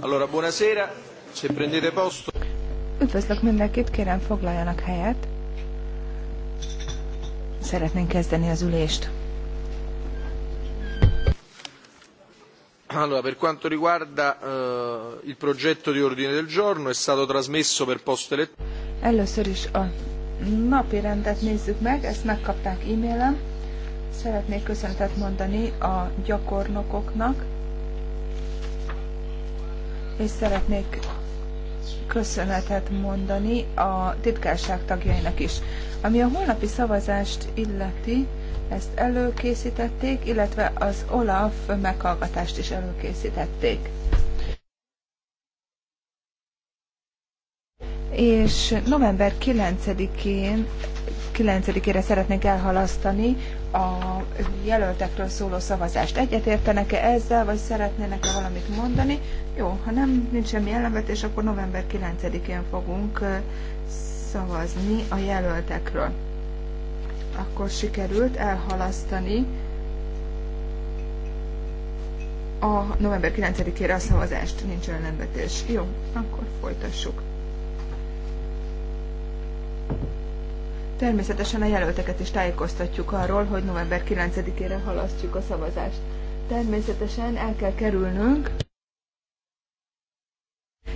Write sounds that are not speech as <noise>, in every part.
Allora, buonasera, se prendete posto. Üdvözlök mindenkit, kérem foglaljanak helyet. Szeretnénk kezdeni az ülést. Allora, per quanto riguarda uh, il progetto di ordine del giorno, è stato trasmesso per posta elettronica. Először is a napi rendet nézzük meg, ezt megkapták e-mailen. Szeretnék köszöntet mondani a gyakornokoknak, és szeretnék köszönetet mondani a titkárság tagjainak is. Ami a holnapi szavazást illeti, ezt előkészítették, illetve az OLAF meghallgatást is előkészítették. És november 9-én 9-ére szeretnék elhalasztani a jelöltekről szóló szavazást. Egyetértenek-e ezzel, vagy szeretnének-e valamit mondani? Jó, ha nem, nincs semmi ellenvetés, akkor november 9-én fogunk szavazni a jelöltekről. Akkor sikerült elhalasztani a november 9-ére a szavazást. Nincs ellenvetés. Jó, akkor folytassuk. Természetesen a jelölteket is tájékoztatjuk arról, hogy november 9-ére halasztjuk a szavazást. Természetesen el kell kerülnünk.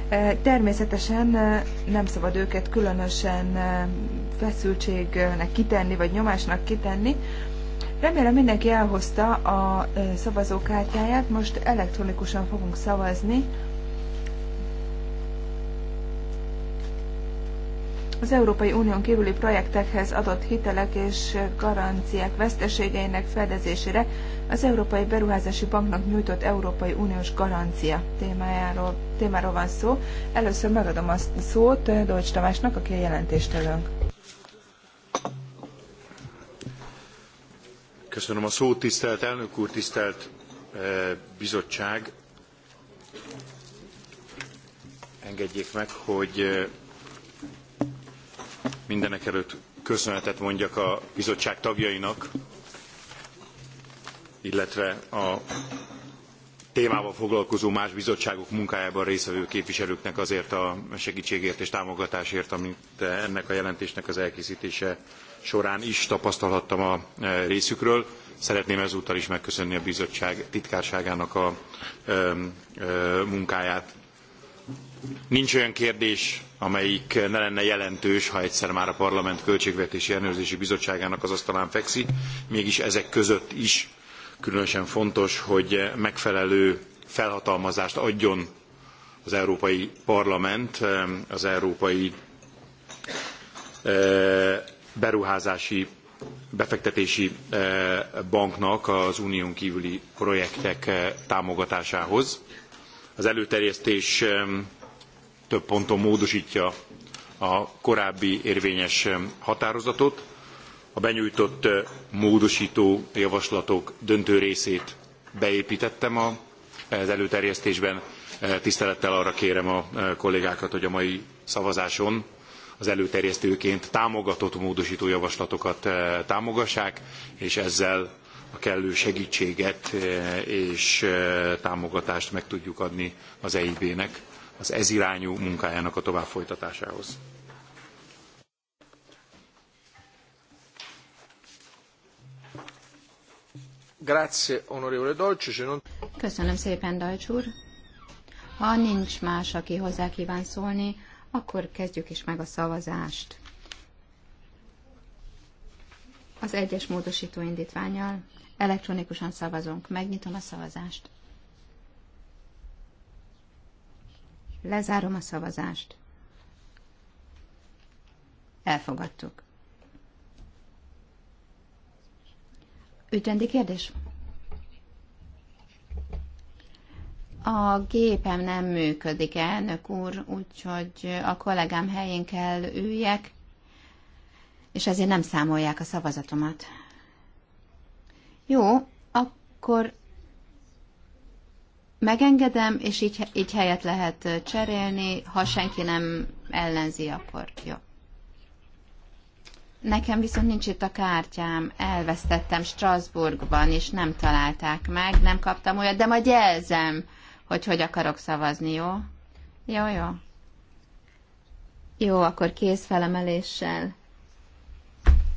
E, természetesen e, nem szabad őket különösen e, feszültségnek kitenni, vagy nyomásnak kitenni. Remélem mindenki elhozta a szavazókártyáját, most elektronikusan fogunk szavazni. az Európai Unión kívüli projektekhez adott hitelek és garanciák veszteségeinek fedezésére az Európai Beruházási Banknak nyújtott Európai Uniós garancia témájáról, témáról van szó. Először megadom a szót Dolcs Tamásnak, aki a jelentéstevőnk. Köszönöm a szót, tisztelt elnök úr, tisztelt eh, bizottság. Engedjék meg, hogy eh, mindenekelőtt köszönetet mondjak a bizottság tagjainak, illetve a témával foglalkozó más bizottságok munkájában vevő képviselőknek azért a segítségért és támogatásért, amit ennek a jelentésnek az elkészítése során is tapasztalhattam a részükről. Szeretném ezúttal is megköszönni a bizottság titkárságának a munkáját. Nincs olyan kérdés, amelyik ne lenne jelentős, ha egyszer már a Parlament Költségvetési Ellenőrzési Bizottságának az asztalán fekszik. Mégis ezek között is különösen fontos, hogy megfelelő felhatalmazást adjon az Európai Parlament az Európai e, Beruházási Befektetési e, Banknak az unión kívüli projektek e, támogatásához. Az előterjesztés több ponton módosítja a korábbi érvényes határozatot. A benyújtott módosító javaslatok döntő részét beépítettem az előterjesztésben. Tisztelettel arra kérem a kollégákat, hogy a mai szavazáson az előterjesztőként támogatott módosító javaslatokat támogassák, és ezzel a kellő segítséget és támogatást meg tudjuk adni az EIB-nek az ez irányú munkájának a tovább folytatásához. Grazie, onorevole Dolce. Non... Köszönöm szépen, Dolcs úr. Ha nincs más, aki hozzá kíván szólni, akkor kezdjük is meg a szavazást. Az egyes módosító indítványal elektronikusan szavazunk. Megnyitom a szavazást. Lezárom a szavazást. Elfogadtuk. Ügyrendi kérdés? A gépem nem működik, elnök úr, úgyhogy a kollégám helyén kell üljek, és ezért nem számolják a szavazatomat. Jó, akkor megengedem, és így, így helyet lehet cserélni, ha senki nem ellenzi, akkor jó. Nekem viszont nincs itt a kártyám, elvesztettem Strasbourgban, és nem találták meg, nem kaptam olyat, de majd jelzem, hogy hogy akarok szavazni, jó? Jó, jó. Jó, akkor felemeléssel.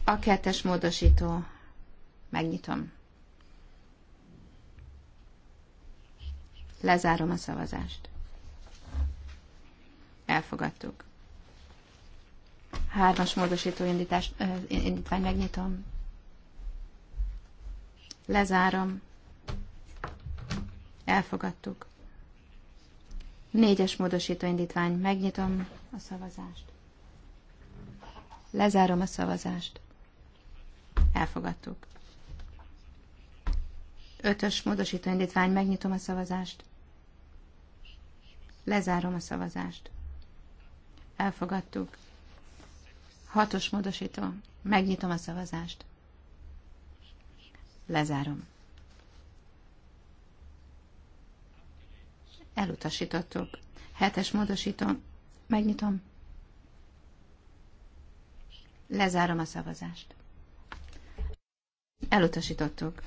A kettes módosító. Megnyitom. Lezárom a szavazást. Elfogadtuk. Hármas módosító indítás, ö, indítvány megnyitom. Lezárom. Elfogadtuk. Négyes módosító indítvány. Megnyitom a szavazást. Lezárom a szavazást. Elfogadtuk. Ötös módosító indítvány. Megnyitom a szavazást. Lezárom a szavazást. Elfogadtuk. Hatos módosító. Megnyitom a szavazást. Lezárom. Elutasítottuk. Hetes módosító. Megnyitom. Lezárom a szavazást. Elutasítottuk.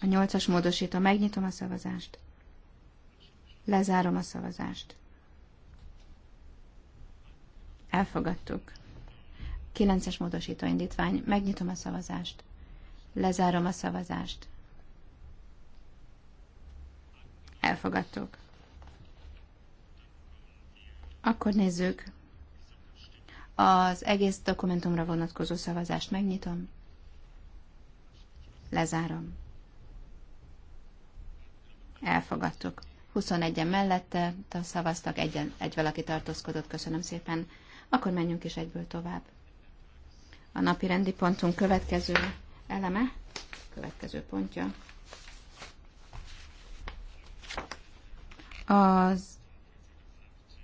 A nyolcas módosító. Megnyitom a szavazást. Lezárom a szavazást. Elfogadtuk. 9-es módosítóindítvány. indítvány. Megnyitom a szavazást. Lezárom a szavazást. Elfogadtuk. Akkor nézzük. Az egész dokumentumra vonatkozó szavazást megnyitom. Lezárom. Elfogadtuk. 21-en mellette szavaztak, egy, egy valaki tartózkodott. Köszönöm szépen. Akkor menjünk is egyből tovább. A napi rendi pontunk következő eleme, következő pontja. Az,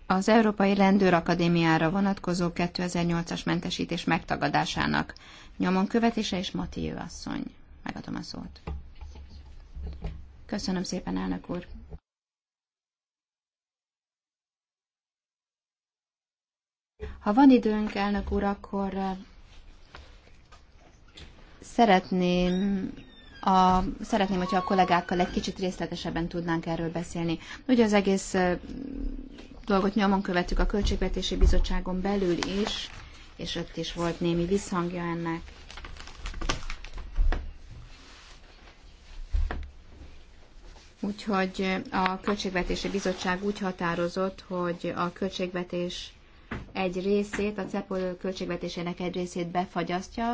az Európai Rendőrakadémiára vonatkozó 2008-as mentesítés megtagadásának nyomon követése és Matiő asszony. Megadom a szót. Köszönöm szépen, elnök úr. Ha van időnk, elnök úr, akkor eh, szeretném a, szeretném, hogyha a kollégákkal egy kicsit részletesebben tudnánk erről beszélni. Ugye az egész eh, dolgot nyomon követjük a Költségvetési Bizottságon belül is, és ott is volt némi visszhangja ennek. Úgyhogy a Költségvetési Bizottság úgy határozott, hogy a költségvetés egy részét, a CEPOL költségvetésének egy részét befagyasztja.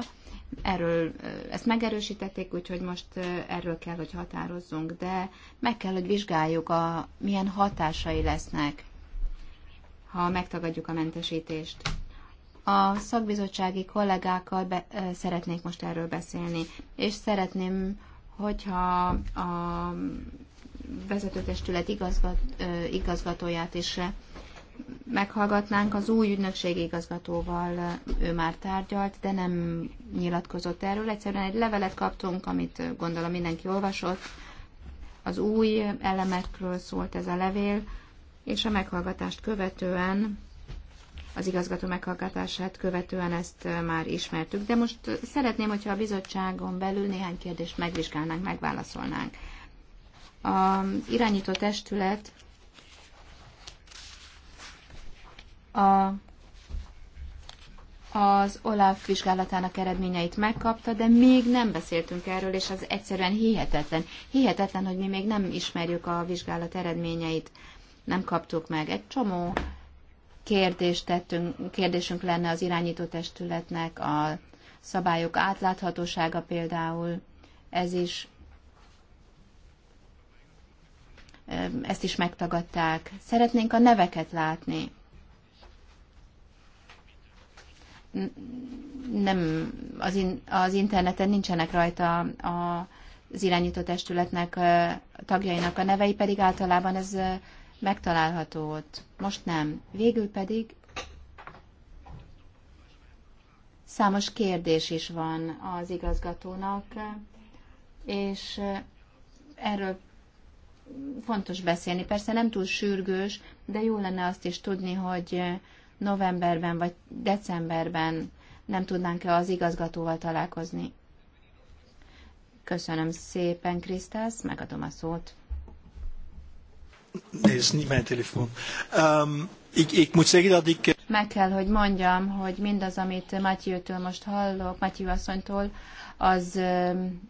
Erről ezt megerősítették, úgyhogy most erről kell, hogy határozzunk, de meg kell, hogy vizsgáljuk, a, milyen hatásai lesznek, ha megtagadjuk a mentesítést. A szakbizottsági kollégákkal be, szeretnék most erről beszélni, és szeretném, hogyha a vezetőtestület igazgat, igazgatóját is meghallgatnánk az új ügynökség igazgatóval, ő már tárgyalt, de nem nyilatkozott erről. Egyszerűen egy levelet kaptunk, amit gondolom mindenki olvasott. Az új elemekről szólt ez a levél, és a meghallgatást követően, az igazgató meghallgatását követően ezt már ismertük. De most szeretném, hogyha a bizottságon belül néhány kérdést megvizsgálnánk, megválaszolnánk. A irányító testület a, az Olaf vizsgálatának eredményeit megkapta, de még nem beszéltünk erről, és az egyszerűen hihetetlen. Hihetetlen, hogy mi még nem ismerjük a vizsgálat eredményeit, nem kaptuk meg. Egy csomó kérdést tettünk, kérdésünk lenne az irányító testületnek, a szabályok átláthatósága például, ez is ezt is megtagadták. Szeretnénk a neveket látni. nem az, in, az interneten nincsenek rajta a, az irányító testületnek a tagjainak a nevei, pedig általában ez megtalálható ott. Most nem. Végül pedig számos kérdés is van az igazgatónak, és erről fontos beszélni. Persze nem túl sürgős, de jó lenne azt is tudni, hogy novemberben vagy decemberben nem tudnánk-e az igazgatóval találkozni? Köszönöm szépen, Krisztász, megadom a szót. Nézd, niet mijn Um, ik, ik moet zeggen Meg kell, hogy mondjam, hogy mindaz, amit Matyőtől most hallok, Matyő asszonytól, az, um,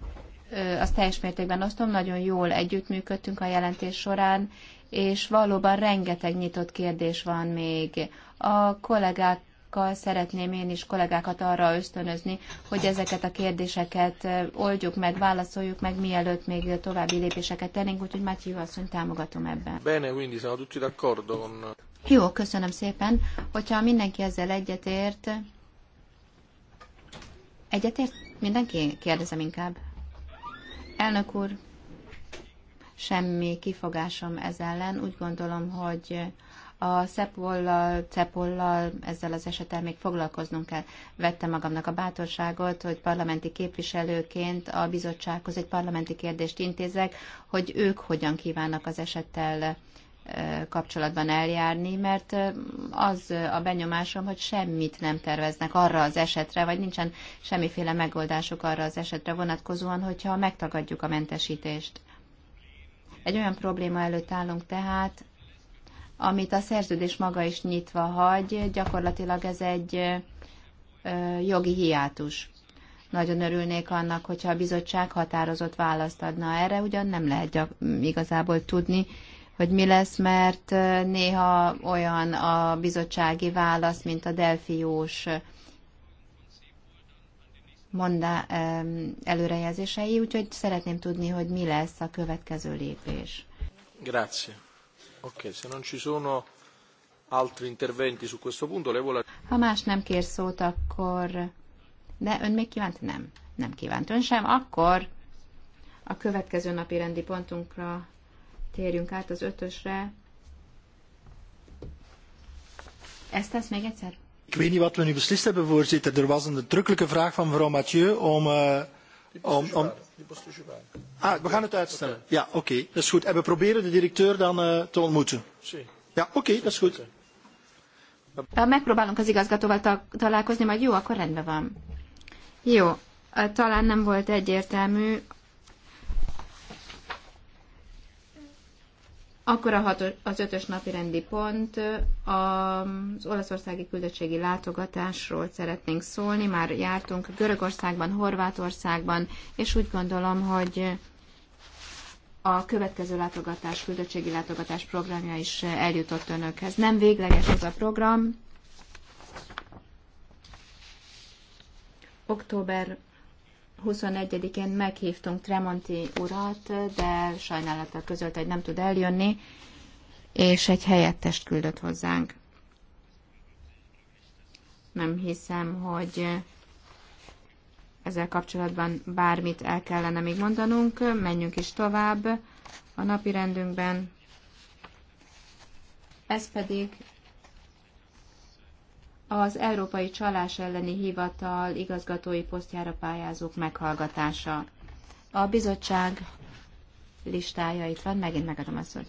az teljes mértékben osztom, nagyon jól együttműködtünk a jelentés során, és valóban rengeteg nyitott kérdés van még a kollégák szeretném én is kollégákat arra ösztönözni, hogy ezeket a kérdéseket oldjuk meg, válaszoljuk meg, mielőtt még további lépéseket tennénk, úgyhogy azt asszony támogatom ebben. Bene, quindi siamo tutti d'accordo con... Jó, köszönöm szépen. Hogyha mindenki ezzel egyetért... Egyetért? Mindenki? Kérdezem inkább. Elnök úr, semmi kifogásom ez ellen. Úgy gondolom, hogy a szepollal, cepollal, ezzel az esettel még foglalkoznunk kell. Vettem magamnak a bátorságot, hogy parlamenti képviselőként a bizottsághoz egy parlamenti kérdést intézek, hogy ők hogyan kívánnak az esettel kapcsolatban eljárni, mert az a benyomásom, hogy semmit nem terveznek arra az esetre, vagy nincsen semmiféle megoldásuk arra az esetre vonatkozóan, hogyha megtagadjuk a mentesítést. Egy olyan probléma előtt állunk tehát, amit a szerződés maga is nyitva hagy, gyakorlatilag ez egy jogi hiátus. Nagyon örülnék annak, hogyha a bizottság határozott választ adna erre, ugyan nem lehet gyak, igazából tudni, hogy mi lesz, mert néha olyan a bizottsági válasz, mint a delfiós mondá, előrejelzései, úgyhogy szeretném tudni, hogy mi lesz a következő lépés. Grazie. Ok, se non ci sono altri interventi su questo punto, le Ha más nem kér szót, akkor... De ön még kívánt? Nem, nem kívánt ön sem. Akkor a következő napi rendi pontunkra térjünk át az ötösre. Ezt tesz még egyszer? Ik weet niet wat we nu beslist hebben, voorzitter. Er was een drukkelijke vraag van mevrouw Mathieu om... Uh... Om, om... Ah, we gaan het uitstellen. Ja, oké. Okay. Dat is goed. En we proberen de directeur dan uh, te ontmoeten. Ja, oké, okay, dat is goed. Megpróbálunk az igazgatóval ta- találkozni, majd jó, akkor rendben van. Jó, talán nem volt egyértelmű Akkor a hatos, az ötös napi rendi pont az olaszországi küldöttségi látogatásról szeretnénk szólni. Már jártunk Görögországban, Horvátországban, és úgy gondolom, hogy a következő látogatás, küldöttségi látogatás programja is eljutott önökhez. Nem végleges ez a program. Október 21-én meghívtunk Tremonti urat, de sajnálattal közölt, hogy nem tud eljönni, és egy helyettest küldött hozzánk. Nem hiszem, hogy ezzel kapcsolatban bármit el kellene még mondanunk. Menjünk is tovább a napi rendünkben. Ez pedig az Európai Csalás elleni hivatal igazgatói posztjára pályázók meghallgatása. A bizottság listája itt van, megint megadom a szót.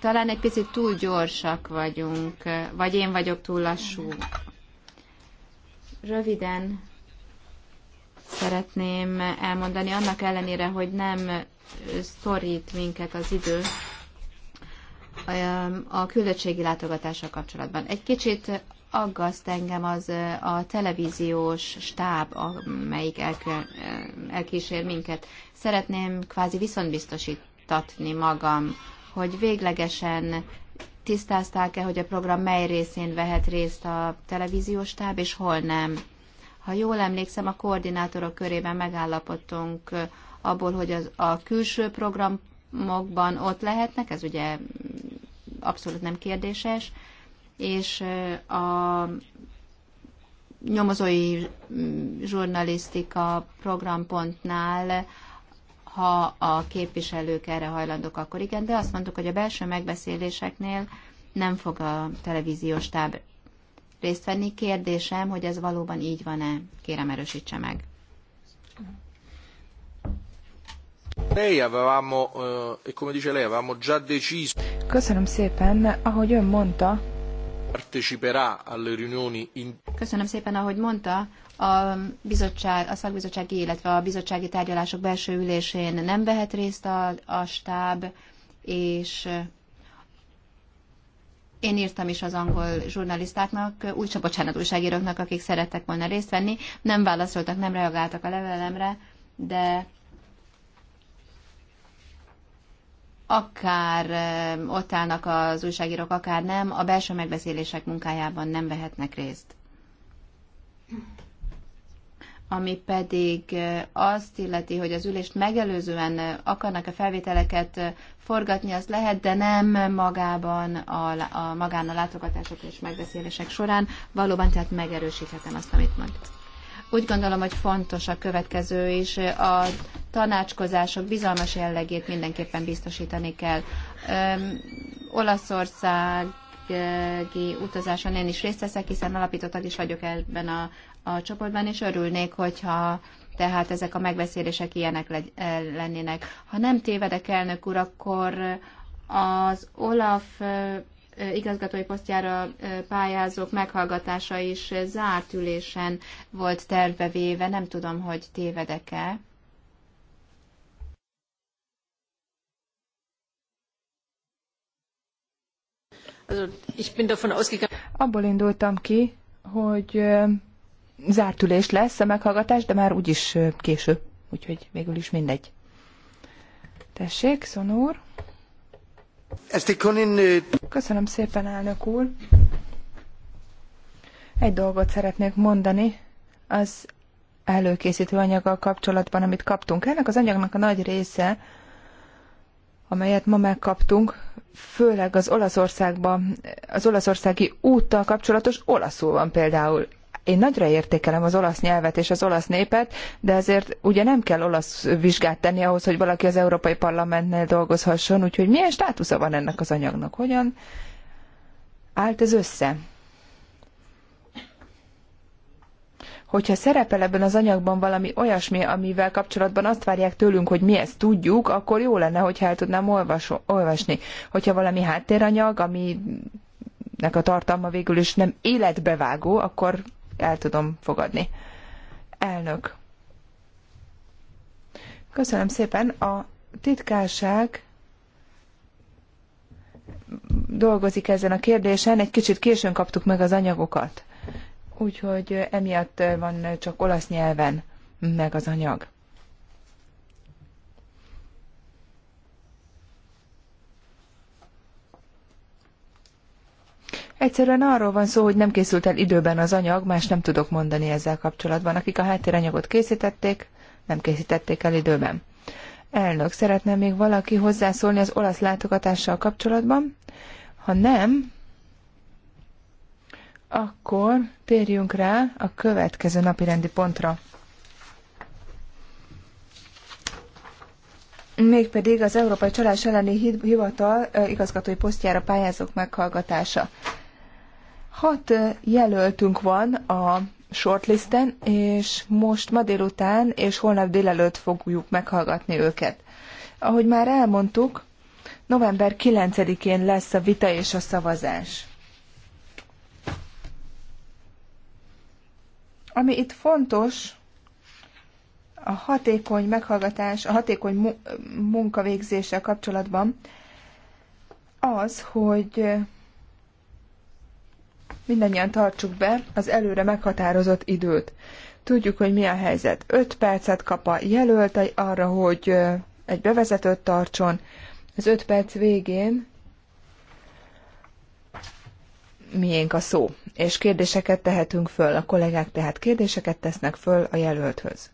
Talán egy picit túl gyorsak vagyunk, vagy én vagyok túl lassú. Röviden szeretném elmondani, annak ellenére, hogy nem szorít minket az idő, a küldöttségi látogatással kapcsolatban. Egy kicsit aggaszt engem az a televíziós stáb, amelyik elkül, elkísér minket. Szeretném kvázi viszontbiztosítatni magam, hogy véglegesen tisztázták-e, hogy a program mely részén vehet részt a televíziós stáb, és hol nem. Ha jól emlékszem, a koordinátorok körében megállapodtunk abból, hogy az, a külső programokban ott lehetnek, ez ugye abszolút nem kérdéses, és a nyomozói zsurnalisztika programpontnál ha a képviselők erre hajlandók, akkor igen, de azt mondtuk, hogy a belső megbeszéléseknél nem fog a televíziós táb részt venni. Kérdésem, hogy ez valóban így van-e? Kérem, erősítse meg. Köszönöm szépen. Ahogy ön mondta, Köszönöm szépen, ahogy mondta, a, bizottság, a szakbizottsági, illetve a bizottsági tárgyalások belső ülésén nem vehet részt a, a stáb, és én írtam is az angol zsurnalistáknak, úgyse bocsánat újságíróknak, akik szerettek volna részt venni. Nem válaszoltak, nem reagáltak a levelemre, de akár ott állnak az újságírók, akár nem, a belső megbeszélések munkájában nem vehetnek részt. Ami pedig azt illeti, hogy az ülést megelőzően akarnak a felvételeket forgatni, az lehet, de nem magában, a, a magán a látogatások és megbeszélések során. Valóban tehát megerősíthetem azt, amit mondtam. Úgy gondolom, hogy fontos a következő is. A tanácskozások bizalmas jellegét mindenképpen biztosítani kell. Öm, Olaszországi utazáson én is részt veszek, hiszen alapítottak is vagyok ebben a, a csoportban, és örülnék, hogyha tehát ezek a megbeszélések ilyenek legy, e, lennének. Ha nem tévedek, elnök úr, akkor az Olaf igazgatói posztjára pályázók meghallgatása is zárt ülésen volt tervbe véve. Nem tudom, hogy tévedek-e. Abból indultam ki, hogy zárt ülés lesz a meghallgatás, de már úgyis késő, úgyhogy végül is mindegy. Tessék, Szonúr. Köszönöm szépen, elnök úr. Egy dolgot szeretnék mondani az előkészítő anyaggal kapcsolatban, amit kaptunk. Ennek az anyagnak a nagy része, amelyet ma megkaptunk, főleg az Olaszországban, az olaszországi úttal kapcsolatos, olaszul van például én nagyra értékelem az olasz nyelvet és az olasz népet, de azért ugye nem kell olasz vizsgát tenni ahhoz, hogy valaki az Európai Parlamentnél dolgozhasson, úgyhogy milyen státusza van ennek az anyagnak? Hogyan állt ez össze? hogyha szerepel ebben az anyagban valami olyasmi, amivel kapcsolatban azt várják tőlünk, hogy mi ezt tudjuk, akkor jó lenne, hogyha el tudnám olvas, olvasni. Hogyha valami háttéranyag, aminek a tartalma végül is nem életbevágó, akkor el tudom fogadni. Elnök. Köszönöm szépen. A titkárság dolgozik ezen a kérdésen. Egy kicsit későn kaptuk meg az anyagokat. Úgyhogy emiatt van csak olasz nyelven meg az anyag. Egyszerűen arról van szó, hogy nem készült el időben az anyag, más nem tudok mondani ezzel kapcsolatban. Akik a háttéranyagot készítették, nem készítették el időben. Elnök, szeretne még valaki hozzászólni az olasz látogatással kapcsolatban? Ha nem, akkor térjünk rá a következő napi rendi pontra. Mégpedig az Európai Csalás elleni Hivatal igazgatói posztjára pályázók meghallgatása. Hat jelöltünk van a shortlisten, és most ma délután és holnap délelőtt fogjuk meghallgatni őket. Ahogy már elmondtuk, november 9-én lesz a vita és a szavazás. Ami itt fontos, a hatékony meghallgatás, a hatékony munkavégzéssel kapcsolatban az, hogy mindannyian tartsuk be az előre meghatározott időt. Tudjuk, hogy mi a helyzet. 5 percet kap a jelölt arra, hogy egy bevezetőt tartson. Az 5 perc végén miénk a szó, és kérdéseket tehetünk föl. A kollégák tehát kérdéseket tesznek föl a jelölthöz.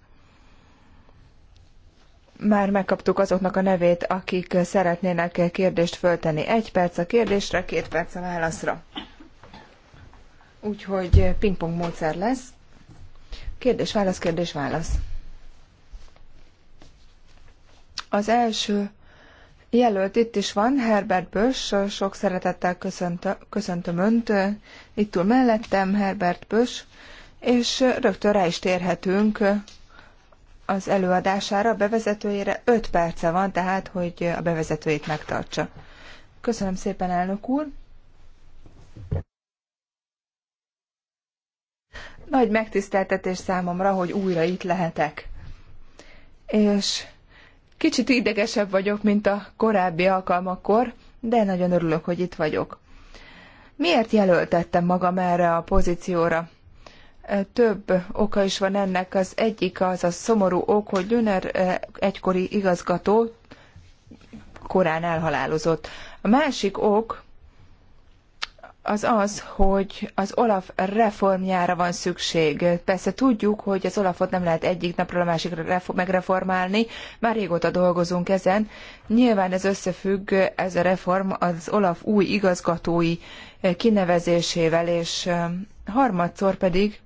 Már megkaptuk azoknak a nevét, akik szeretnének kérdést föltenni. Egy perc a kérdésre, két perc a válaszra. Úgyhogy eh, pingpong módszer lesz. Kérdés, válasz, kérdés, válasz. Az első jelölt itt is van, Herbert Bösch, sok szeretettel köszöntö, köszöntöm Önt, eh, itt túl mellettem, Herbert Bösch, és eh, rögtön rá is térhetünk az előadására, a bevezetőjére 5 perce van, tehát hogy a bevezetőjét megtartsa. Köszönöm szépen, elnök úr! Nagy megtiszteltetés számomra, hogy újra itt lehetek. És kicsit idegesebb vagyok, mint a korábbi alkalmakkor, de nagyon örülök, hogy itt vagyok. Miért jelöltettem magam erre a pozícióra? Több oka is van ennek. Az egyik az a szomorú ok, hogy Döner egykori igazgató korán elhalálozott. A másik ok, az az, hogy az Olaf reformjára van szükség. Persze tudjuk, hogy az Olafot nem lehet egyik napról a másikra megreformálni, már régóta dolgozunk ezen. Nyilván ez összefügg ez a reform az Olaf új igazgatói kinevezésével, és harmadszor pedig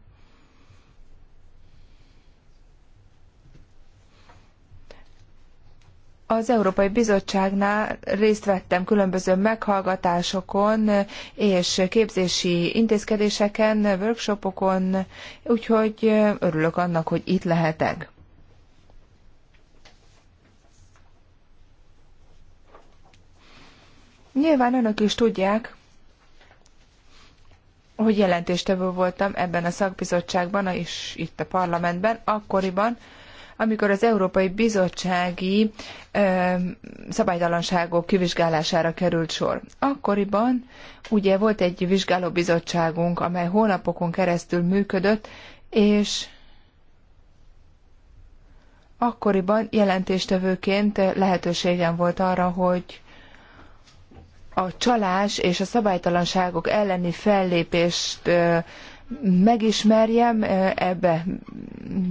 Az Európai Bizottságnál részt vettem különböző meghallgatásokon és képzési intézkedéseken, workshopokon, úgyhogy örülök annak, hogy itt lehetek. Nyilván önök is tudják, hogy jelentéstevő voltam ebben a szakbizottságban, és itt a parlamentben, akkoriban, amikor az Európai Bizottsági szabálytalanságok kivizsgálására került sor. Akkoriban ugye volt egy vizsgálóbizottságunk, amely hónapokon keresztül működött, és akkoriban jelentéstevőként lehetőségem volt arra, hogy a csalás és a szabálytalanságok elleni fellépést megismerjem, ebbe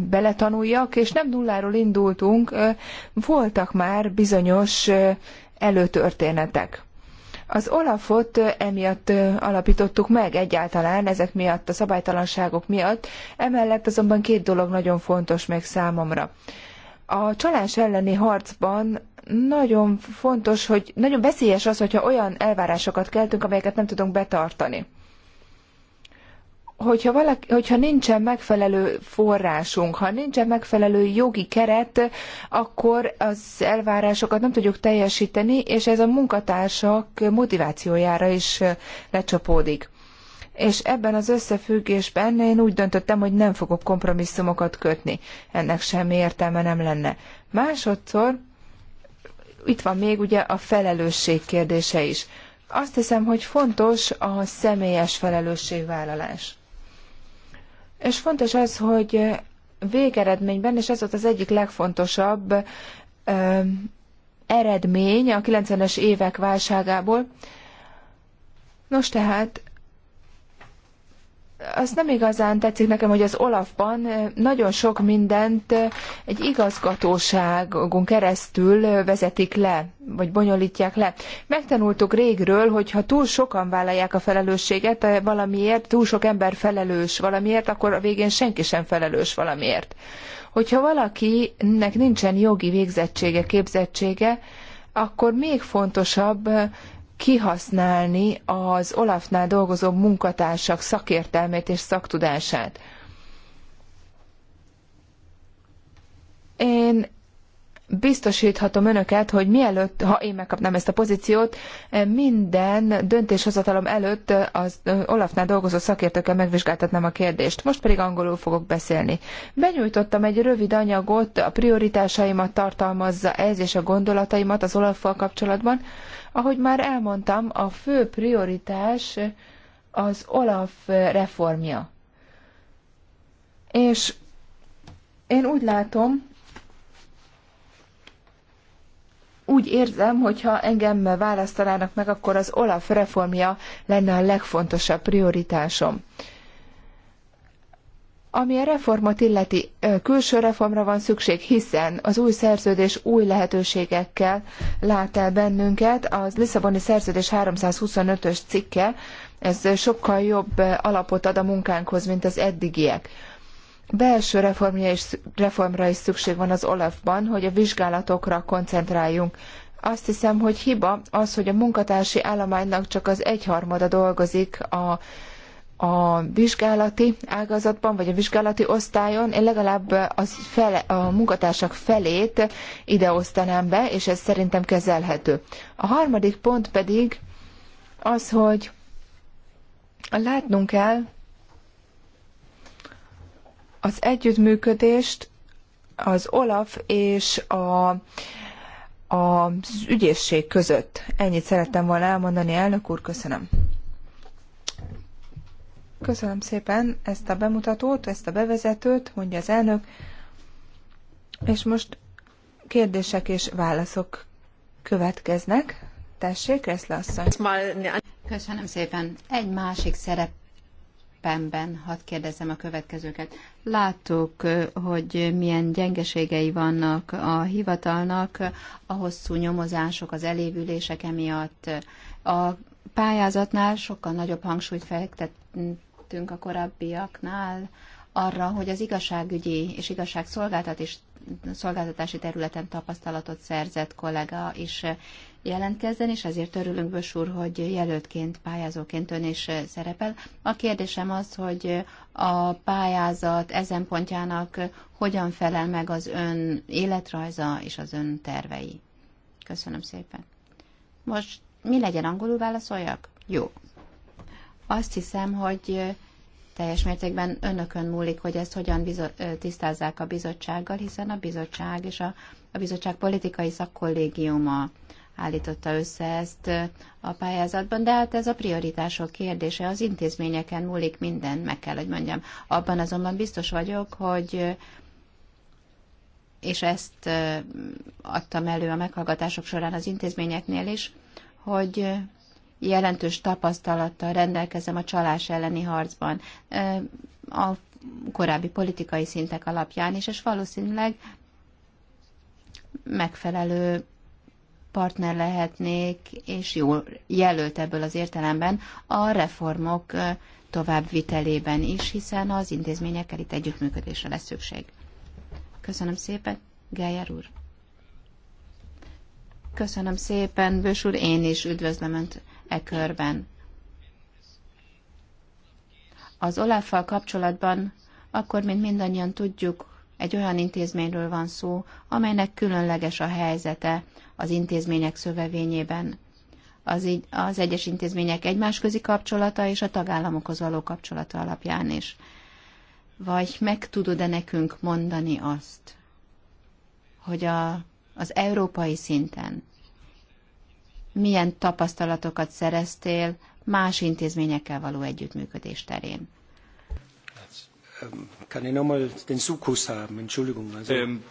beletanuljak, és nem nulláról indultunk, voltak már bizonyos előtörténetek. Az Olafot emiatt alapítottuk meg egyáltalán, ezek miatt, a szabálytalanságok miatt, emellett azonban két dolog nagyon fontos még számomra. A csalás elleni harcban nagyon fontos, hogy nagyon veszélyes az, hogyha olyan elvárásokat keltünk, amelyeket nem tudunk betartani hogyha, valaki, hogyha nincsen megfelelő forrásunk, ha nincsen megfelelő jogi keret, akkor az elvárásokat nem tudjuk teljesíteni, és ez a munkatársak motivációjára is lecsapódik. És ebben az összefüggésben én úgy döntöttem, hogy nem fogok kompromisszumokat kötni. Ennek semmi értelme nem lenne. Másodszor itt van még ugye a felelősség kérdése is. Azt hiszem, hogy fontos a személyes felelősségvállalás és fontos az, hogy végeredményben, és ez volt az egyik legfontosabb ö, eredmény a 90-es évek válságából. Nos tehát, az nem igazán tetszik nekem, hogy az Olafban eh, nagyon sok mindent eh, egy igazgatóságon keresztül eh, vezetik le, vagy bonyolítják le. Megtanultuk régről, hogy ha túl sokan vállalják a felelősséget valamiért, túl sok ember felelős valamiért, akkor a végén senki sem felelős valamiért. Hogyha valakinek nincsen jogi végzettsége, képzettsége, akkor még fontosabb kihasználni az Olafnál dolgozó munkatársak szakértelmét és szaktudását. Én biztosíthatom önöket, hogy mielőtt, ha én megkapnám ezt a pozíciót, eh, minden döntéshozatalom előtt eh, az eh, Olafnál dolgozó szakértőkkel megvizsgáltatnám a kérdést. Most pedig angolul fogok beszélni. Benyújtottam egy rövid anyagot, a prioritásaimat tartalmazza ez és a gondolataimat az Olaffal kapcsolatban. Ahogy már elmondtam, a fő prioritás az Olaf reformja. És én úgy látom, úgy érzem, hogy ha engem választanának meg, akkor az Olaf reformja lenne a legfontosabb prioritásom. Ami a reformot illeti, külső reformra van szükség, hiszen az új szerződés új lehetőségekkel lát el bennünket. Az Lisszaboni szerződés 325-ös cikke, ez sokkal jobb alapot ad a munkánkhoz, mint az eddigiek belső reformja reformra is szükség van az OLEV-ban, hogy a vizsgálatokra koncentráljunk. Azt hiszem, hogy hiba az, hogy a munkatársi állománynak csak az egyharmada dolgozik a, a vizsgálati ágazatban, vagy a vizsgálati osztályon, én legalább az fele, a munkatársak felét ide osztanám be, és ez szerintem kezelhető. A harmadik pont pedig az, hogy látnunk kell, az együttműködést az Olaf és a, az ügyészség között. Ennyit szerettem volna elmondani, elnök úr, köszönöm. Köszönöm szépen ezt a bemutatót, ezt a bevezetőt, mondja az elnök. És most kérdések és válaszok következnek. Tessék, Reszle asszony. Köszönöm szépen. Egy másik szerep Penben, hadd kérdezem a következőket. Láttuk, hogy milyen gyengeségei vannak a hivatalnak, a hosszú nyomozások, az elévülések emiatt. A pályázatnál sokkal nagyobb hangsúlyt fektettünk a korábbiaknál arra, hogy az igazságügyi és igazságszolgáltatási területen tapasztalatot szerzett kollega is jelentkezzen, és ezért örülünk, Bös úr, hogy jelöltként, pályázóként ön is eh, szerepel. A kérdésem az, hogy a pályázat ezen pontjának eh, hogyan felel meg az ön életrajza és az ön tervei. Köszönöm szépen. Most mi legyen, angolul válaszoljak? Jó. Azt hiszem, hogy eh, teljes mértékben önökön múlik, hogy ezt hogyan bizo- tisztázzák a bizottsággal, hiszen a bizottság és a, a bizottság politikai szakkollégiuma állította össze ezt a pályázatban, de hát ez a prioritások kérdése, az intézményeken múlik minden, meg kell, hogy mondjam. Abban azonban biztos vagyok, hogy és ezt adtam elő a meghallgatások során az intézményeknél is, hogy jelentős tapasztalattal rendelkezem a csalás elleni harcban a korábbi politikai szintek alapján is, és valószínűleg megfelelő partner lehetnék, és jó jelölt ebből az értelemben a reformok továbbvitelében is, hiszen az intézményekkel itt együttműködésre lesz szükség. Köszönöm szépen, Gájer úr. Köszönöm szépen, Bős úr, én is üdvözlöm Önt e körben. Az olaf kapcsolatban, akkor, mint mindannyian tudjuk, egy olyan intézményről van szó, amelynek különleges a helyzete az intézmények szövevényében. Az, az egyes intézmények egymás közi kapcsolata és a tagállamokhoz való kapcsolata alapján is. Vagy meg tudod-e nekünk mondani azt, hogy a, az európai szinten milyen tapasztalatokat szereztél más intézményekkel való együttműködés terén? Kann ich nochmal den Sukus haben? Entschuldigung. Also... Ähm,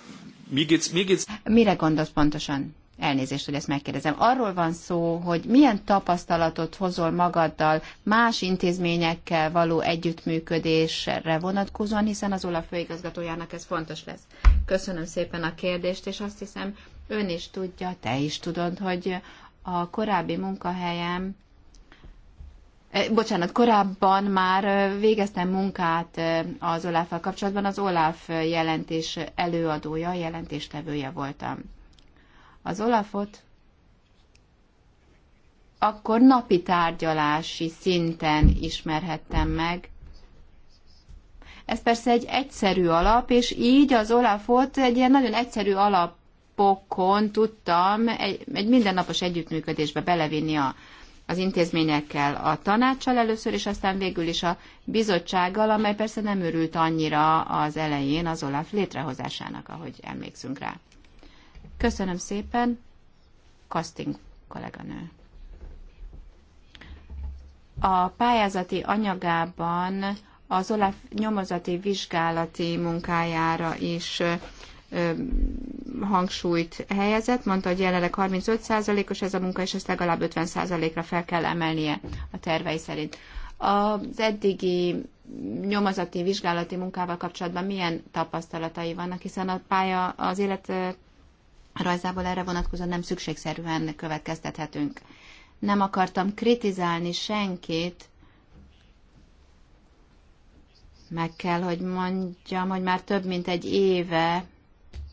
mir geht's, mir geht's... Mire gondolsz pontosan? Elnézést, hogy ezt megkérdezem. Arról van szó, hogy milyen tapasztalatot hozol magaddal más intézményekkel való együttműködésre vonatkozóan, hiszen az OLAF főigazgatójának ez fontos lesz. Köszönöm szépen a kérdést, és azt hiszem, ön is tudja, te is tudod, hogy a korábbi munkahelyem eh, Bocsánat, korábban már eh, végeztem munkát eh, az olaf kapcsolatban, az OLAF jelentés előadója, jelentéstevője voltam az Olafot, akkor napi tárgyalási szinten ismerhettem meg. Ez persze egy egyszerű alap, és így az Olafot egy ilyen nagyon egyszerű alapokon tudtam egy, egy mindennapos együttműködésbe belevinni a, az intézményekkel, a tanácssal először, és aztán végül is a bizottsággal, amely persze nem örült annyira az elején az Olaf létrehozásának, ahogy emlékszünk rá. Köszönöm szépen, Casting kolléganő. A pályázati anyagában az OLAF nyomozati vizsgálati munkájára is hangsúlyt helyezett, mondta, hogy jelenleg 35%-os ez a munka, és ezt legalább 50%-ra fel kell emelnie a tervei szerint. Az eddigi nyomozati, vizsgálati munkával kapcsolatban milyen tapasztalatai vannak, hiszen a pálya, az élet rajzából erre vonatkozóan nem szükségszerűen következtethetünk. Nem akartam kritizálni senkit, meg kell, hogy mondjam, hogy már több mint egy éve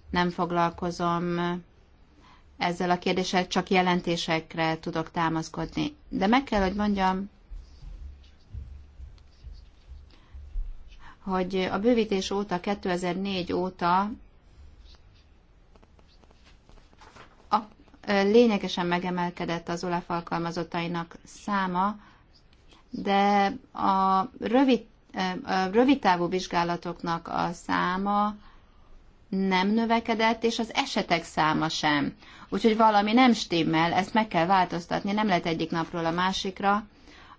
nem foglalkozom ezzel a kérdéssel, csak jelentésekre tudok támaszkodni. De meg kell, hogy mondjam, hogy a bővítés óta, 2004 óta lényegesen megemelkedett az OLAF alkalmazottainak száma, de a rövid, a rövid távú vizsgálatoknak a száma nem növekedett, és az esetek száma sem. Úgyhogy valami nem stimmel, ezt meg kell változtatni, nem lehet egyik napról a másikra.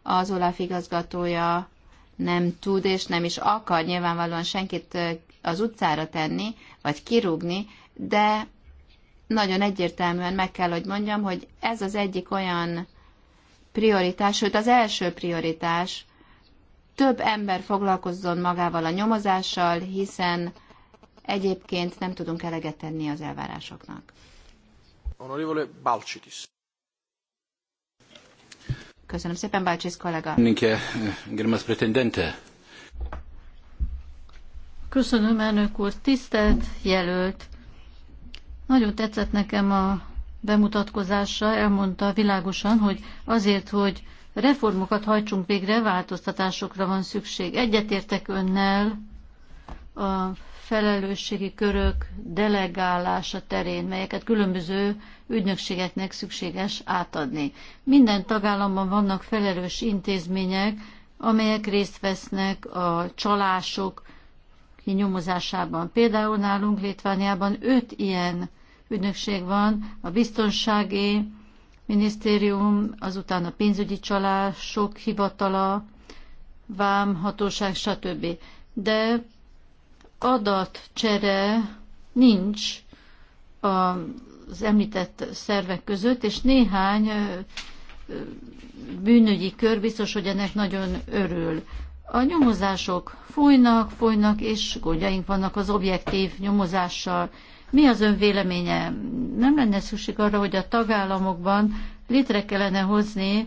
Az OLAF igazgatója nem tud és nem is akar nyilvánvalóan senkit az utcára tenni, vagy kirúgni, de nagyon egyértelműen meg kell, hogy mondjam, hogy ez az egyik olyan prioritás, sőt az első prioritás, több ember foglalkozzon magával a nyomozással, hiszen egyébként nem tudunk eleget tenni az elvárásoknak. Honorevole Balcsitis. Köszönöm szépen, Balcsis kollega. Köszönöm, elnök úr. Tisztelt jelölt nagyon tetszett nekem a bemutatkozása, elmondta világosan, hogy azért, hogy reformokat hajtsunk végre, változtatásokra van szükség. Egyetértek önnel a felelősségi körök delegálása terén, melyeket különböző ügynökségeknek szükséges átadni. Minden tagállamban vannak felelős intézmények, amelyek részt vesznek a csalások kinyomozásában. Például nálunk Létvániában öt ilyen ügynökség van, a biztonsági minisztérium, azután a pénzügyi csalások hivatala, vám, hatóság, stb. De adatcsere nincs az említett szervek között, és néhány bűnügyi kör biztos, hogy ennek nagyon örül. A nyomozások folynak, folynak, és gondjaink vannak az objektív nyomozással, mi az ön véleménye? Nem lenne szükség arra, hogy a tagállamokban létre kellene hozni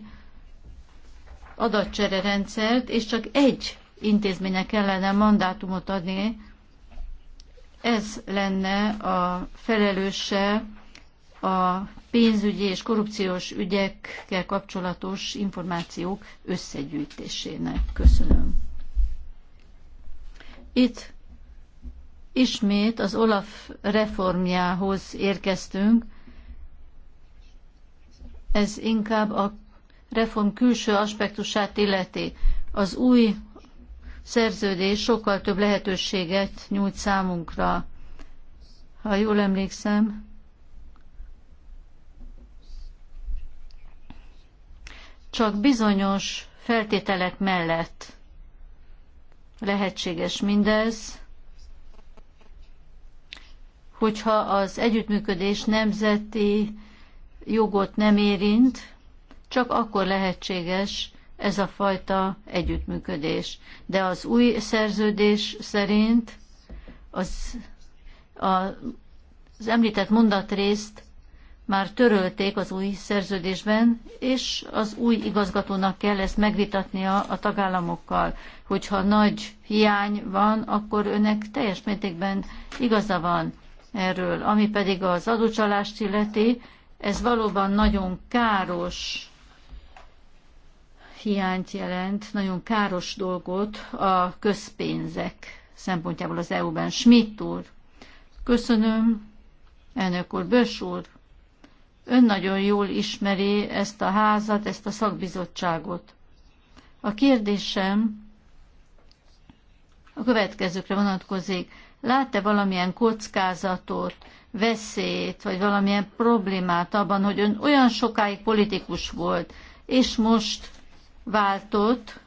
adatcsere rendszert, és csak egy intézménynek kellene mandátumot adni. Ez lenne a felelőse a pénzügyi és korrupciós ügyekkel kapcsolatos információk összegyűjtésének. Köszönöm. Itt ismét az Olaf reformjához érkeztünk. Ez inkább a reform külső aspektusát illeti. Az új szerződés sokkal több lehetőséget nyújt számunkra. Ha jól emlékszem, csak bizonyos feltételek mellett lehetséges mindez, hogyha az együttműködés nemzeti jogot nem érint, csak akkor lehetséges ez a fajta együttműködés. De az új szerződés szerint az, a, az említett mondatrészt már törölték az új szerződésben, és az új igazgatónak kell ezt megvitatnia a tagállamokkal. Hogyha nagy hiány van, akkor önnek teljes mértékben igaza van erről. Ami pedig az adócsalást illeti, ez valóban nagyon káros hiányt jelent, nagyon káros dolgot a közpénzek szempontjából az EU-ben. Schmidt úr, köszönöm, elnök úr, Bös úr, ön nagyon jól ismeri ezt a házat, ezt a szakbizottságot. A kérdésem a következőkre vonatkozik lát-e valamilyen kockázatot, veszélyt, vagy valamilyen problémát abban, hogy ön olyan sokáig politikus volt, és most váltott,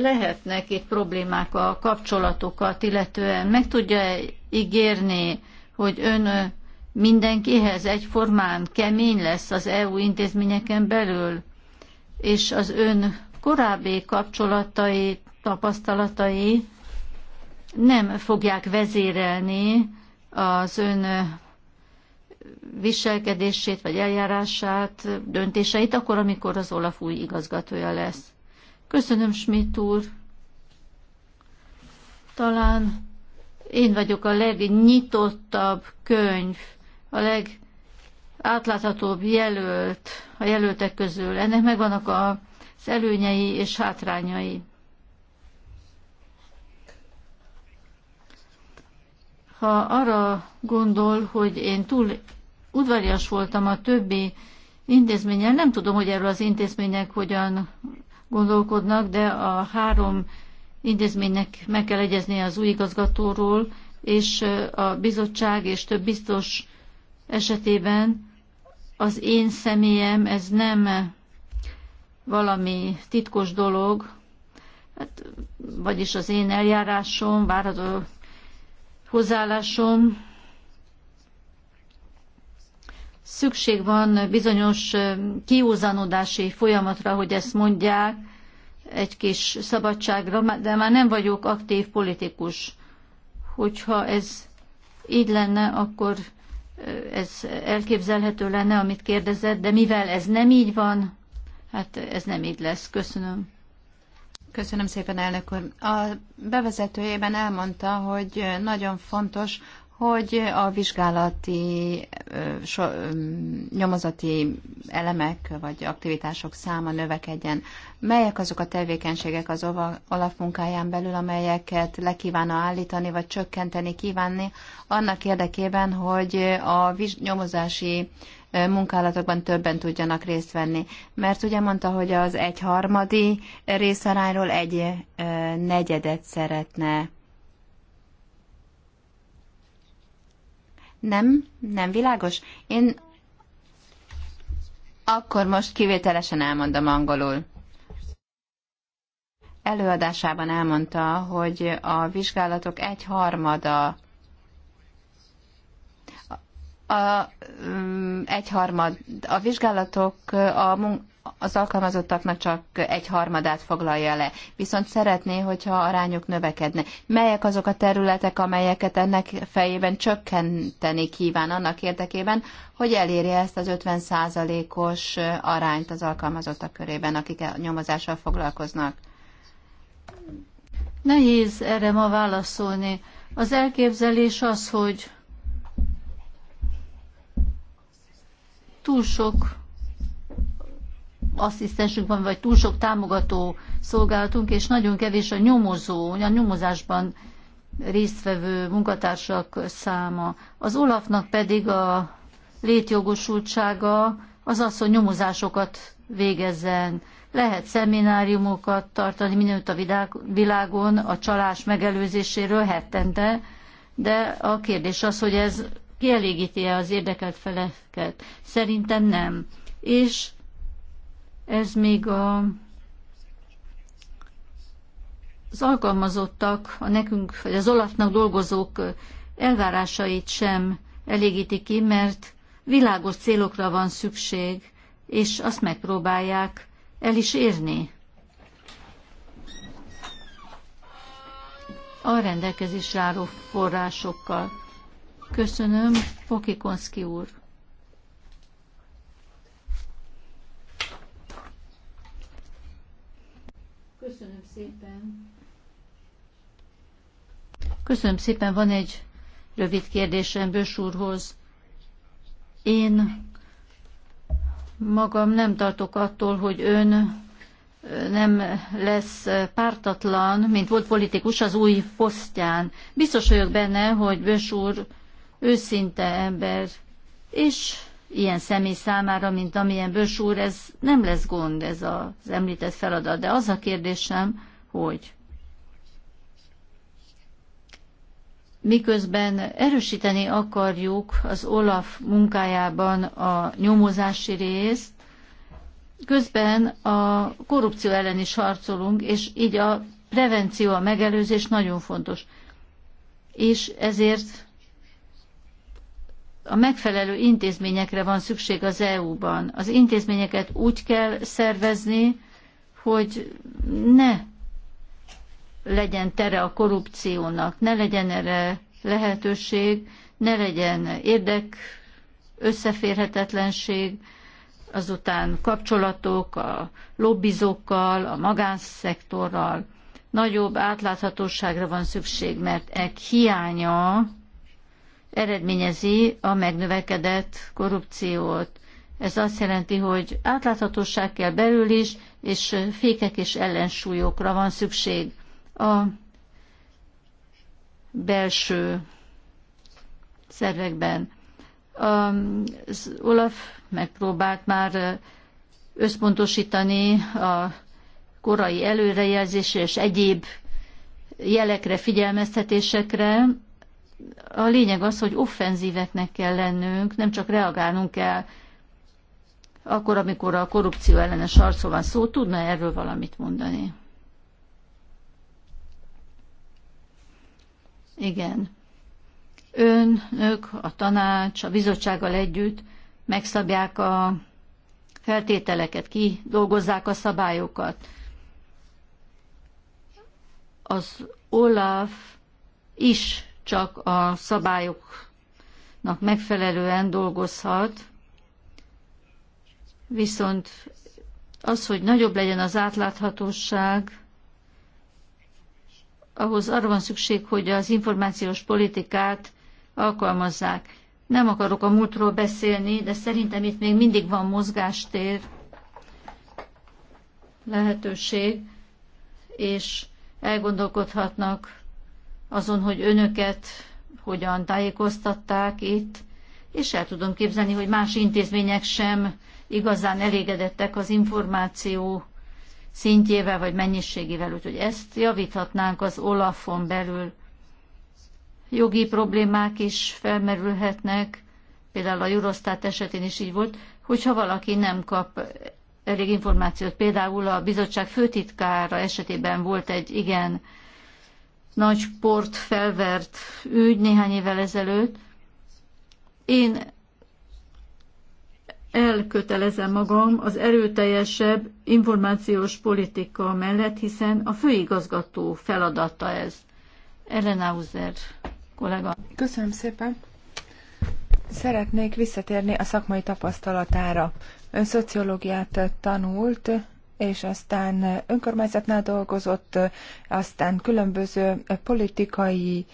lehetnek itt problémák a kapcsolatokat, illetően meg tudja -e ígérni, hogy ön mindenkihez egyformán kemény lesz az EU intézményeken belül, és az ön korábbi kapcsolatai, tapasztalatai nem fogják vezérelni az ön viselkedését vagy eljárását, döntéseit, akkor, amikor az Olaf új igazgatója lesz. Köszönöm, Schmidt úr. Talán én vagyok a legnyitottabb könyv, a legátláthatóbb jelölt a jelöltek közül. Ennek megvannak az előnyei és hátrányai. Ha arra gondol, hogy én túl udvarias voltam a többi intézménnyel, nem tudom, hogy erről az intézmények hogyan gondolkodnak, de a három intézménynek meg kell egyezni az új igazgatóról, és a bizottság és több biztos esetében az én személyem, ez nem valami titkos dolog, hát, vagyis az én eljárásom, várható hozzáállásom. Szükség van bizonyos kiúzanodási folyamatra, hogy ezt mondják, egy kis szabadságra, de már nem vagyok aktív politikus. Hogyha ez így lenne, akkor ez elképzelhető lenne, amit kérdezett, de mivel ez nem így van, hát ez nem így lesz. Köszönöm. Köszönöm szépen, elnök úr. A bevezetőjében elmondta, hogy nagyon fontos, hogy a vizsgálati, so, nyomozati elemek vagy aktivitások száma növekedjen. Melyek azok a tevékenységek az OLAF munkáján belül, amelyeket le kívánna állítani, vagy csökkenteni kívánni, annak érdekében, hogy a nyomozási munkálatokban többen tudjanak részt venni. Mert ugye mondta, hogy az egyharmadi részarányról egy negyedet szeretne. Nem? Nem világos? Én akkor most kivételesen elmondom angolul. Előadásában elmondta, hogy a vizsgálatok egy harmada a mm, egyharmad, a vizsgálatok a mun- az alkalmazottaknak csak egy harmadát foglalja le. Viszont szeretné, hogyha arányok növekedne. Melyek azok a területek, amelyeket ennek fejében csökkenteni kíván annak érdekében, hogy elérje ezt az 50%-os arányt az alkalmazottak körében, akik a nyomozással foglalkoznak? Nehéz erre ma válaszolni. Az elképzelés az, hogy túl sok asszisztensünk van, vagy túl sok támogató szolgálatunk, és nagyon kevés a nyomozó, a nyomozásban résztvevő munkatársak száma. Az Olafnak pedig a létjogosultsága az az, hogy nyomozásokat végezzen. Lehet szemináriumokat tartani mindenütt a világon a csalás megelőzéséről hetente, de a kérdés az, hogy ez kielégíti-e az érdekelt feleket. Szerintem nem. És ez még a, az alkalmazottak, a nekünk, vagy az olafnak dolgozók elvárásait sem elégíti ki, mert világos célokra van szükség, és azt megpróbálják el is érni. a rendelkezésre álló forrásokkal. Köszönöm, Pokikonszki úr. Köszönöm szépen. Köszönöm szépen. Van egy rövid kérdésem Bös úrhoz. Én magam nem tartok attól, hogy ön nem lesz pártatlan, mint volt politikus az új posztján. Biztos vagyok benne, hogy Bös úr őszinte ember, és ilyen személy számára, mint amilyen Bös úr, ez nem lesz gond, ez az említett feladat. De az a kérdésem, hogy miközben erősíteni akarjuk az Olaf munkájában a nyomozási részt, közben a korrupció ellen is harcolunk, és így a prevenció, a megelőzés nagyon fontos. És ezért a megfelelő intézményekre van szükség az EU-ban. Az intézményeket úgy kell szervezni, hogy ne legyen tere a korrupciónak, ne legyen erre lehetőség, ne legyen érdek, összeférhetetlenség, azután kapcsolatok a lobbizókkal, a magánszektorral. Nagyobb átláthatóságra van szükség, mert egy hiánya eredményezi a megnövekedett korrupciót. Ez azt jelenti, hogy átláthatóság kell belül is, és fékek és ellensúlyokra van szükség. A belső szervekben. Az Olaf megpróbált már összpontosítani a korai előrejelzésre és egyéb jelekre, figyelmeztetésekre, a lényeg az, hogy offenzíveknek kell lennünk, nem csak reagálnunk kell akkor, amikor a korrupció ellenes harcol van szó, tudna erről valamit mondani? Igen. Ön, ők, a tanács, a bizottsággal együtt megszabják a feltételeket, ki dolgozzák a szabályokat. Az Olaf is csak a szabályoknak megfelelően dolgozhat, viszont az, hogy nagyobb legyen az átláthatóság, ahhoz arra van szükség, hogy az információs politikát alkalmazzák. Nem akarok a múltról beszélni, de szerintem itt még mindig van mozgástér, lehetőség, és elgondolkodhatnak azon, hogy önöket hogyan tájékoztatták itt, és el tudom képzelni, hogy más intézmények sem igazán elégedettek az információ szintjével vagy mennyiségével, úgyhogy ezt javíthatnánk az Olafon belül. Jogi problémák is felmerülhetnek, például a Eurostat esetén is így volt, hogyha valaki nem kap elég információt. Például a bizottság főtitkára esetében volt egy igen nagy port felvert ügy néhány évvel ezelőtt. Én elkötelezem magam az erőteljesebb információs politika mellett, hiszen a főigazgató feladata ez. Elena Uzer kollega. Köszönöm szépen. Szeretnék visszatérni a szakmai tapasztalatára. Ön szociológiát tanult, és aztán önkormányzatnál dolgozott, aztán különböző politikai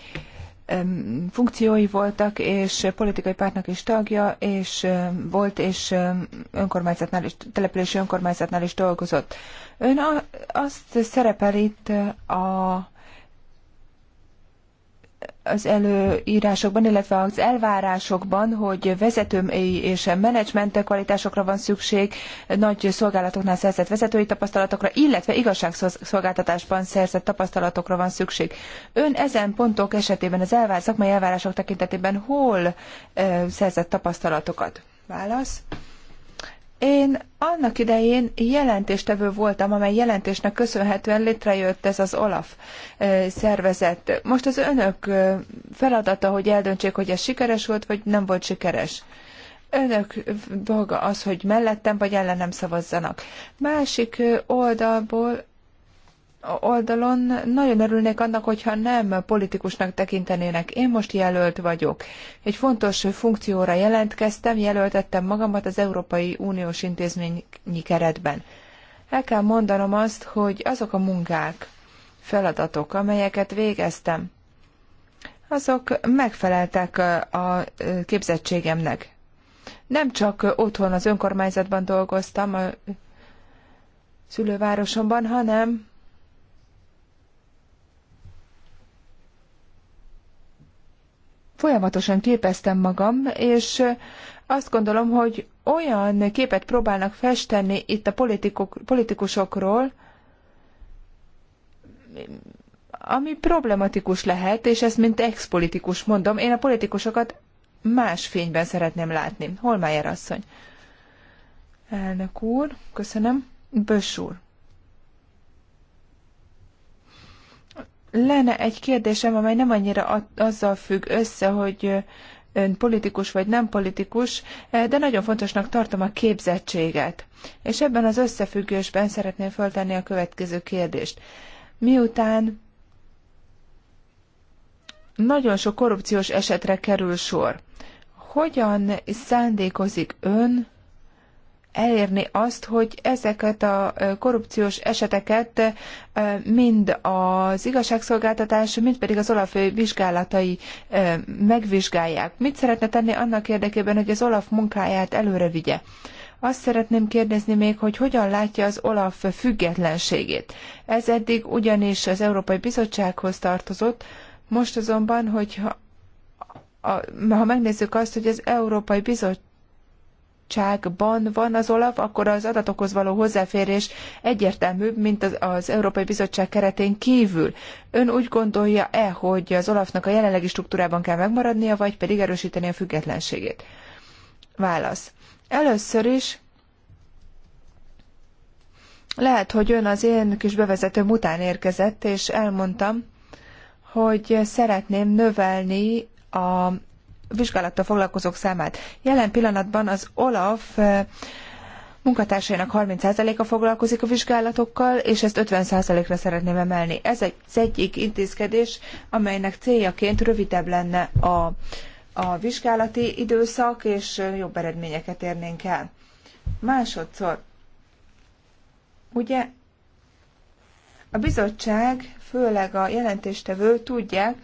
funkciói voltak, és politikai pártnak is tagja, és volt, és önkormányzatnál is, települési önkormányzatnál is dolgozott. Ön azt szerepel itt a az előírásokban, illetve az elvárásokban, hogy vezetői és menedzsment kvalitásokra van szükség, nagy szolgálatoknál szerzett vezetői tapasztalatokra, illetve igazságszolgáltatásban szerzett tapasztalatokra van szükség. Ön ezen pontok esetében az elvár, szakmai elvárások tekintetében hol szerzett tapasztalatokat? Válasz. Én annak idején jelentéstevő voltam, amely jelentésnek köszönhetően létrejött ez az OLAF szervezet. Most az önök feladata, hogy eldöntsék, hogy ez sikeres volt, vagy nem volt sikeres. Önök dolga az, hogy mellettem vagy ellenem szavazzanak. Másik oldalból oldalon nagyon örülnék annak, hogyha nem politikusnak tekintenének. Én most jelölt vagyok. Egy fontos funkcióra jelentkeztem, jelöltettem magamat az Európai Uniós intézményi keretben. El kell mondanom azt, hogy azok a munkák, feladatok, amelyeket végeztem, azok megfeleltek a képzettségemnek. Nem csak otthon az önkormányzatban dolgoztam, a szülővárosomban, hanem folyamatosan képeztem magam, és azt gondolom, hogy olyan képet próbálnak festeni itt a politikok, politikusokról, ami problematikus lehet, és ezt mint ex-politikus mondom, én a politikusokat más fényben szeretném látni. Holmájer asszony. Elnök úr, köszönöm. Bös úr. Lenne egy kérdésem, amely nem annyira azzal függ össze, hogy ön politikus vagy nem politikus, de nagyon fontosnak tartom a képzettséget. És ebben az összefüggésben szeretném föltenni a következő kérdést. Miután nagyon sok korrupciós esetre kerül sor, hogyan szándékozik ön elérni azt, hogy ezeket a korrupciós eseteket mind az igazságszolgáltatás, mind pedig az Olaf vizsgálatai megvizsgálják. Mit szeretne tenni annak érdekében, hogy az Olaf munkáját előre vigye? Azt szeretném kérdezni még, hogy hogyan látja az Olaf függetlenségét. Ez eddig ugyanis az Európai Bizottsághoz tartozott, most azonban, hogyha ha megnézzük azt, hogy az Európai Bizottság Bizottságban van az OLAF, akkor az adatokhoz való hozzáférés egyértelműbb, mint az, az Európai Bizottság keretén kívül. Ön úgy gondolja-e, hogy az OLAF-nak a jelenlegi struktúrában kell megmaradnia, vagy pedig erősíteni a függetlenségét? Válasz. Először is lehet, hogy ön az én kis bevezetőm után érkezett, és elmondtam, hogy szeretném növelni a vizsgálattal foglalkozók számát. Jelen pillanatban az OLAF eh, munkatársainak 30%-a foglalkozik a vizsgálatokkal, és ezt 50%-ra szeretném emelni. Ez egy, az egyik intézkedés, amelynek céljaként rövidebb lenne a, a vizsgálati időszak, és jobb eredményeket érnénk el. Másodszor, ugye a bizottság, főleg a jelentéstevő tudják,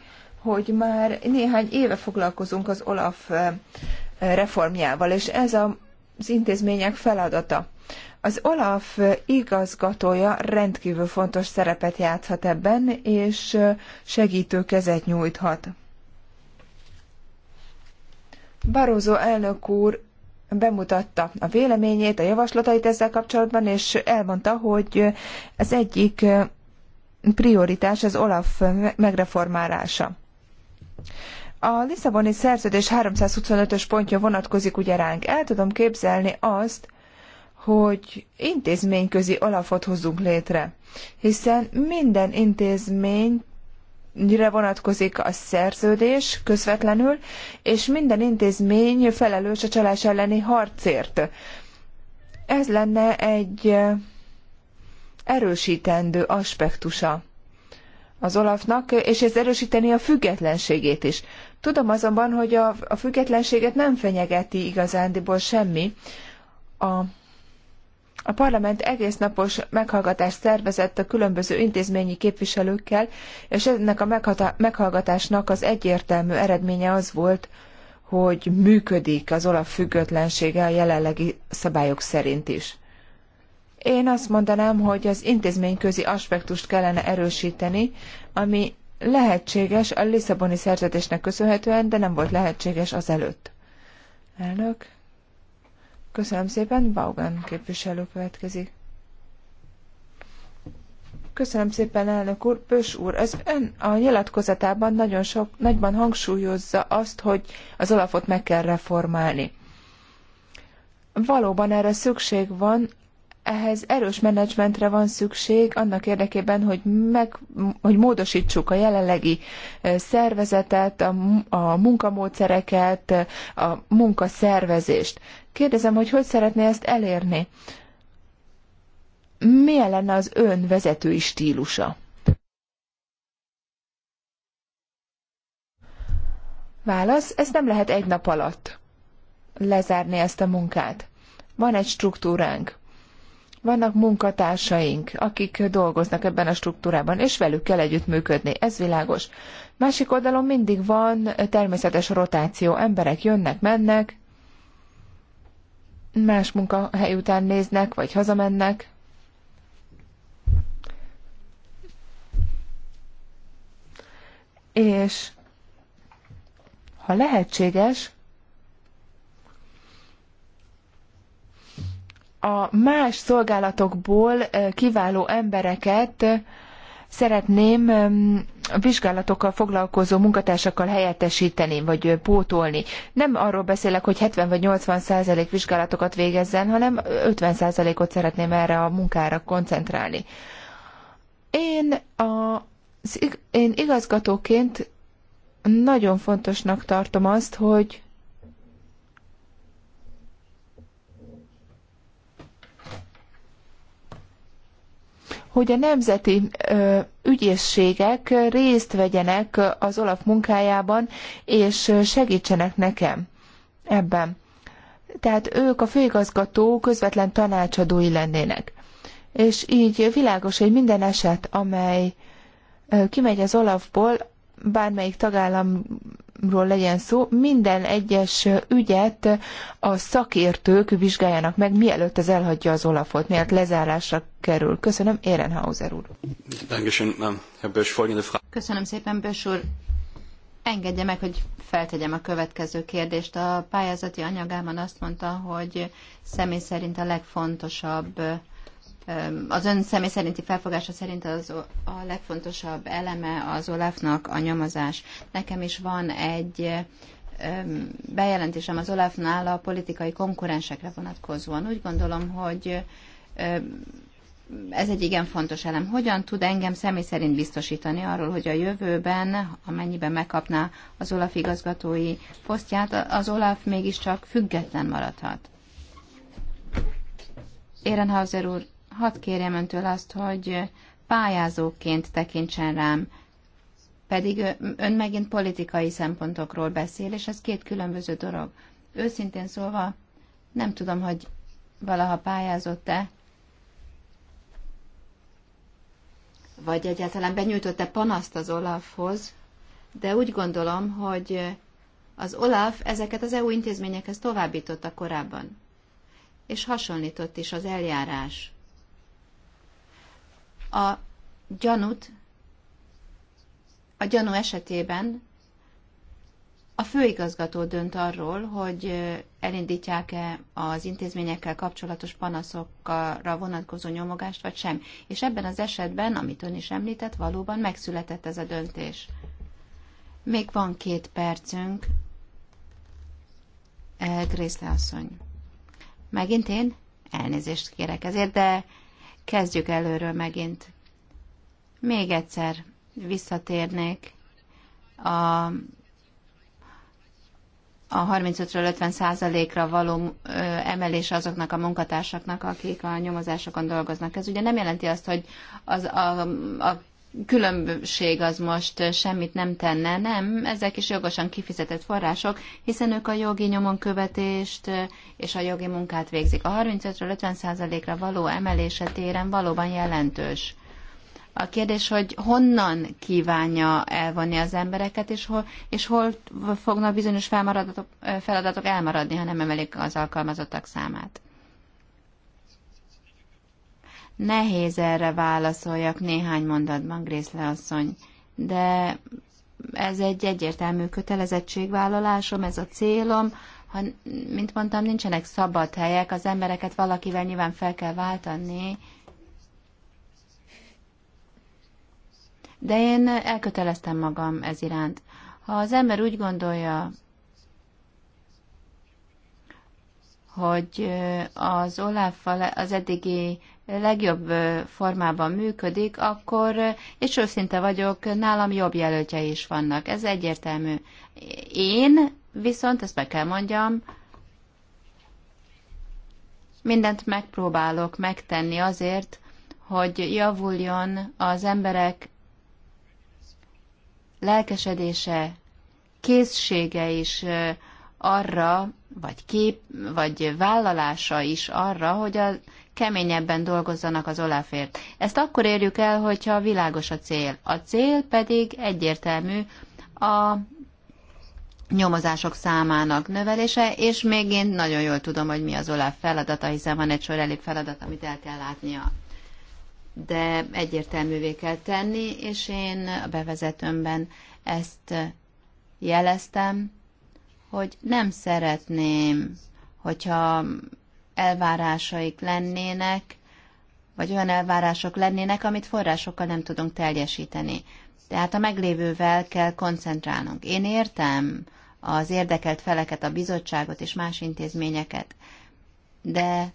hogy már néhány éve foglalkozunk az OLAF reformjával, és ez az intézmények feladata. Az OLAF igazgatója rendkívül fontos szerepet játszhat ebben, és segítő kezet nyújthat. Barózó elnök úr bemutatta a véleményét, a javaslatait ezzel kapcsolatban, és elmondta, hogy az egyik prioritás az OLAF megreformálása. A Lisszaboni szerződés 325-ös pontja vonatkozik ugye ránk. El tudom képzelni azt, hogy intézményközi alapot hozzunk létre, hiszen minden intézmény mire vonatkozik a szerződés közvetlenül, és minden intézmény felelős a csalás elleni harcért. Ez lenne egy eh, erősítendő aspektusa az Olafnak, és ez erősíteni a függetlenségét is. Tudom azonban, hogy a, a függetlenséget nem fenyegeti igazándiból semmi. A, a parlament egésznapos meghallgatást szervezett a különböző intézményi képviselőkkel, és ennek a meghallgatásnak az egyértelmű eredménye az volt, hogy működik az olaf függetlensége a jelenlegi szabályok szerint is. Én azt mondanám, hogy az intézményközi aspektust kellene erősíteni, ami lehetséges a Lisszaboni szerződésnek köszönhetően, de nem volt lehetséges azelőtt. Elnök. Köszönöm szépen, Baugan képviselő következik. Köszönöm szépen, elnök úr. úr, ez ön a nyilatkozatában nagyon sok, nagyban hangsúlyozza azt, hogy az alapot meg kell reformálni. Valóban erre szükség van ehhez erős menedzsmentre van szükség annak érdekében, hogy, meg, hogy módosítsuk a jelenlegi szervezetet, a, a munkamódszereket, a munkaszervezést. Kérdezem, hogy hogy szeretné ezt elérni? Milyen lenne az ön vezetői stílusa? Válasz, Ez nem lehet egy nap alatt lezárni ezt a munkát. Van egy struktúránk vannak munkatársaink, akik dolgoznak ebben a struktúrában, és velük kell együttműködni, ez világos. Másik oldalon mindig van természetes rotáció, emberek jönnek, mennek, más munkahely után néznek, vagy hazamennek. És ha lehetséges, a más szolgálatokból kiváló embereket szeretném vizsgálatokkal foglalkozó munkatársakkal helyettesíteni, vagy pótolni. Nem arról beszélek, hogy 70 vagy 80 százalék vizsgálatokat végezzen, hanem 50 százalékot szeretném erre a munkára koncentrálni. Én, a, én igazgatóként nagyon fontosnak tartom azt, hogy hogy a nemzeti ügyészségek részt vegyenek az Olaf munkájában, és segítsenek nekem ebben. Tehát ők a főigazgató közvetlen tanácsadói lennének. És így világos, hogy minden eset, amely kimegy az Olafból, bármelyik tagállam ról legyen szó, minden egyes ügyet a szakértők vizsgáljanak meg, mielőtt ez elhagyja az Olafot, mielőtt lezárásra kerül. Köszönöm, Ehrenhauser úr. Köszönöm szépen, Bös úr. Engedje meg, hogy feltegyem a következő kérdést. A pályázati anyagában azt mondta, hogy személy szerint a legfontosabb az ön személy szerinti felfogása szerint az a legfontosabb eleme az Olafnak a nyomozás. Nekem is van egy bejelentésem az Olafnál a politikai konkurensekre vonatkozóan. Úgy gondolom, hogy ez egy igen fontos elem. Hogyan tud engem személy szerint biztosítani arról, hogy a jövőben, amennyiben megkapná az Olaf igazgatói posztját, az Olaf mégiscsak független maradhat? Érenhauser úr hadd kérjem öntől azt, hogy pályázóként tekintsen rám, pedig ön megint politikai szempontokról beszél, és ez két különböző dolog. Őszintén szólva, nem tudom, hogy valaha pályázott-e, vagy egyáltalán benyújtott-e panaszt az Olafhoz, de úgy gondolom, hogy az Olaf ezeket az EU intézményekhez továbbította korábban, és hasonlított is az eljárás a gyanút, a gyanú esetében a főigazgató dönt arról, hogy elindítják-e az intézményekkel kapcsolatos panaszokra vonatkozó nyomogást, vagy sem. És ebben az esetben, amit ön is említett, valóban megszületett ez a döntés. Még van két percünk. Eh, Grészle asszony. Megint én? Elnézést kérek ezért, de Kezdjük előről megint. Még egyszer visszatérnék a, a 35-ről 50 százalékra való emelés azoknak a munkatársaknak, akik a nyomozásokon dolgoznak. Ez ugye nem jelenti azt, hogy az, a, a különbség az most semmit nem tenne, nem, ezek is jogosan kifizetett források, hiszen ők a jogi nyomon követést és a jogi munkát végzik. A 35-ről 50%-ra való emelése téren valóban jelentős. A kérdés, hogy honnan kívánja elvonni az embereket, és hol, és hol fognak bizonyos feladatok elmaradni, ha nem emelik az alkalmazottak számát. Nehéz erre válaszoljak néhány mondatban, Grészle asszony, de ez egy egyértelmű kötelezettségvállalásom, ez a célom. Ha, mint mondtam, nincsenek szabad helyek, az embereket valakivel nyilván fel kell váltani, de én elköteleztem magam ez iránt. Ha az ember úgy gondolja, hogy az olaf az eddigi legjobb formában működik, akkor, és őszinte vagyok, nálam jobb jelöltje is vannak. Ez egyértelmű. Én viszont, ezt meg kell mondjam, mindent megpróbálok megtenni azért, hogy javuljon az emberek lelkesedése, készsége is arra, vagy kép, vagy vállalása is arra, hogy a keményebben dolgozzanak az Olafért. Ezt akkor érjük el, hogyha világos a cél. A cél pedig egyértelmű a nyomozások számának növelése, és még én nagyon jól tudom, hogy mi az Olaf feladata, hiszen van egy sor elég feladat, amit el kell látnia. De egyértelművé kell tenni, és én a bevezetőmben ezt jeleztem, hogy nem szeretném, hogyha elvárásaik lennének, vagy olyan elvárások lennének, amit forrásokkal nem tudunk teljesíteni. Tehát a meglévővel kell koncentrálnunk. Én értem az érdekelt feleket, a bizottságot és más intézményeket, de,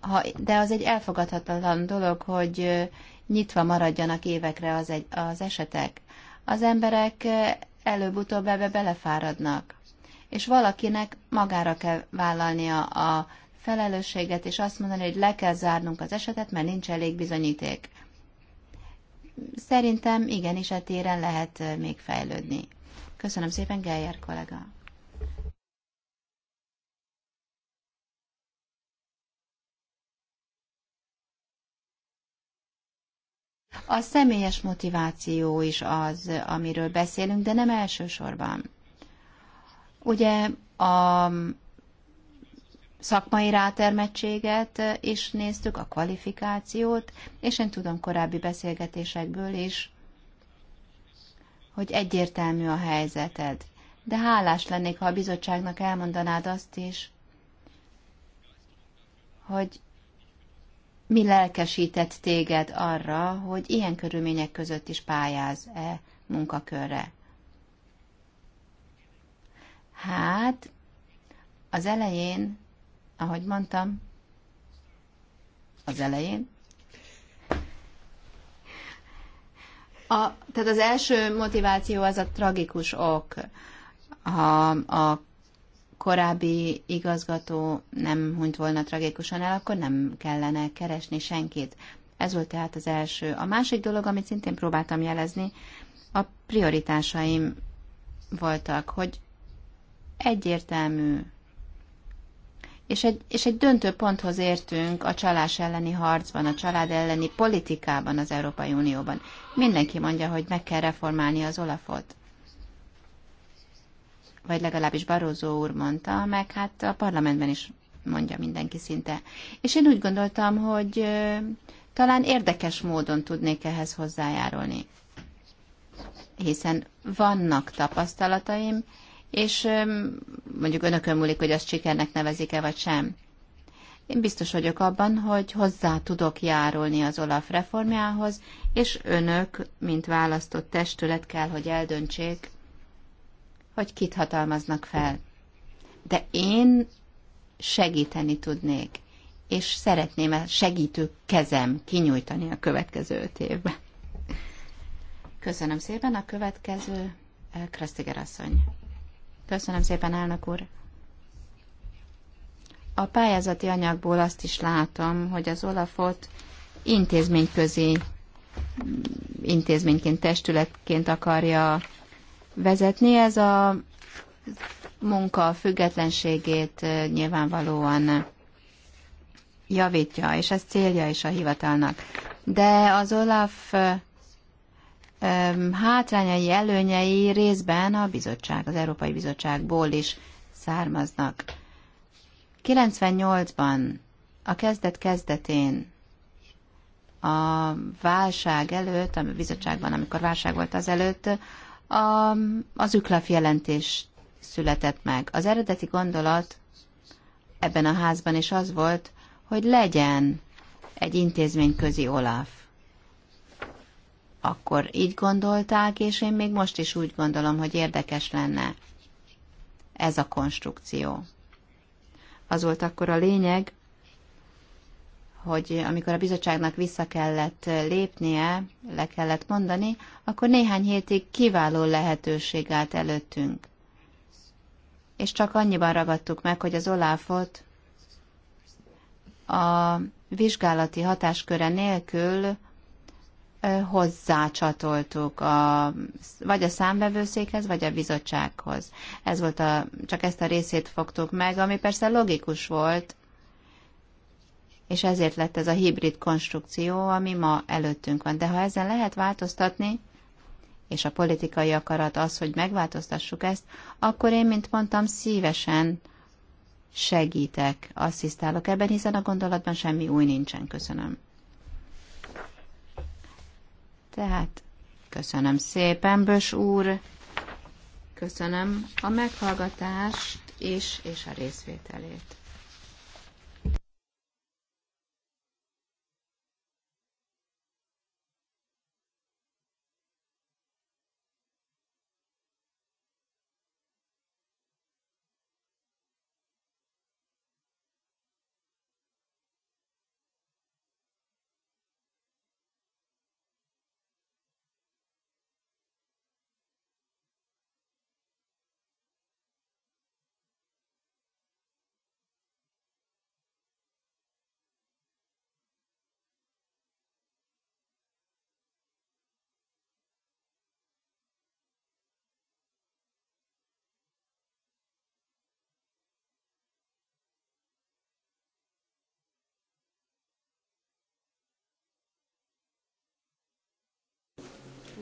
ha, de az egy elfogadhatatlan dolog, hogy nyitva maradjanak évekre az, egy, az esetek. Az emberek előbb-utóbb ebbe belefáradnak és valakinek magára kell vállalnia a felelősséget, és azt mondani, hogy le kell zárnunk az esetet, mert nincs elég bizonyíték. Szerintem igenis a e téren lehet még fejlődni. Köszönöm szépen, Geyer kollega. A személyes motiváció is az, amiről beszélünk, de nem elsősorban. Ugye a szakmai rátermettséget is néztük, a kvalifikációt, és én tudom korábbi beszélgetésekből is, hogy egyértelmű a helyzeted. De hálás lennék, ha a bizottságnak elmondanád azt is, hogy mi lelkesített téged arra, hogy ilyen körülmények között is pályáz-e munkakörre. Hát az elején, ahogy mondtam, az elején, a, tehát az első motiváció az a tragikus ok. Ha a korábbi igazgató nem hunyt volna tragikusan el, akkor nem kellene keresni senkit. Ez volt tehát az első. A másik dolog, amit szintén próbáltam jelezni, a prioritásaim voltak, hogy egyértelmű. És egy, és egy döntő ponthoz értünk a csalás elleni harcban, a család elleni politikában az Európai Unióban. Mindenki mondja, hogy meg kell reformálni az Olafot. Vagy legalábbis Barózó úr mondta, meg hát a parlamentben is mondja mindenki szinte. És én úgy gondoltam, hogy ö, talán érdekes módon tudnék ehhez hozzájárulni. Hiszen vannak tapasztalataim, és mondjuk önökön múlik, hogy azt sikernek nevezik-e vagy sem. Én biztos vagyok abban, hogy hozzá tudok járulni az Olaf reformjához, és önök, mint választott testület kell, hogy eldöntsék, hogy kit hatalmaznak fel. De én segíteni tudnék, és szeretném a segítő kezem kinyújtani a következő öt évben. Köszönöm szépen, a következő eh, Krasztiger asszony. Köszönöm szépen, elnök úr. A pályázati anyagból azt is látom, hogy az Olafot intézményközi mm, intézményként, testületként akarja vezetni. Ez a munka függetlenségét nyilvánvalóan javítja, és ez célja is a hivatalnak. De az Olaf hátrányai, előnyei részben a bizottság, az Európai Bizottságból is származnak. 98-ban, a kezdet kezdetén, a válság előtt, a bizottságban, amikor válság volt az előtt, a, az üklaf jelentés született meg. Az eredeti gondolat ebben a házban is az volt, hogy legyen egy intézményközi Olaf akkor így gondolták, és én még most is úgy gondolom, hogy érdekes lenne ez a konstrukció. Az volt akkor a lényeg, hogy amikor a bizottságnak vissza kellett lépnie, le kellett mondani, akkor néhány hétig kiváló lehetőség állt előttünk. És csak annyiban ragadtuk meg, hogy az Oláfot a vizsgálati hatásköre nélkül hozzácsatoltuk a, vagy a számbevőszékhez, vagy a bizottsághoz. Ez volt a, csak ezt a részét fogtuk meg, ami persze logikus volt, és ezért lett ez a hibrid konstrukció, ami ma előttünk van. De ha ezen lehet változtatni, és a politikai akarat az, hogy megváltoztassuk ezt, akkor én, mint mondtam, szívesen segítek, asszisztálok ebben, hiszen a gondolatban semmi új nincsen. Köszönöm. Tehát köszönöm szépen, Bös úr, köszönöm a meghallgatást és és a részvételét.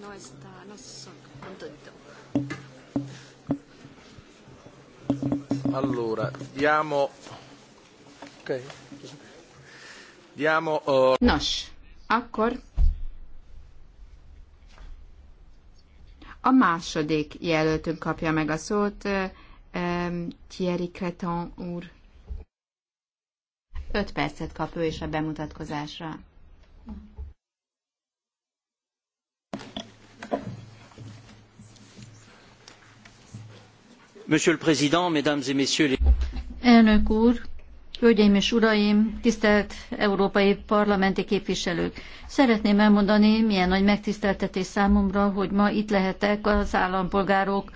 no está, no sono contento. Allora, diamo... Ok. Diamo... Uh... Nos, akkor a második jelöltünk kapja meg a szót, eh, Thierry Creton úr. Öt percet kap ő is a bemutatkozásra. Monsieur le Président, Mesdames et Messieurs les... Elnök úr, Hölgyeim és Uraim, tisztelt európai parlamenti képviselők! Szeretném elmondani, milyen nagy megtiszteltetés számomra, hogy ma itt lehetek az állampolgárok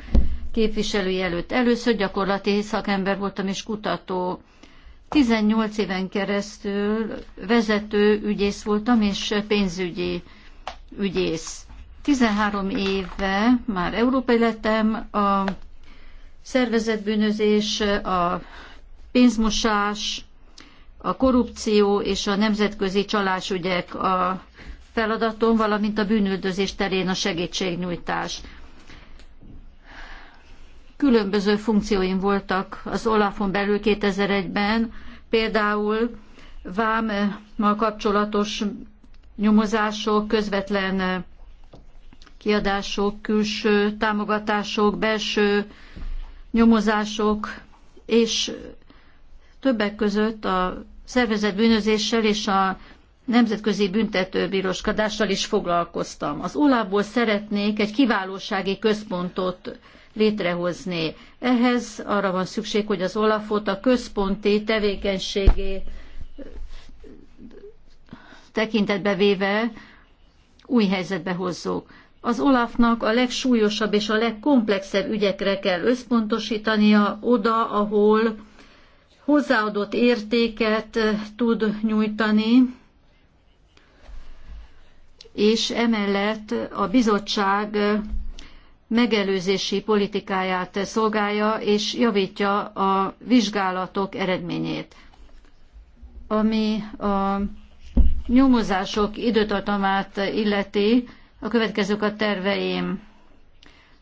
képviselői előtt. Először gyakorlati szakember voltam és kutató. 18 éven keresztül vezető ügyész voltam és pénzügyi ügyész. 13 éve már európai lettem, a szervezetbűnözés, a pénzmosás, a korrupció és a nemzetközi csalásügyek a feladatom, valamint a bűnüldözés terén a segítségnyújtás. Különböző funkcióim voltak az Olafon belül 2001-ben, például vámmal kapcsolatos nyomozások, közvetlen kiadások, külső támogatások, belső nyomozások, és többek között a szervezett bűnözéssel és a nemzetközi büntetőbíróskodással is foglalkoztam. Az Olából szeretnék egy kiválósági központot létrehozni. Ehhez arra van szükség, hogy az Olafot a központi tevékenységé tekintetbe véve új helyzetbe hozzuk az Olafnak a legsúlyosabb és a legkomplexebb ügyekre kell összpontosítania, oda, ahol hozzáadott értéket eh, tud nyújtani, és emellett a bizottság eh, megelőzési politikáját szolgálja és javítja a vizsgálatok eredményét. Ami a nyomozások időtartamát illeti, a következők a terveim.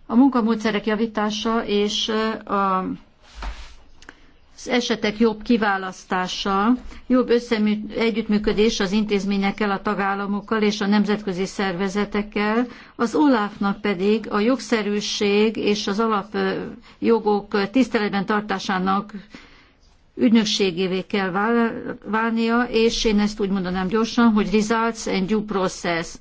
A munkamódszerek javítása és a az esetek jobb kiválasztása, jobb összemű, együttműködés az intézményekkel, a tagállamokkal és a nemzetközi szervezetekkel, az OLAF-nak pedig a jogszerűség és az alapjogok tiszteletben tartásának ügynökségévé kell válnia, és én ezt úgy mondanám gyorsan, hogy results and due process.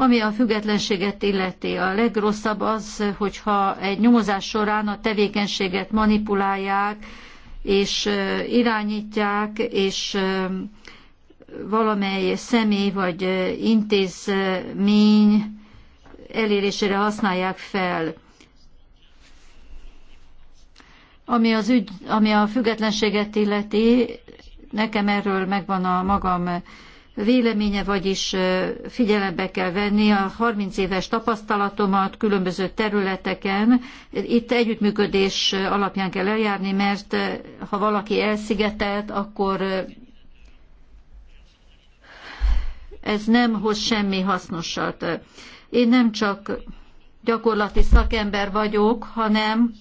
Ami a függetlenséget illeti, a legrosszabb az, hogyha egy nyomozás során a tevékenységet manipulálják, és irányítják, és valamely személy vagy intézmény elérésére használják fel. Ami, az ügy, ami a függetlenséget illeti, nekem erről megvan a magam véleménye, vagyis figyelembe kell venni a 30 éves tapasztalatomat különböző területeken. Itt együttműködés alapján kell eljárni, mert ha valaki elszigetelt, akkor ez nem hoz semmi hasznosat. Én nem csak gyakorlati szakember vagyok, hanem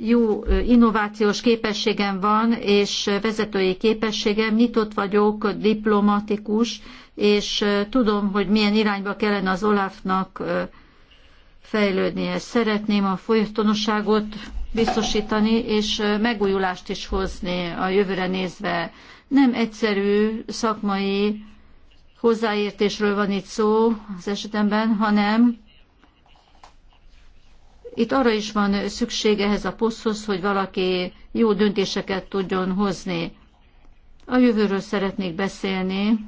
jó innovációs képességem van, és vezetői képességem, nyitott vagyok, diplomatikus, és tudom, hogy milyen irányba kellene az Olafnak fejlődnie. Szeretném a folytonosságot biztosítani, és megújulást is hozni a jövőre nézve. Nem egyszerű szakmai hozzáértésről van itt szó az esetemben, hanem itt arra is van szükség ehhez a poszthoz, hogy valaki jó döntéseket tudjon hozni. A jövőről szeretnék beszélni.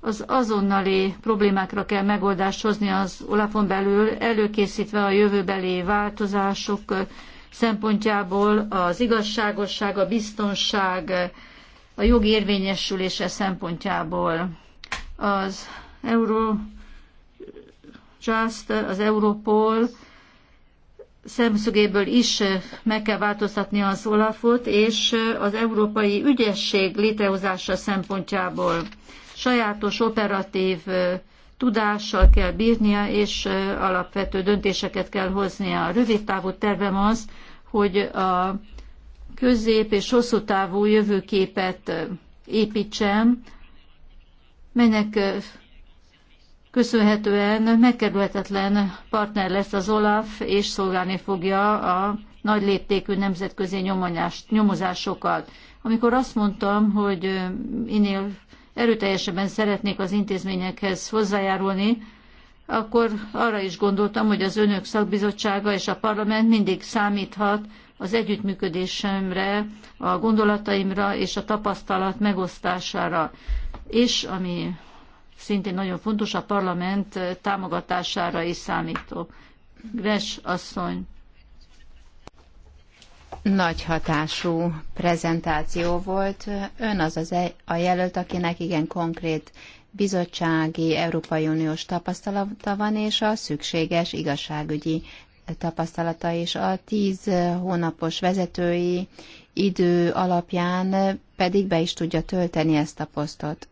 Az azonnali problémákra kell megoldást hozni az Olafon belül, előkészítve a jövőbeli változások szempontjából az igazságosság, a biztonság, a jog érvényesülése szempontjából. Az Euró Eurojust, az Europol szemszögéből is meg kell változtatni az Olafot, és az európai ügyesség létrehozása szempontjából sajátos operatív tudással kell bírnia, és alapvető döntéseket kell hoznia. A rövid távú tervem az, hogy a közép és hosszú távú jövőképet építsem, melynek köszönhetően megkerülhetetlen partner lesz az OLAF, és szolgálni fogja a nagy léptékű nemzetközi nyomozásokat. Amikor azt mondtam, hogy inél erőteljesebben szeretnék az intézményekhez hozzájárulni, akkor arra is gondoltam, hogy az önök szakbizottsága és a parlament mindig számíthat az együttműködésemre, a gondolataimra és a tapasztalat megosztására. És ami szintén nagyon fontos, a parlament támogatására is számító, Gres asszony. Nagy hatású prezentáció volt. Ön az, az e- a jelölt, akinek igen konkrét bizottsági, Európai Uniós tapasztalata van, és a szükséges igazságügyi tapasztalata is. A tíz hónapos vezetői idő alapján pedig be is tudja tölteni ezt a posztot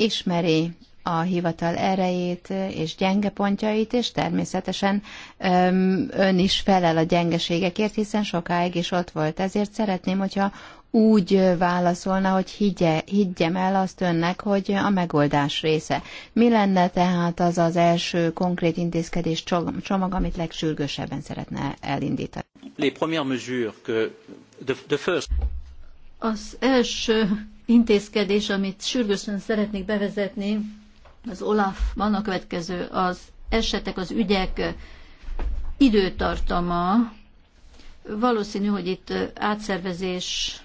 ismeri a hivatal erejét és gyenge pontjait, és természetesen öm, ön is felel a gyengeségekért, hiszen sokáig is ott volt. Ezért szeretném, hogyha úgy válaszolna, hogy higgye, higgyem el azt önnek, hogy a megoldás része. Mi lenne tehát az az első konkrét intézkedés csomag, amit legsürgősebben szeretne elindítani? Les premières mesures que first... Az első intézkedés, amit sürgősen szeretnék bevezetni az olaf van a következő. Az esetek, az ügyek időtartama valószínű, hogy itt átszervezésre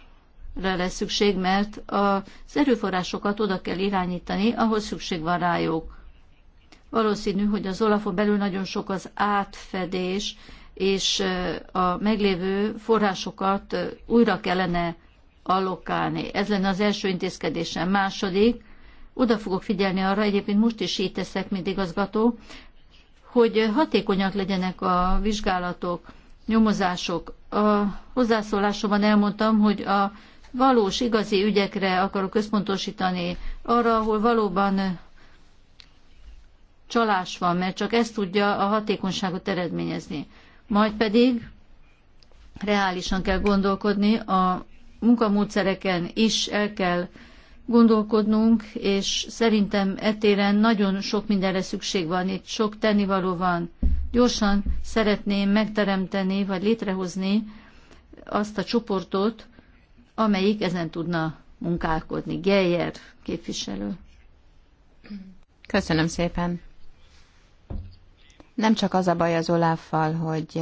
lesz szükség, mert az erőforrásokat oda kell irányítani, ahol szükség van rájuk. Valószínű, hogy az Olafon belül nagyon sok az átfedés, és a meglévő forrásokat újra kellene allokálni. Ez lenne az első intézkedésem. Második, oda fogok figyelni arra, egyébként most is így teszek, mint igazgató, hogy hatékonyak legyenek a vizsgálatok, nyomozások. A hozzászólásomban elmondtam, hogy a valós, igazi ügyekre akarok központosítani, arra, ahol valóban csalás van, mert csak ez tudja a hatékonyságot eredményezni. Majd pedig reálisan kell gondolkodni a munkamódszereken is el kell gondolkodnunk, és szerintem etéren nagyon sok mindenre szükség van, itt sok tennivaló van. Gyorsan szeretném megteremteni, vagy létrehozni azt a csoportot, amelyik ezen tudna munkálkodni. Geyer képviselő. Köszönöm szépen. Nem csak az a baj az Oláffal, hogy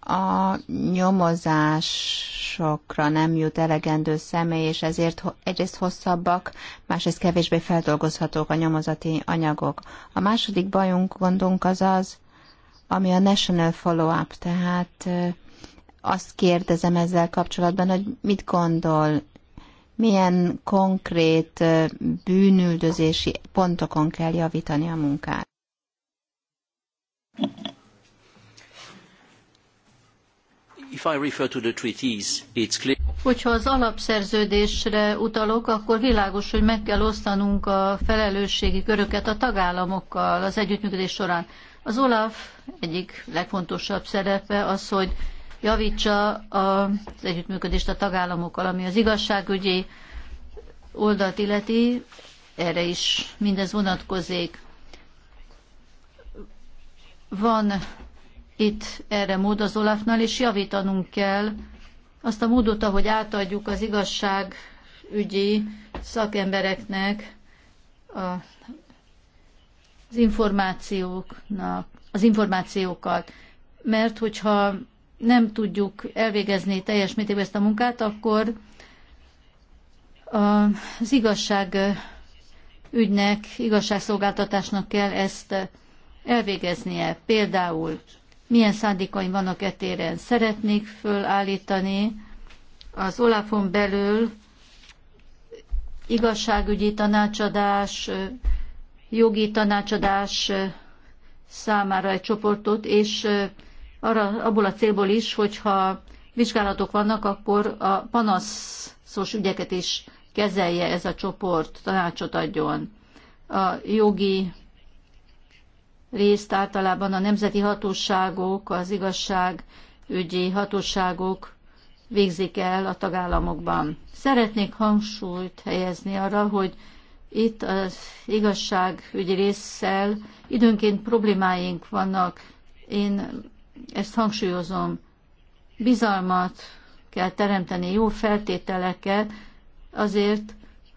a nyomozásokra nem jut elegendő személy, és ezért egyrészt hosszabbak, másrészt kevésbé feldolgozhatók a nyomozati anyagok. A második bajunk, gondunk az az, ami a National Follow-up, tehát azt kérdezem ezzel kapcsolatban, hogy mit gondol, milyen konkrét bűnüldözési pontokon kell javítani a munkát. Hogyha az alapszerződésre utalok, akkor világos, hogy meg kell osztanunk a felelősségi köröket a tagállamokkal az együttműködés során. Az OLAF egyik legfontosabb szerepe az, hogy javítsa az együttműködést a tagállamokkal, ami az igazságügyi oldalt illeti, erre is mindez vonatkozik. Van itt erre mód az Olafnál, és javítanunk kell azt a módot, ahogy átadjuk az igazságügyi szakembereknek a, az információknak, az információkat. Mert hogyha nem tudjuk elvégezni teljes mértékben ezt a munkát, akkor az igazság ügynek, igazságszolgáltatásnak kell ezt elvégeznie. Például milyen szándékaim vannak e téren. Szeretnék fölállítani az Olafon belül igazságügyi tanácsadás, jogi tanácsadás számára egy csoportot, és arra, abból a célból is, hogyha vizsgálatok vannak, akkor a panaszos ügyeket is kezelje ez a csoport, tanácsot adjon. A jogi részt általában a nemzeti hatóságok, az igazságügyi hatóságok végzik el a tagállamokban. Szeretnék hangsúlyt helyezni arra, hogy itt az igazságügyi résszel időnként problémáink vannak. Én ezt hangsúlyozom. Bizalmat kell teremteni, jó feltételeket azért,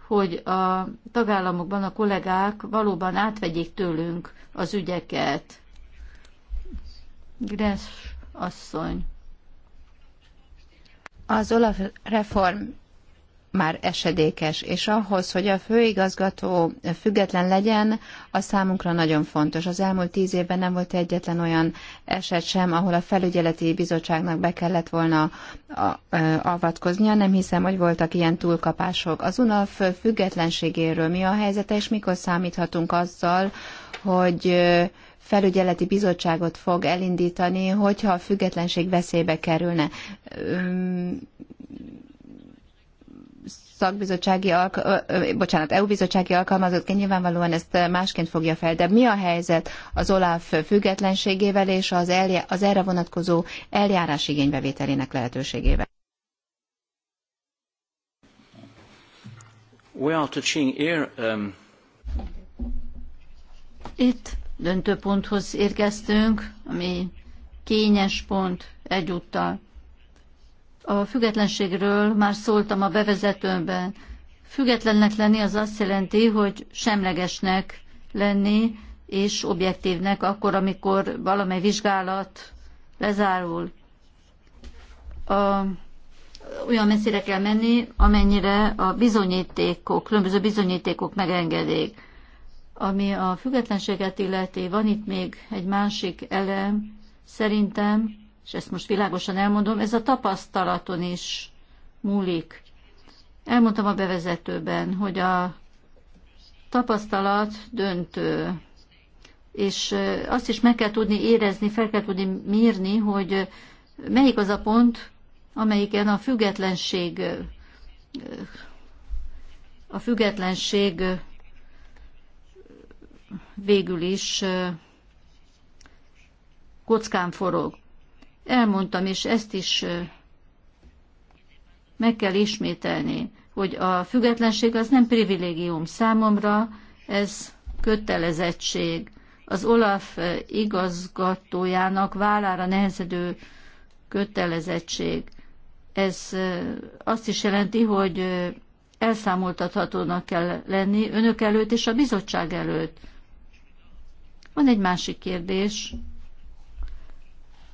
hogy a tagállamokban a kollégák valóban átvegyék tőlünk az ügyeket. Gressz asszony. Az Olaf reform már esedékes, és ahhoz, hogy a főigazgató független legyen, az számunkra nagyon fontos. Az elmúlt tíz évben nem volt egyetlen olyan eset sem, ahol a felügyeleti bizottságnak be kellett volna avatkoznia. Nem hiszem, hogy voltak ilyen túlkapások. Az UNAF függetlenségéről mi a helyzete, és mikor számíthatunk azzal, hogy felügyeleti bizottságot fog elindítani, hogyha a függetlenség veszélybe kerülne. Szakbizottsági, alka- bocsánat, EU bizottsági alkalmazottként nyilvánvalóan ezt másként fogja fel, de mi a helyzet az OLAF függetlenségével és az, elja- az erre vonatkozó eljárás igénybevételének lehetőségével? Well, to Ching, here um, itt döntőponthoz érkeztünk, ami kényes pont egyúttal. A függetlenségről már szóltam a bevezetőmben. Függetlennek lenni az azt jelenti, hogy semlegesnek lenni és objektívnek akkor, amikor valamely vizsgálat lezárul. A, olyan messzire kell menni, amennyire a bizonyítékok, különböző bizonyítékok megengedik ami a függetlenséget illeti, van itt még egy másik elem, szerintem, és ezt most világosan elmondom, ez a tapasztalaton is múlik. Elmondtam a bevezetőben, hogy a tapasztalat döntő, és eh, azt is meg kell tudni érezni, fel kell tudni mérni, hogy melyik az a pont, amelyiken a függetlenség eh, a függetlenség végül is kockán forog. Elmondtam, és ezt is meg kell ismételni, hogy a függetlenség az nem privilégium számomra, ez kötelezettség. Az Olaf igazgatójának vállára nehezedő kötelezettség. Ez azt is jelenti, hogy elszámoltathatónak kell lenni önök előtt és a bizottság előtt. Van egy másik kérdés,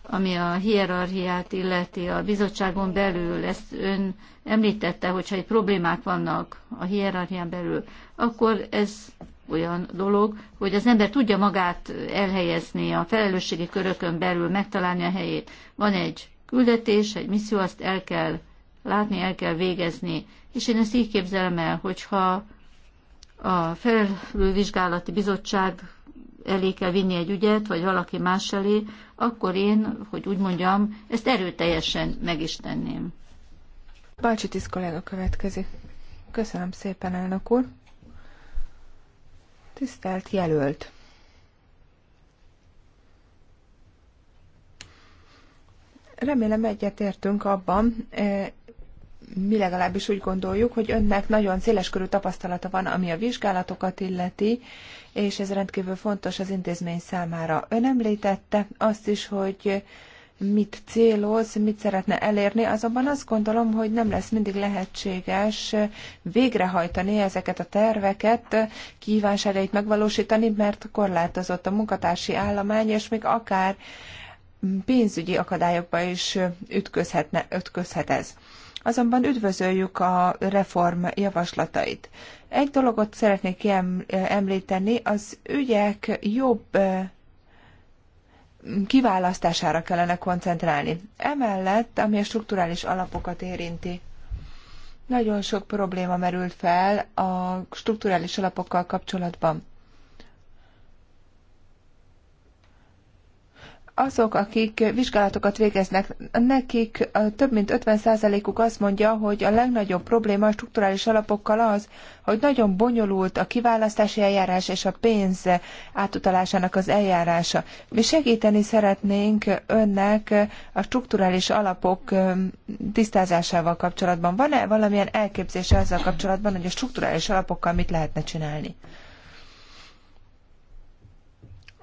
ami a hierarchiát illeti a bizottságon belül, ezt ön említette, hogyha egy problémák vannak a hierarchián belül, akkor ez olyan dolog, hogy az ember tudja magát elhelyezni a felelősségi körökön belül, megtalálni a helyét. Van egy küldetés, egy misszió, azt el kell látni, el kell végezni. És én ezt így képzelem el, hogyha a felülvizsgálati bizottság elé kell vinni egy ügyet, vagy valaki más elé, akkor én, hogy úgy mondjam, ezt erőteljesen meg is tenném. Bácsi Tisz következik. Köszönöm szépen, elnök úr. Tisztelt jelölt! Remélem egyetértünk abban, eh, mi legalábbis úgy gondoljuk, hogy önnek nagyon széleskörű tapasztalata van, ami a vizsgálatokat illeti, és ez rendkívül fontos az intézmény számára. Ön említette azt is, hogy mit céloz, mit szeretne elérni, azonban azt gondolom, hogy nem lesz mindig lehetséges végrehajtani ezeket a terveket, kívánságait megvalósítani, mert korlátozott a munkatársi állomány, és még akár pénzügyi akadályokba is ütközhetne, ütközhet ez. Azonban üdvözöljük a reform javaslatait. Egy dologot szeretnék említeni, az ügyek jobb kiválasztására kellene koncentrálni. Emellett, ami a strukturális alapokat érinti, nagyon sok probléma merült fel a strukturális alapokkal kapcsolatban. azok, akik vizsgálatokat végeznek, nekik több mint 50%-uk azt mondja, hogy a legnagyobb probléma a strukturális alapokkal az, hogy nagyon bonyolult a kiválasztási eljárás és a pénz átutalásának az eljárása. Mi segíteni szeretnénk önnek a strukturális alapok tisztázásával kapcsolatban. Van-e valamilyen elképzése ezzel kapcsolatban, hogy a strukturális alapokkal mit lehetne csinálni?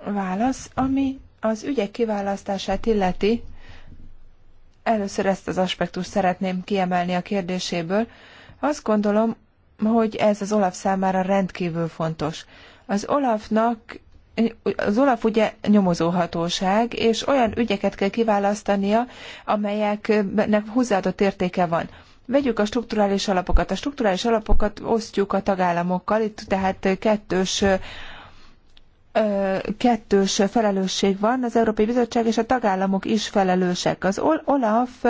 Válasz, ami az ügyek kiválasztását illeti, először ezt az aspektust szeretném kiemelni a kérdéséből. Azt gondolom, hogy ez az Olaf számára rendkívül fontos. Az Olafnak az Olaf ugye nyomozóhatóság, és olyan ügyeket kell kiválasztania, amelyeknek hozzáadott értéke van. Vegyük a strukturális alapokat. A strukturális alapokat osztjuk a tagállamokkal, itt tehát kettős kettős felelősség van, az Európai Bizottság és a tagállamok is felelősek. Az Olaf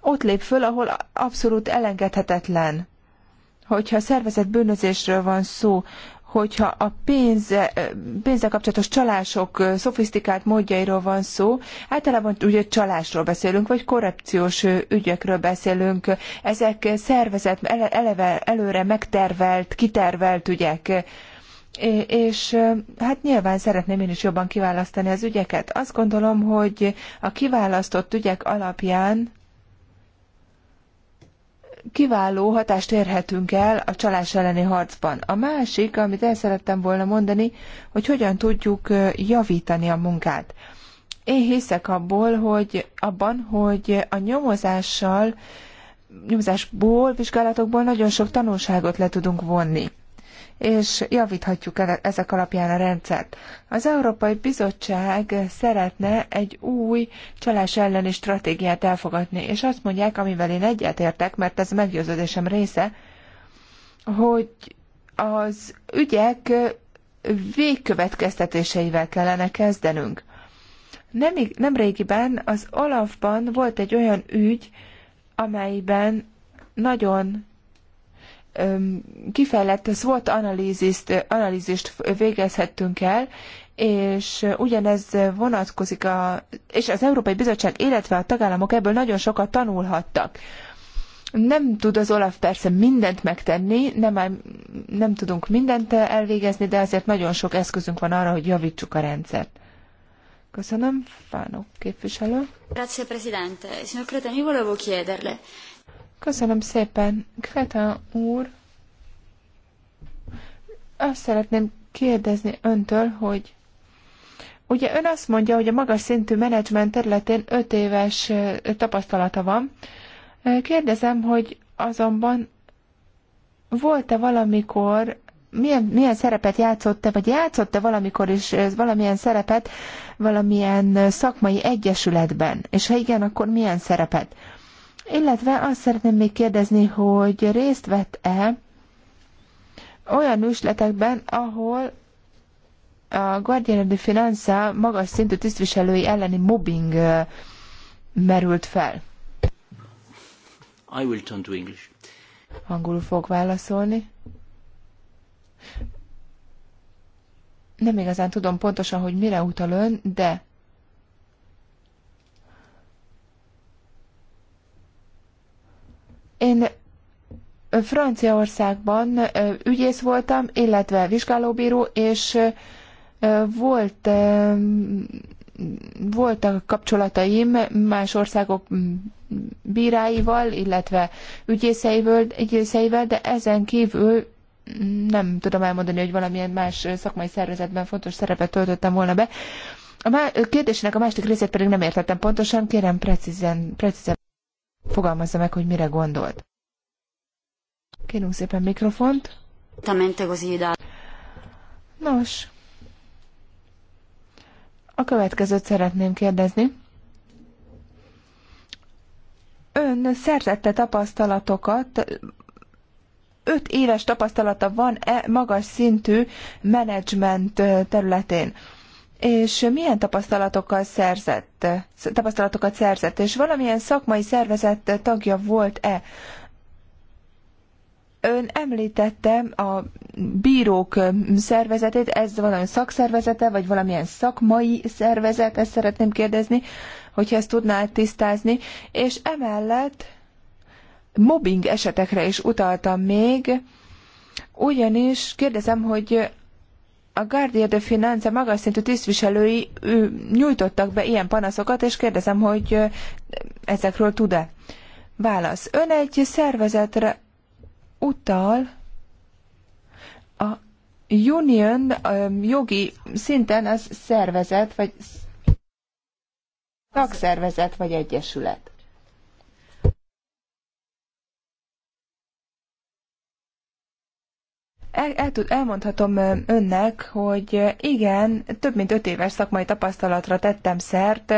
ott lép föl, ahol abszolút elengedhetetlen. Hogyha szervezett bűnözésről van szó, hogyha a pénz, pénzzel kapcsolatos csalások szofisztikált módjairól van szó, általában ugye csalásról beszélünk, vagy korrupciós ügyekről beszélünk. Ezek szervezett, eleve előre megtervelt, kitervelt ügyek és hát nyilván szeretném én is jobban kiválasztani az ügyeket. Azt gondolom, hogy a kiválasztott ügyek alapján kiváló hatást érhetünk el a csalás elleni harcban. A másik, amit el szerettem volna mondani, hogy hogyan tudjuk javítani a munkát. Én hiszek abból, hogy abban, hogy a nyomozással, nyomozásból, vizsgálatokból nagyon sok tanulságot le tudunk vonni és javíthatjuk ezek alapján a rendszert. Az Európai Bizottság szeretne egy új csalás elleni stratégiát elfogadni, és azt mondják, amivel én egyetértek, mert ez meggyőződésem része, hogy az ügyek végkövetkeztetéseivel kellene kezdenünk. Nem, nem régiben az Olafban volt egy olyan ügy, amelyben nagyon kifejlett SWOT analízist, analízist végezhettünk el, és ugyanez vonatkozik a, és az Európai Bizottság, illetve a tagállamok ebből nagyon sokat tanulhattak. Nem tud az Olaf persze mindent megtenni, nem, nem tudunk mindent elvégezni, de azért nagyon sok eszközünk van arra, hogy javítsuk a rendszert. Köszönöm, Fánok képviselő. Grazie, Presidente. Signor Preteni, volevo chiederle. Köszönöm szépen, Greta úr. Azt szeretném kérdezni öntől, hogy ugye ön azt mondja, hogy a magas szintű menedzsment területén 5 éves tapasztalata van. Kérdezem, hogy azonban volt-e valamikor, milyen, milyen szerepet játszott-e, vagy játszott-e valamikor is valamilyen szerepet valamilyen szakmai egyesületben? És ha igen, akkor milyen szerepet? Illetve azt szeretném még kérdezni, hogy részt vett-e olyan üsletekben, ahol a Guardian de Finanza magas szintű tisztviselői elleni mobbing merült fel. I will turn to English. Angolul fog válaszolni. Nem igazán tudom pontosan, hogy mire utal ön, de Én Franciaországban ügyész voltam, illetve vizsgálóbíró, és volt voltak kapcsolataim más országok bíráival, illetve ügyészeivel, ügyészeivel, de ezen kívül nem tudom elmondani, hogy valamilyen más szakmai szervezetben fontos szerepet töltöttem volna be. A kérdésének a másik részét pedig nem értettem pontosan, kérem precízen, precízen fogalmazza meg, hogy mire gondolt. Kérünk szépen mikrofont. Nos, a következőt szeretném kérdezni. Ön szerzette tapasztalatokat, öt éves tapasztalata van-e magas szintű menedzsment területén? és milyen tapasztalatokkal szerzett, tapasztalatokat szerzett, és valamilyen szakmai szervezet tagja volt-e? Ön említette a bírók szervezetét, ez valamilyen szakszervezete, vagy valamilyen szakmai szervezet, ezt szeretném kérdezni, hogyha ezt tudná tisztázni, és emellett mobbing esetekre is utaltam még, ugyanis kérdezem, hogy a Guardia de Finanza magas szintű tisztviselői nyújtottak be ilyen panaszokat, és kérdezem, hogy ezekről tud-e? Válasz. Ön egy szervezetre utal a union jogi szinten az szervezet, vagy tagszervezet, vagy egyesület. el, el tud, elmondhatom önnek, hogy igen, több mint öt éves szakmai tapasztalatra tettem szert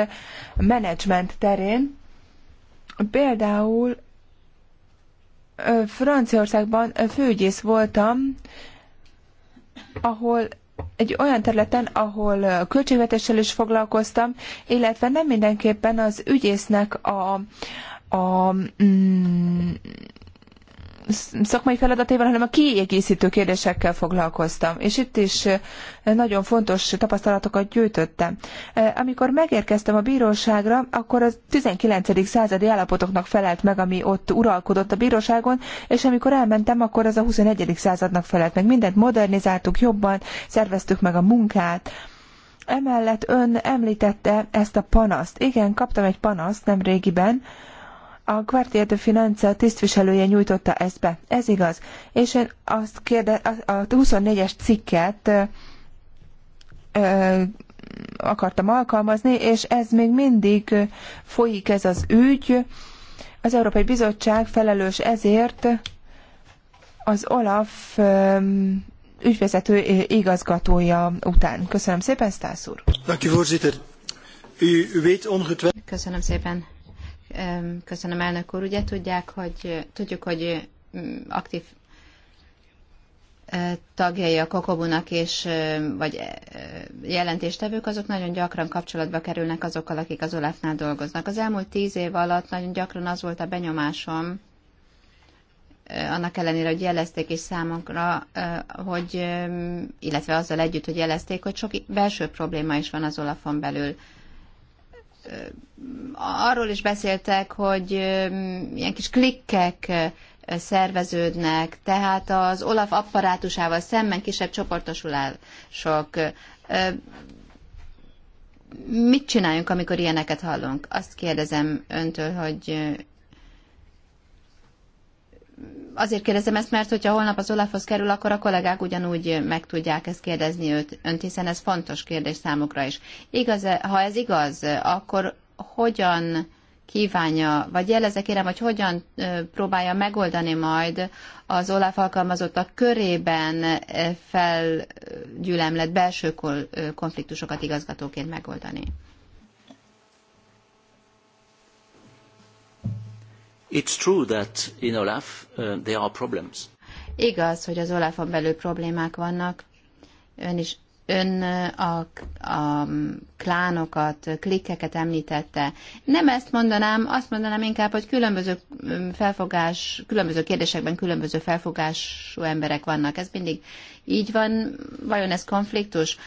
menedzsment terén. Például Franciaországban főgyész voltam, ahol egy olyan területen, ahol költségvetéssel is foglalkoztam, illetve nem mindenképpen az ügyésznek a, a mm, szakmai feladataival, hanem a kiegészítő kérdésekkel foglalkoztam. És itt is nagyon fontos tapasztalatokat gyűjtöttem. Amikor megérkeztem a bíróságra, akkor a 19. századi állapotoknak felelt meg, ami ott uralkodott a bíróságon, és amikor elmentem, akkor az a 21. századnak felelt meg. Mindent modernizáltuk jobban, szerveztük meg a munkát, Emellett ön említette ezt a panaszt. Igen, kaptam egy panaszt nem régiben, a Quartier de Finance tisztviselője nyújtotta ezt be. Ez igaz. És én azt kérde, a 24-es cikket ö, akartam alkalmazni, és ez még mindig folyik ez az ügy. Az Európai Bizottság felelős ezért az Olaf ügyvezető igazgatója után. Köszönöm szépen, Stász úr! Köszönöm szépen! Köszönöm, elnök úr. Ugye tudják, hogy tudjuk, hogy mm, aktív e, tagjai a kokobunak és e, vagy e, jelentéstevők, azok nagyon gyakran kapcsolatba kerülnek azokkal, akik az Olafnál dolgoznak. Az elmúlt tíz év alatt nagyon gyakran az volt a benyomásom, annak ellenére, hogy jelezték is számunkra, hogy, illetve azzal együtt, hogy jelezték, hogy sok belső probléma is van az Olafon belül arról is beszéltek, hogy ilyen kis klikkek szerveződnek, tehát az Olaf apparátusával szemben kisebb csoportosulások. Mit csináljunk, amikor ilyeneket hallunk? Azt kérdezem öntől, hogy azért kérdezem ezt, mert hogyha holnap az Olafhoz kerül, akkor a kollégák ugyanúgy meg tudják ezt kérdezni őt, önt, hiszen ez fontos kérdés számukra is. Igaz, -e, ha ez igaz, akkor hogyan kívánja, vagy jelezek kérem, hogy hogyan próbálja megoldani majd az Olaf alkalmazottak körében felgyülemlett belső konfliktusokat igazgatóként megoldani? It's true that in Olaf uh, there are problems. Igaz, hogy az Olafon belül problémák vannak. Ön is Ön a, a klánokat, klikkeket említette. Nem ezt mondanám, azt mondanám inkább, hogy különböző mm, felfogás, különböző kérdésekben különböző felfogású emberek vannak. Ez mindig így van. Vajon ez konfliktus?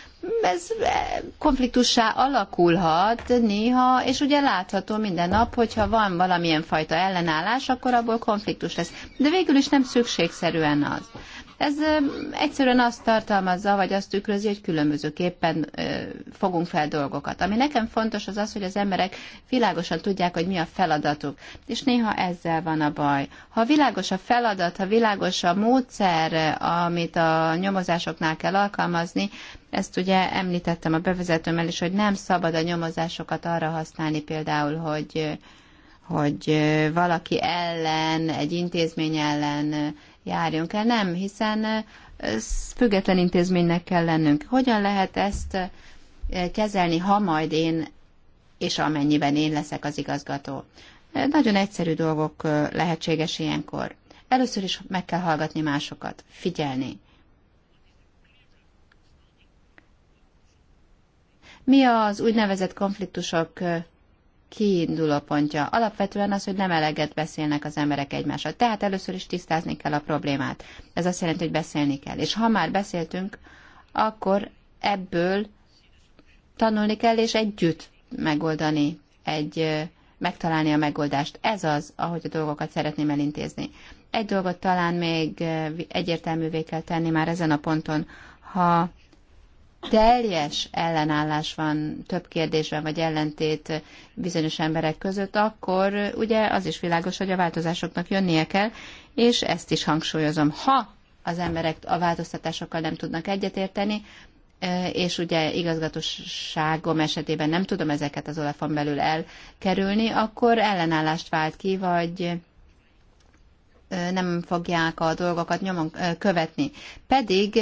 Ez e, konfliktussá alakulhat néha, és ugye látható minden nap, hogyha van valamilyen fajta ellenállás, akkor abból konfliktus lesz. De végül is nem szükségszerűen az. Ez egyszerűen azt tartalmazza, vagy azt tükrözi, hogy különbözőképpen fogunk fel dolgokat. Ami nekem fontos az az, hogy az emberek világosan tudják, hogy mi a feladatuk. És néha ezzel van a baj. Ha világos a feladat, ha világos a módszer, amit a nyomozásoknál kell alkalmazni, ezt ugye említettem a bevezetőmmel is, hogy nem szabad a nyomozásokat arra használni például, hogy hogy valaki ellen, egy intézmény ellen járjunk el. Nem, hiszen független intézménynek kell lennünk. Hogyan lehet ezt kezelni, ha majd én, és amennyiben én leszek az igazgató? Nagyon egyszerű dolgok lehetséges ilyenkor. Először is meg kell hallgatni másokat, figyelni. Mi az úgynevezett konfliktusok kiinduló pontja. Alapvetően az, hogy nem eleget beszélnek az emberek egymással. Tehát először is tisztázni kell a problémát. Ez azt jelenti, hogy beszélni kell. És ha már beszéltünk, akkor ebből tanulni kell, és együtt megoldani, egy, megtalálni a megoldást. Ez az, ahogy a dolgokat szeretném elintézni. Egy dolgot talán még egyértelművé kell tenni már ezen a ponton, ha teljes ellenállás van több kérdésben, vagy ellentét bizonyos emberek között, akkor ugye az is világos, hogy a változásoknak jönnie kell, és ezt is hangsúlyozom. Ha az emberek a változtatásokkal nem tudnak egyetérteni, és ugye igazgatóságom esetében nem tudom ezeket az olafon belül elkerülni, akkor ellenállást vált ki, vagy nem fogják a dolgokat nyomon követni. Pedig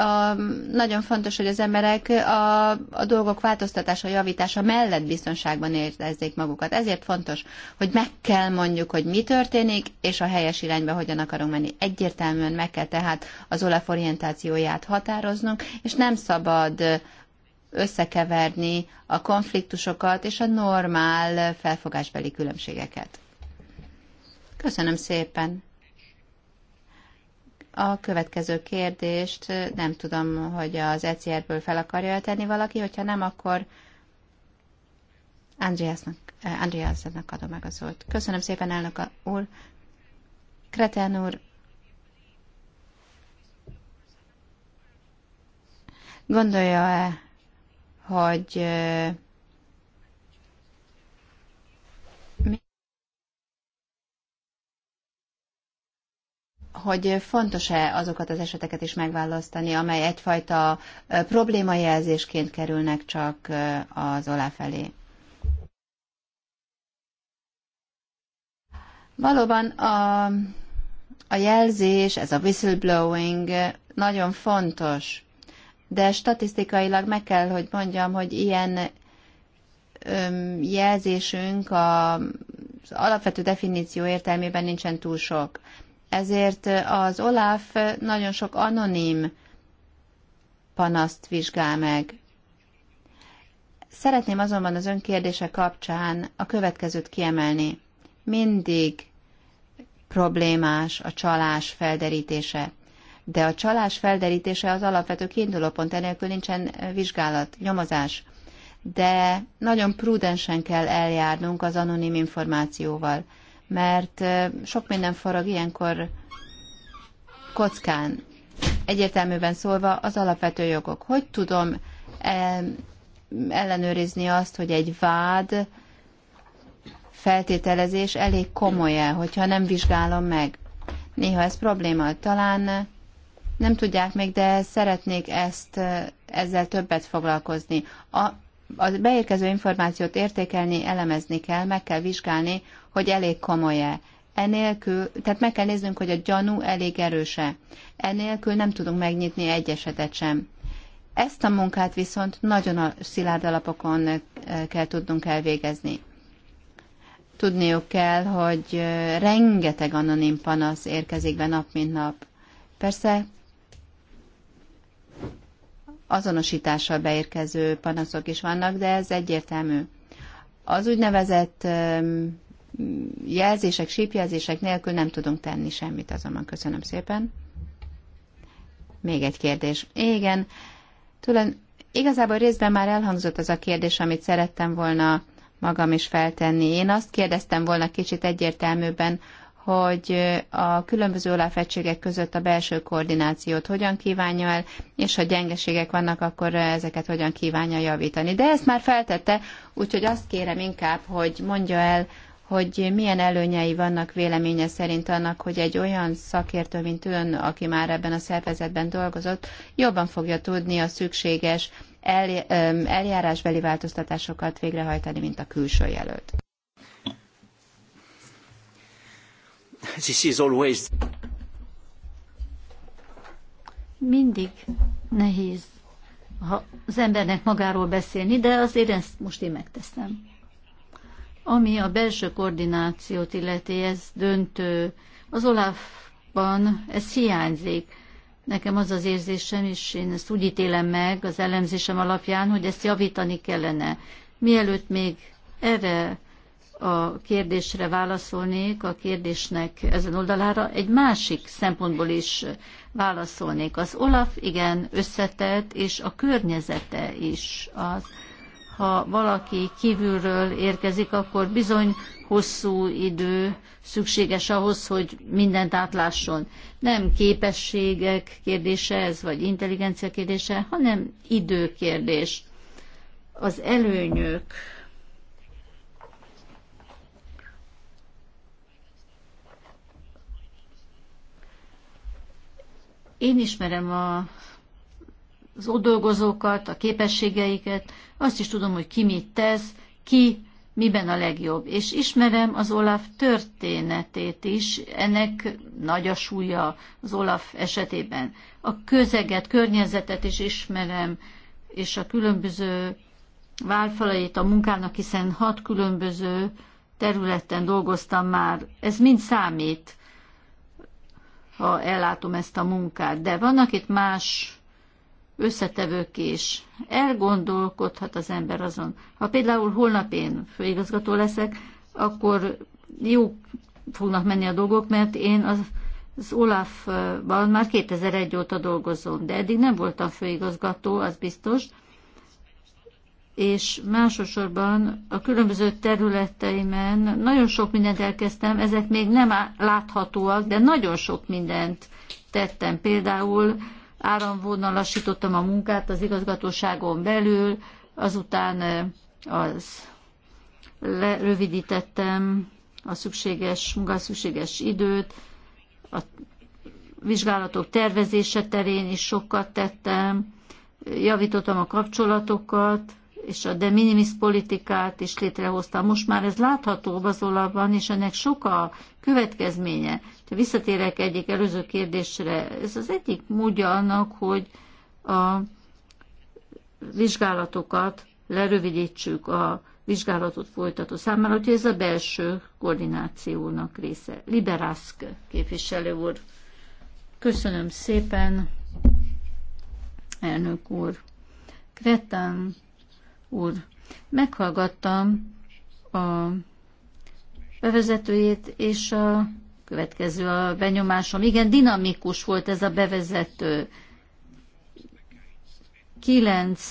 a, nagyon fontos, hogy az emberek a, a dolgok változtatása, javítása mellett biztonságban érezzék magukat. Ezért fontos, hogy meg kell mondjuk, hogy mi történik, és a helyes irányba hogyan akarunk menni. Egyértelműen meg kell tehát az OLAF orientációját határoznunk, és nem szabad összekeverni a konfliktusokat és a normál felfogásbeli különbségeket. Köszönöm szépen! A következő kérdést nem tudom, hogy az ECR-ből fel akarja tenni valaki, hogyha nem, akkor Andreasnak, Andreasnak adom meg a szót. Köszönöm szépen, elnök úr. Kreten úr, gondolja-e, hogy hogy fontos-e azokat az eseteket is megválasztani, amely egyfajta problémajelzésként kerülnek csak az olá felé. Valóban a, a jelzés, ez a whistleblowing nagyon fontos, de statisztikailag meg kell, hogy mondjam, hogy ilyen öm, jelzésünk a, az alapvető definíció értelmében nincsen túl sok. Ezért az Olaf nagyon sok anonim panaszt vizsgál meg. Szeretném azonban az önkérdése kapcsán a következőt kiemelni. Mindig problémás a csalás felderítése. De a csalás felderítése az alapvető kiindulópont, enélkül nincsen vizsgálat, nyomozás. De nagyon prudensen kell eljárnunk az anonim információval mert sok minden forog ilyenkor kockán. Egyértelműen szólva az alapvető jogok. Hogy tudom e, ellenőrizni azt, hogy egy vád feltételezés elég komoly-e, hogyha nem vizsgálom meg? Néha ez probléma. Talán nem tudják még, de szeretnék ezt, ezzel többet foglalkozni. A, a beérkező információt értékelni, elemezni kell, meg kell vizsgálni, hogy elég komoly-e. Enélkül, tehát meg kell néznünk, hogy a gyanú elég erőse. Enélkül nem tudunk megnyitni egy esetet sem. Ezt a munkát viszont nagyon a szilárd alapokon eh, kell tudnunk elvégezni. Tudniuk kell, hogy eh, rengeteg anonim panasz érkezik be nap mint nap. Persze azonosítással beérkező panaszok is vannak, de ez egyértelmű. Az úgynevezett jelzések, sípjelzések nélkül nem tudunk tenni semmit, azonban köszönöm szépen. Még egy kérdés. Igen, tulajdon, igazából részben már elhangzott az a kérdés, amit szerettem volna magam is feltenni. Én azt kérdeztem volna kicsit egyértelműbben, hogy a különböző aláfegységek között a belső koordinációt hogyan kívánja el, és ha gyengeségek vannak, akkor ezeket hogyan kívánja javítani. De ezt már feltette, úgyhogy azt kérem inkább, hogy mondja el, hogy milyen előnyei vannak véleménye szerint annak, hogy egy olyan szakértő, mint ön, aki már ebben a szervezetben dolgozott, jobban fogja tudni a szükséges el, eljárásbeli változtatásokat végrehajtani, mint a külső jelölt. This is always... Mindig nehéz ha az embernek magáról beszélni, de azért ezt most én megteszem. Ami a belső koordinációt illeti, ez döntő. Az Olafban ez hiányzik. Nekem az az érzésem, is, én ezt úgy ítélem meg az elemzésem alapján, hogy ezt javítani kellene. Mielőtt még erre a kérdésre válaszolnék, a kérdésnek ezen oldalára, egy másik szempontból is válaszolnék. Az Olaf igen összetett, és a környezete is az ha valaki kívülről érkezik, akkor bizony hosszú idő szükséges ahhoz, hogy mindent átlásson. Nem képességek kérdése ez, vagy intelligencia kérdése, hanem időkérdés. Az előnyök Én ismerem a az ott dolgozókat, a képességeiket, azt is tudom, hogy ki mit tesz, ki miben a legjobb. És ismerem az Olaf történetét is, ennek nagy a súlya az Olaf esetében. A közeget, környezetet is ismerem, és a különböző válfalait a munkának, hiszen hat különböző területen dolgoztam már. Ez mind számít, ha ellátom ezt a munkát. De vannak itt más összetevők is. Elgondolkodhat az ember azon. Ha például holnap én főigazgató leszek, akkor jó fognak menni a dolgok, mert én az, az Olaf-ban már 2001 óta dolgozom, de eddig nem voltam főigazgató, az biztos, és másosorban a különböző területeimen nagyon sok mindent elkezdtem, ezek még nem láthatóak, de nagyon sok mindent tettem. Például áramvonalasítottam a munkát az igazgatóságon belül, azután eh, az lerövidítettem a szükséges, munkászükséges időt, a vizsgálatok tervezése terén is sokat tettem, javítottam a kapcsolatokat, és a de minimis politikát is létrehoztam. Most már ez látható az olapban, és ennek sok a következménye. Visszatérek egyik előző kérdésre. Ez az egyik módja annak, hogy a vizsgálatokat lerövidítsük a vizsgálatot folytató számára, hogy ez a belső koordinációnak része. Liberászk képviselő úr. Köszönöm szépen, elnök úr. Kretán úr, meghallgattam a bevezetőjét és a következő a benyomásom. Igen, dinamikus volt ez a bevezető. Kilenc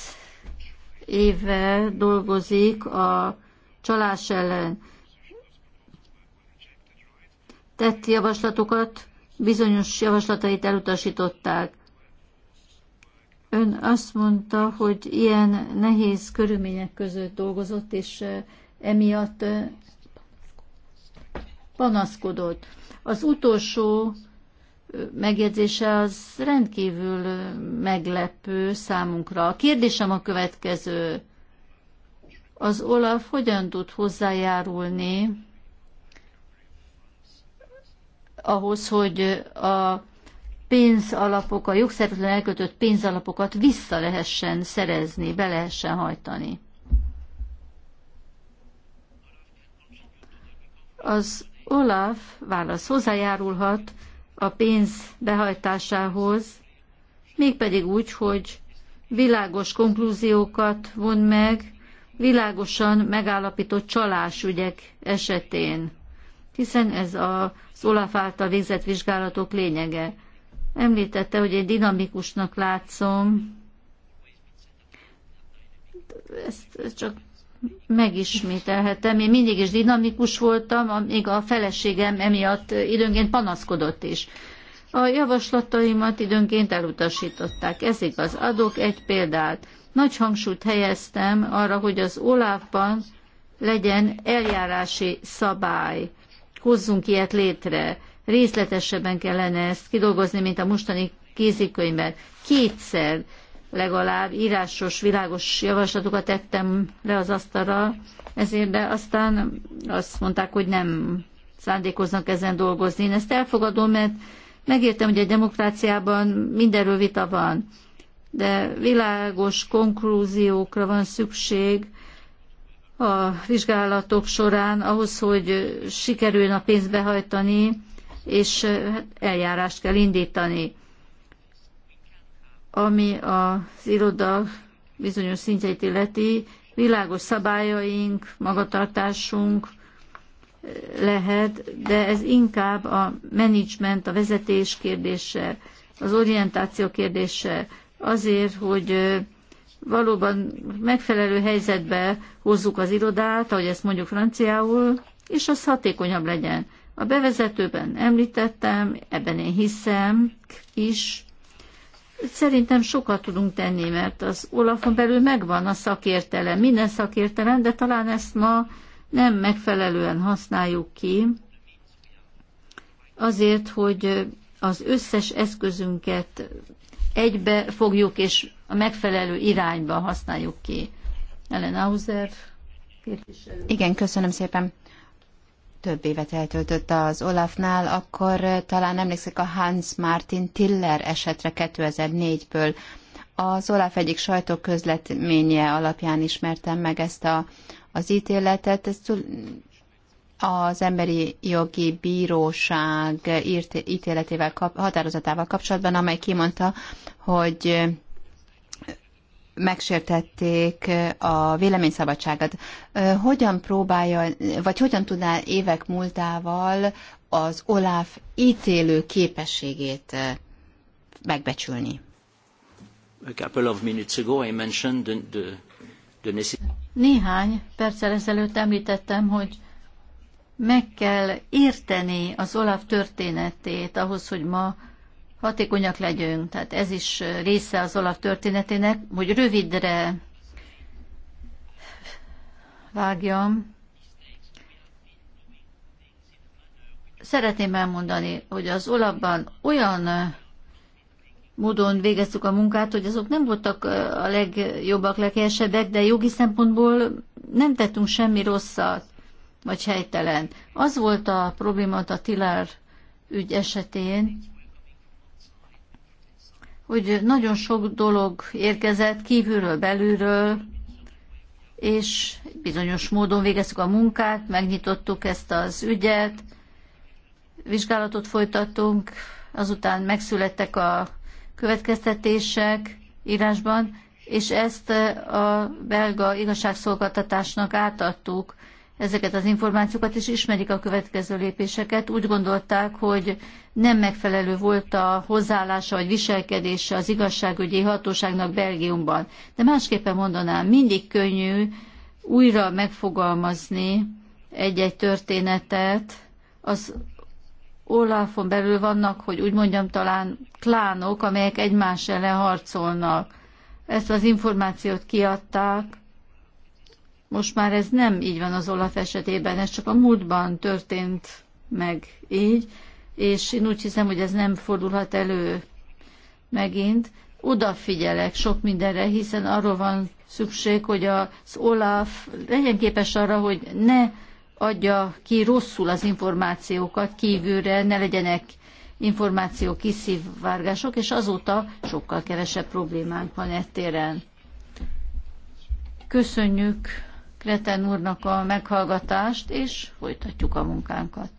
éve dolgozik a csalás ellen. Tett javaslatokat, bizonyos javaslatait elutasították. Ön azt mondta, hogy ilyen nehéz körülmények között dolgozott, és eh, emiatt eh, panaszkodott. Az utolsó megjegyzése az rendkívül meglepő számunkra. A kérdésem a következő. Az Olaf hogyan tud hozzájárulni ahhoz, hogy a pénzalapok, a jogszerűtlen elkötött pénzalapokat vissza lehessen szerezni, be lehessen hajtani. Az Olaf válasz hozzájárulhat a pénz behajtásához, mégpedig úgy, hogy világos konklúziókat von meg, világosan megállapított csalásügyek esetén, hiszen ez az Olaf által végzett vizsgálatok lényege. Említette, hogy egy dinamikusnak látszom, ezt csak megismételhetem, én mindig is dinamikus voltam, még a feleségem emiatt időnként panaszkodott is. A javaslataimat időnként elutasították, ez igaz. Adok egy példát. Nagy hangsúlyt helyeztem arra, hogy az olávban legyen eljárási szabály. Hozzunk ilyet létre. Részletesebben kellene ezt kidolgozni, mint a mostani kézikönyvben. Kétszer legalább írásos, világos javaslatokat tettem le az asztalra, ezért, de aztán azt mondták, hogy nem szándékoznak ezen dolgozni. Én ezt elfogadom, mert megértem, hogy egy demokráciában mindenről vita van, de világos konklúziókra van szükség a vizsgálatok során ahhoz, hogy sikerüljön a pénzt behajtani, és hát, eljárást kell indítani ami az iroda bizonyos szintjeit illeti, világos szabályaink, magatartásunk eh, lehet, de ez inkább a menedzsment, a vezetés kérdése, az orientáció kérdése, azért, hogy eh, valóban megfelelő helyzetbe hozzuk az irodát, ahogy ezt mondjuk franciául, és az hatékonyabb legyen. A bevezetőben említettem, ebben én hiszem is, Szerintem sokat tudunk tenni, mert az Olafon belül megvan a szakértelem, minden szakértelem, de talán ezt ma nem megfelelően használjuk ki, azért, hogy az összes eszközünket egybe fogjuk, és a megfelelő irányba használjuk ki. Ellen Hauser képviselő. Igen, köszönöm szépen több évet eltöltött az Olafnál, akkor talán emlékszik a Hans Martin Tiller esetre 2004-ből. Az Olaf egyik sajtóközletménye alapján ismertem meg ezt a, az ítéletet. Ez az emberi jogi bíróság írt, ítéletével, kap, határozatával kapcsolatban, amely kimondta, hogy megsértették a véleményszabadságát. Hogyan próbálja, vagy hogyan tudná évek múltával az Olaf ítélő képességét megbecsülni? A couple of minutes ago I mentioned the, the, the necessity. Néhány perccel ezelőtt említettem, hogy meg kell érteni az Olaf történetét ahhoz, hogy ma hatékonyak legyünk. Tehát ez is része az olaf történetének, hogy rövidre vágjam. Szeretném elmondani, hogy az olapban olyan módon végeztük a munkát, hogy azok nem voltak a legjobbak, leghelyesebbek, de jogi szempontból nem tettünk semmi rosszat, vagy helytelen. Az volt a probléma a Tilár ügy esetén, hogy nagyon sok dolog érkezett kívülről, belülről, és bizonyos módon végeztük a munkát, megnyitottuk ezt az ügyet, vizsgálatot folytattunk, azután megszülettek a következtetések írásban, és ezt a belga igazságszolgáltatásnak átadtuk ezeket az információkat, és ismerik a következő lépéseket. Úgy gondolták, hogy nem megfelelő volt a hozzáállása vagy viselkedése az igazságügyi hatóságnak Belgiumban. De másképpen mondanám, mindig könnyű újra megfogalmazni egy-egy történetet, az Olafon belül vannak, hogy úgy mondjam, talán klánok, amelyek egymás ellen harcolnak. Ezt az információt kiadták, most már ez nem így van az Olaf esetében, ez csak a múltban történt meg így, és én úgy hiszem, hogy ez nem fordulhat elő megint. Odafigyelek sok mindenre, hiszen arról van szükség, hogy az Olaf legyen képes arra, hogy ne adja ki rosszul az információkat kívülre, ne legyenek információ kiszivárgások, és azóta sokkal kevesebb problémánk van ettéren. Köszönjük Kreten úrnak a meghallgatást, és folytatjuk a munkánkat.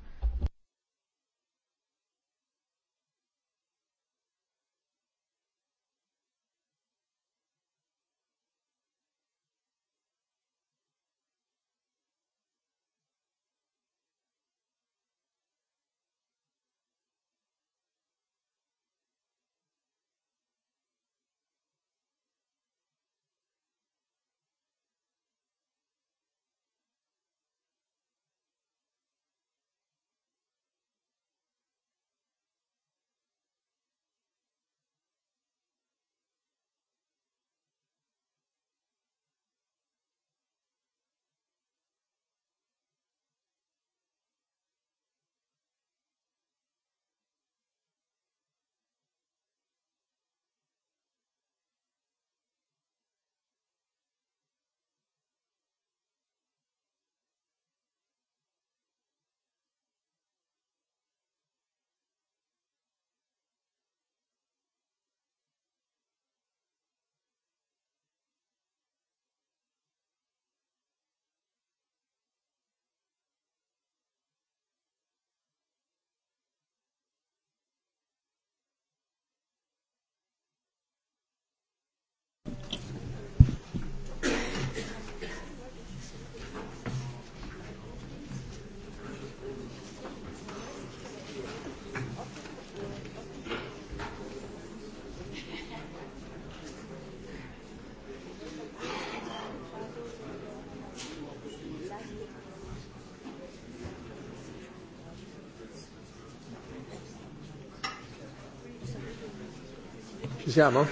siamo?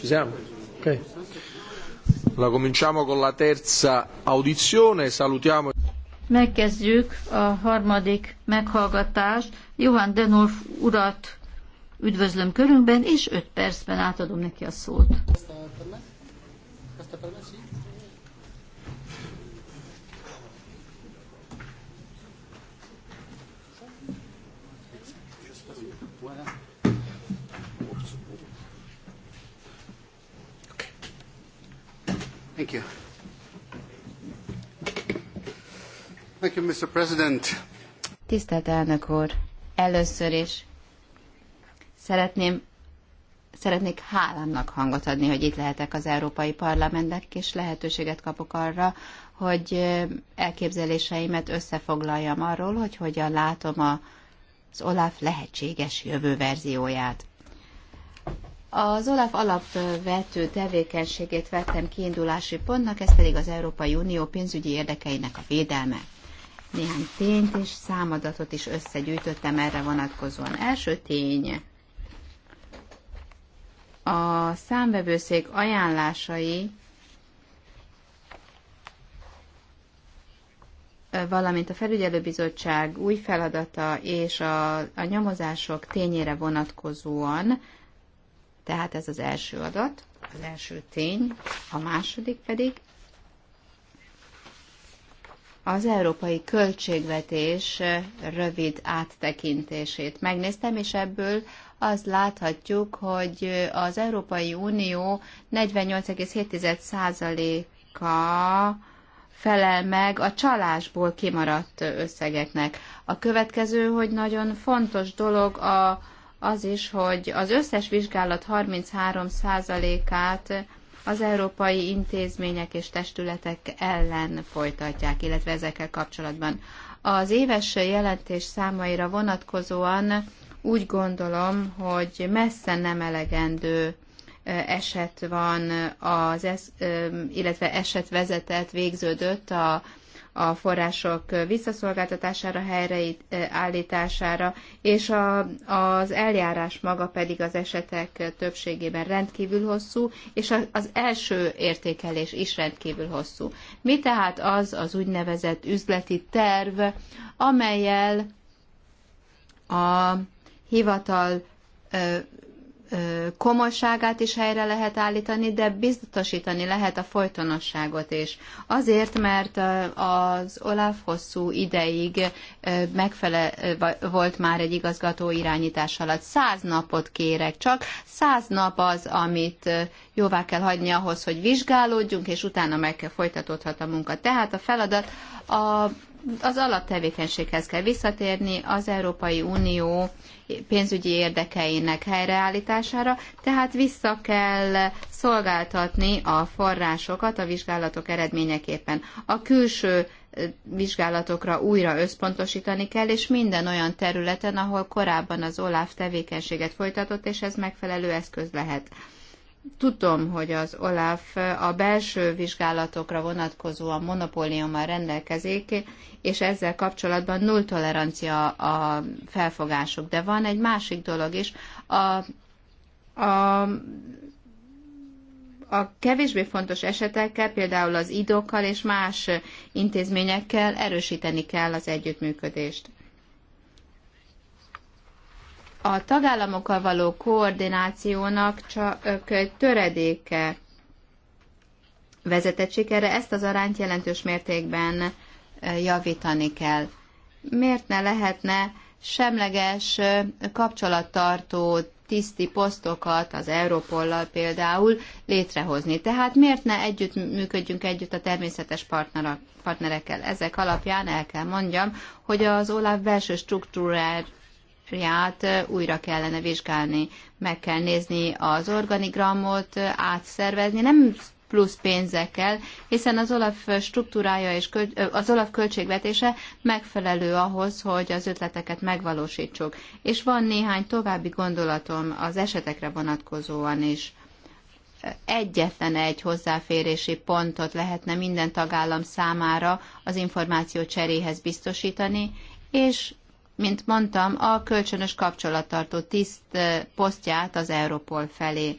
Ci siamo? Ok. cominciamo con la terza audizione, salutiamo... Megkezdjük a harmadik meghallgatást. Johan Denolf urat üdvözlöm körünkben, és 5 percben átadom neki a szót. Buenas. Thank you. Thank you, Mr. President. Tisztelt elnök úr, először is szeretném szeretnék hálámnak hangot adni, hogy itt lehetek az Európai parlamentben és lehetőséget kapok arra, hogy elképzeléseimet összefoglaljam arról, hogy hogyan látom az Olaf lehetséges jövő verzióját. Az OLAF alapvető tevékenységét vettem kiindulási pontnak, ez pedig az Európai Unió pénzügyi érdekeinek a védelme. Néhány tényt és számadatot is összegyűjtöttem erre vonatkozóan. Első tény, a számvevőszék ajánlásai, valamint a felügyelőbizottság új feladata és a, a nyomozások tényére vonatkozóan tehát ez az első adat, az első tény, a második pedig az európai költségvetés rövid áttekintését megnéztem, és ebből azt láthatjuk, hogy az Európai Unió 48,7%-a felel meg a csalásból kimaradt összegeknek. A következő, hogy nagyon fontos dolog a az is, hogy az összes vizsgálat 33%-át az európai intézmények és testületek ellen folytatják, illetve ezekkel kapcsolatban. Az éves jelentés számaira vonatkozóan úgy gondolom, hogy messze nem elegendő eset van, az, illetve eset vezetett, végződött a a források visszaszolgáltatására, helyreállítására, és a, az eljárás maga pedig az esetek többségében rendkívül hosszú, és az első értékelés is rendkívül hosszú. Mi tehát az az úgynevezett üzleti terv, amelyel a hivatal komolyságát is helyre lehet állítani, de biztosítani lehet a folytonosságot is. Azért, mert az Olaf hosszú ideig megfele volt már egy igazgató irányítás alatt. Száz napot kérek, csak száz nap az, amit jóvá kell hagyni ahhoz, hogy vizsgálódjunk, és utána meg kell folytatódhat a munka. Tehát a feladat a az alaptevékenységhez kell visszatérni, az Európai Unió pénzügyi érdekeinek helyreállítására, tehát vissza kell szolgáltatni a forrásokat a vizsgálatok eredményeképpen. A külső vizsgálatokra újra összpontosítani kell, és minden olyan területen, ahol korábban az OLAF tevékenységet folytatott, és ez megfelelő eszköz lehet. Tudom, hogy az OLAF a belső vizsgálatokra vonatkozóan monopóliummal rendelkezik, és ezzel kapcsolatban null tolerancia a felfogásuk. De van egy másik dolog is. A, a a kevésbé fontos esetekkel, például az idókkal és más intézményekkel erősíteni kell az együttműködést a tagállamokkal való koordinációnak csak töredéke vezetett sikerre, ezt az arányt jelentős mértékben javítani kell. Miért ne lehetne semleges kapcsolattartó tiszti posztokat az Európollal például létrehozni. Tehát miért ne együtt működjünk együtt a természetes partnerekkel? Ezek alapján el kell mondjam, hogy az OLAF belső struktúrát fiát újra kellene vizsgálni. Meg kell nézni az organigramot, átszervezni, nem plusz pénzekkel, hiszen az Olaf struktúrája és az Olaf költségvetése megfelelő ahhoz, hogy az ötleteket megvalósítsuk. És van néhány további gondolatom az esetekre vonatkozóan is. Egyetlen egy hozzáférési pontot lehetne minden tagállam számára az információ cseréhez biztosítani, és mint mondtam, a kölcsönös kapcsolattartó tiszt eh, posztját az Európol felé.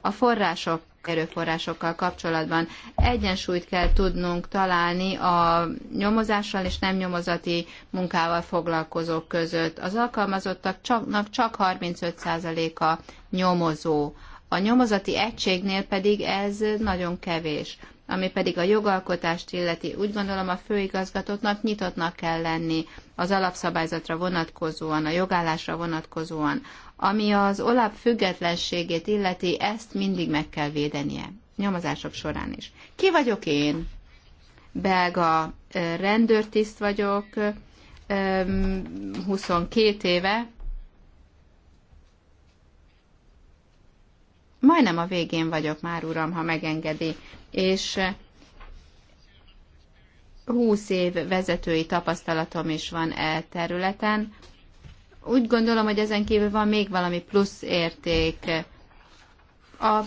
A források erőforrásokkal kapcsolatban egyensúlyt kell tudnunk találni a nyomozással és nem nyomozati munkával foglalkozók között. Az alkalmazottaknak csak 35%-a nyomozó. A nyomozati egységnél pedig ez nagyon kevés ami pedig a jogalkotást illeti, úgy gondolom a főigazgatóknak nyitottnak kell lenni az alapszabályzatra vonatkozóan, a jogállásra vonatkozóan. Ami az olap függetlenségét illeti, ezt mindig meg kell védenie, nyomozások során is. Ki vagyok én? Belga rendőrtiszt vagyok, 22 éve, Majdnem a végén vagyok már, uram, ha megengedi, és eh, húsz év vezetői tapasztalatom is van e területen. Úgy gondolom, hogy ezen kívül van még valami plusz érték. A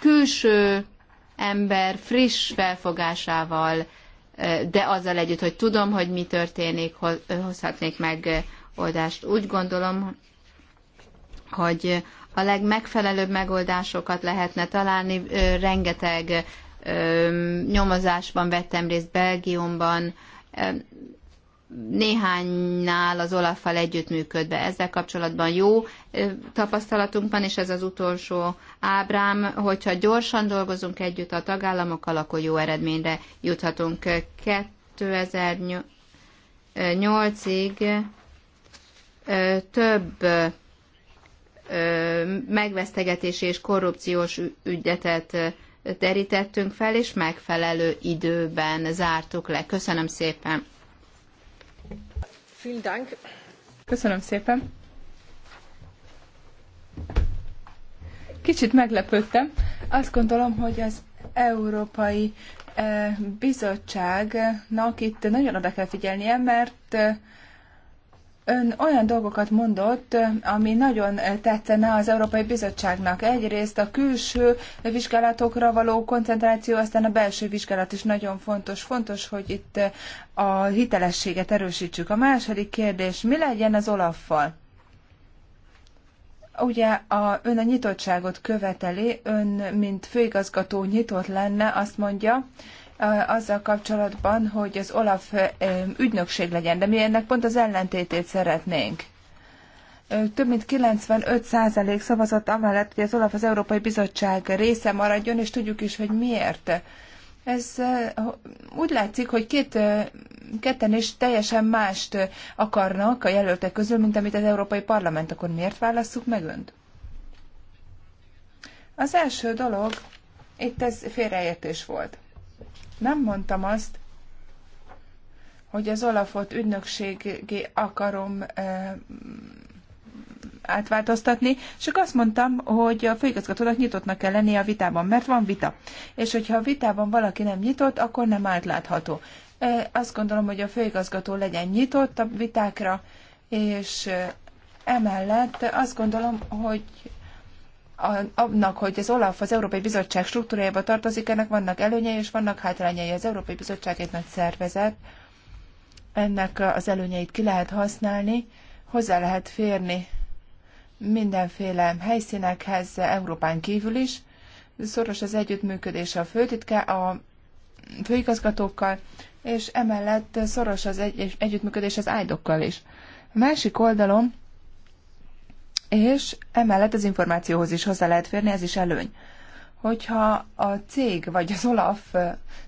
külső ember friss felfogásával, eh, de azzal együtt, hogy tudom, hogy mi történik, hozhatnék meg eh, oldást. Úgy gondolom, hogy a legmegfelelőbb megoldásokat lehetne találni. Rengeteg nyomozásban vettem részt Belgiumban, néhánynál az Olaffal együttműködve. Ezzel kapcsolatban jó tapasztalatunk van, és ez az utolsó ábrám, hogyha gyorsan dolgozunk együtt a tagállamokkal, akkor jó eredményre juthatunk. 2008-ig több megvesztegetési és korrupciós ügyetet terítettünk fel, és megfelelő időben zártuk le. Köszönöm szépen! Köszönöm szépen! Kicsit meglepődtem. Azt gondolom, hogy az Európai Bizottságnak itt nagyon oda kell figyelnie, mert Ön olyan dolgokat mondott, ami nagyon tetszene az Európai Bizottságnak. Egyrészt a külső vizsgálatokra való koncentráció, aztán a belső vizsgálat is nagyon fontos. Fontos, hogy itt a hitelességet erősítsük. A második kérdés, mi legyen az Olaffal? Ugye a, ön a nyitottságot követeli, ön, mint főigazgató nyitott lenne, azt mondja, azzal kapcsolatban, hogy az Olaf ügynökség legyen, de mi ennek pont az ellentétét szeretnénk. Több mint 95% szavazott amellett, hogy az Olaf az Európai Bizottság része maradjon, és tudjuk is, hogy miért. Ez úgy látszik, hogy két, ketten is teljesen mást akarnak a jelöltek közül, mint amit az Európai Parlament. Akkor miért válasszuk meg önt? Az első dolog, itt ez félreértés volt. Nem mondtam azt, hogy az Olafot ügynökségé akarom e, átváltoztatni, csak azt mondtam, hogy a főigazgatónak nyitottnak kell lennie a vitában, mert van vita. És hogyha a vitában valaki nem nyitott, akkor nem átlátható. E, azt gondolom, hogy a főigazgató legyen nyitott a vitákra, és eh, emellett azt gondolom, hogy annak, hogy az OLAF az Európai Bizottság struktúrájába tartozik, ennek vannak előnyei és vannak hátrányai. Az Európai Bizottság egy nagy szervezet, ennek az előnyeit ki lehet használni, hozzá lehet férni mindenféle helyszínekhez Európán kívül is. Szoros az együttműködés a főtitke, a főigazgatókkal, és emellett szoros az egy- együttműködés az ájdokkal is. A másik oldalon és emellett az információhoz is hozzá lehet férni, ez is előny. Hogyha a cég vagy az OLAF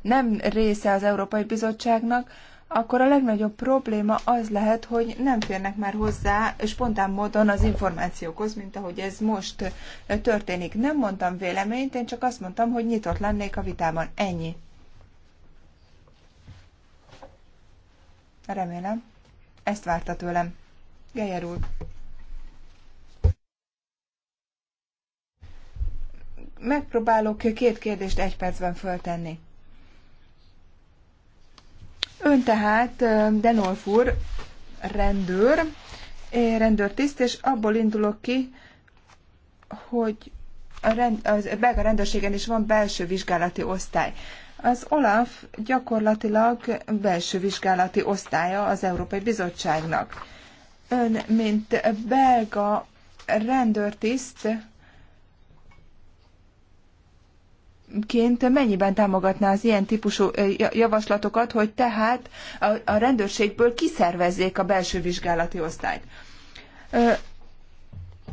nem része az Európai Bizottságnak, akkor a legnagyobb probléma az lehet, hogy nem férnek már hozzá spontán módon az információkhoz, mint ahogy ez most történik. Nem mondtam véleményt, én csak azt mondtam, hogy nyitott lennék a vitában. Ennyi. Remélem. Ezt várta tőlem. Gejer úr. megpróbálok két kérdést egy percben föltenni. Ön tehát, Denolf úr, rendőr, rendőrtiszt, és abból indulok ki, hogy a, rend, a belga rendőrségen is van belső vizsgálati osztály. Az OLAF gyakorlatilag belső vizsgálati osztálya az Európai Bizottságnak. Ön, mint belga rendőrtiszt, ként mennyiben támogatná az ilyen típusú javaslatokat, hogy tehát a rendőrségből kiszervezzék a belső vizsgálati osztályt.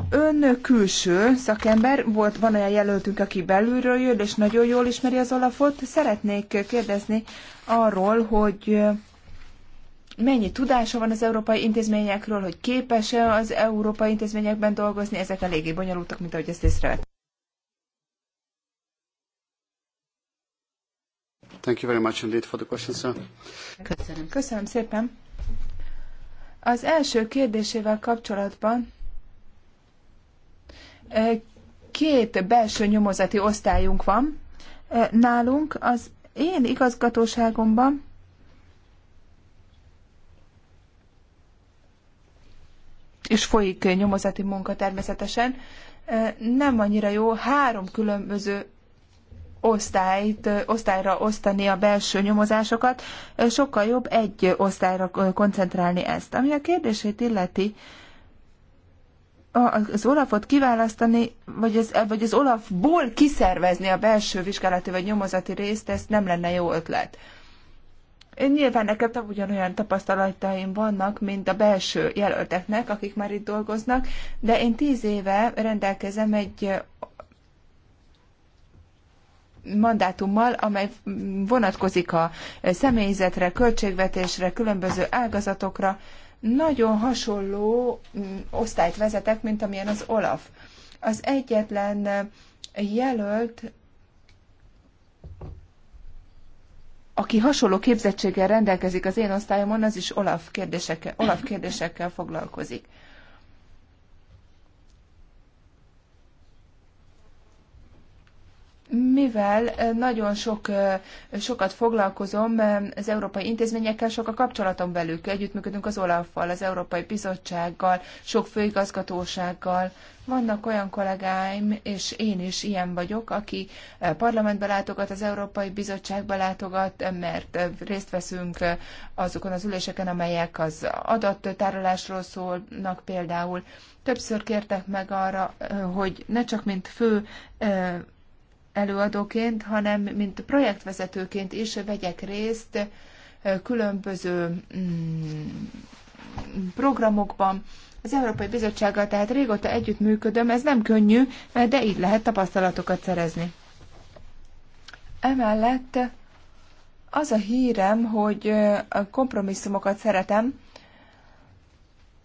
Ön külső szakember, volt, van olyan jelöltünk, aki belülről jön, és nagyon jól ismeri az Olafot. Szeretnék kérdezni arról, hogy mennyi tudása van az európai intézményekről, hogy képes-e az európai intézményekben dolgozni, ezek eléggé bonyolultak, mint ahogy ezt észrevettem. Thank you very much indeed for the question, sir. Köszönöm. Köszönöm szépen. Az első kérdésével kapcsolatban két belső nyomozati osztályunk van nálunk. Az én igazgatóságomban és folyik nyomozati munka természetesen, nem annyira jó három különböző osztályt, osztályra osztani a belső nyomozásokat, sokkal jobb egy osztályra koncentrálni ezt. Ami a kérdését illeti, az Olafot kiválasztani, vagy az, vagy az Olafból kiszervezni a belső vizsgálati vagy nyomozati részt, ez nem lenne jó ötlet. Én nyilván nekem tap, ugyanolyan tapasztalataim vannak, mint a belső jelölteknek, akik már itt dolgoznak, de én tíz éve rendelkezem egy mandátummal, amely vonatkozik a személyzetre, költségvetésre, különböző ágazatokra. Nagyon hasonló mm, osztályt vezetek, mint amilyen az OLAF. Az egyetlen jelölt, aki hasonló képzettséggel rendelkezik az én osztályomon, az is Olaf kérdésekkel, Olaf kérdésekkel foglalkozik. mivel nagyon sok, sokat foglalkozom az európai intézményekkel, sok a kapcsolatom velük, együttműködünk az Olaffal, az Európai Bizottsággal, sok főigazgatósággal. Vannak olyan kollégáim, és én is ilyen vagyok, aki parlamentbe látogat, az Európai Bizottságba látogat, mert részt veszünk azokon az üléseken, amelyek az adattárolásról szólnak például. Többször kértek meg arra, hogy ne csak mint fő előadóként, hanem mint projektvezetőként is vegyek részt különböző mm, programokban. Az Európai Bizottsággal tehát régóta együttműködöm, ez nem könnyű, de így lehet tapasztalatokat szerezni. Emellett az a hírem, hogy kompromisszumokat szeretem,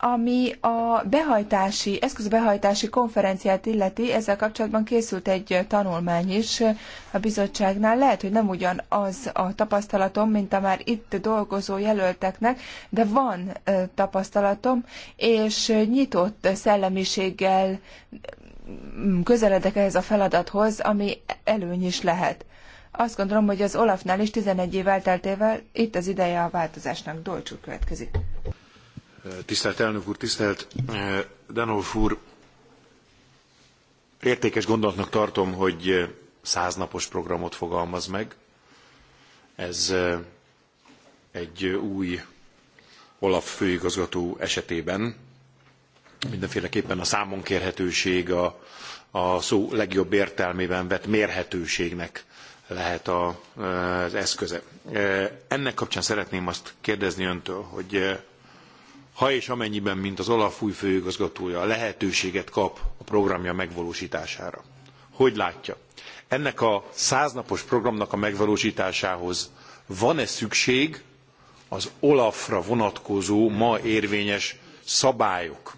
ami a behajtási, eszközbehajtási konferenciát illeti, ezzel kapcsolatban készült egy tanulmány is a bizottságnál. Lehet, hogy nem ugyanaz a tapasztalatom, mint a már itt dolgozó jelölteknek, de van tapasztalatom, és nyitott szellemiséggel mm, közeledek ehhez a feladathoz, ami előny is lehet. Azt gondolom, hogy az Olafnál is 11 év elteltével itt az ideje a változásnak. Dolcsú következik. Tisztelt elnök úr, tisztelt eh, Denolf úr! Értékes gondolatnak tartom, hogy eh, száznapos programot fogalmaz meg. Ez eh, egy új Olaf főigazgató esetében mindenféleképpen a számonkérhetőség a, a szó legjobb értelmében vett mérhetőségnek lehet a, az eszköze. Ennek kapcsán szeretném azt kérdezni öntől, hogy ha és amennyiben, mint az Olaf új főigazgatója, lehetőséget kap a programja megvalósítására. Hogy látja? Ennek a száznapos programnak a megvalósításához van-e szükség az Olafra vonatkozó ma érvényes szabályok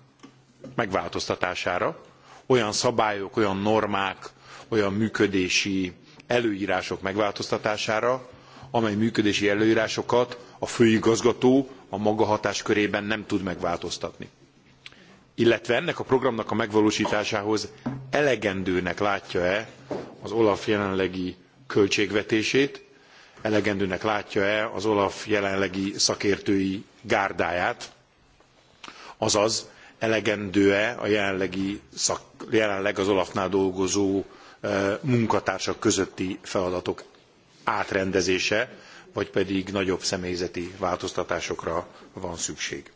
megváltoztatására? Olyan szabályok, olyan normák, olyan működési előírások megváltoztatására, amely működési előírásokat a főigazgató a maga hatáskörében nem tud megváltoztatni. Illetve ennek a programnak a megvalósításához elegendőnek látja-e az OLAF jelenlegi költségvetését, elegendőnek látja-e az OLAF jelenlegi szakértői gárdáját, azaz elegendő-e a jelenlegi szak, jelenleg az Olafnál dolgozó eh, munkatársak közötti feladatok átrendezése, vagy pedig nagyobb személyzeti változtatásokra van szükség.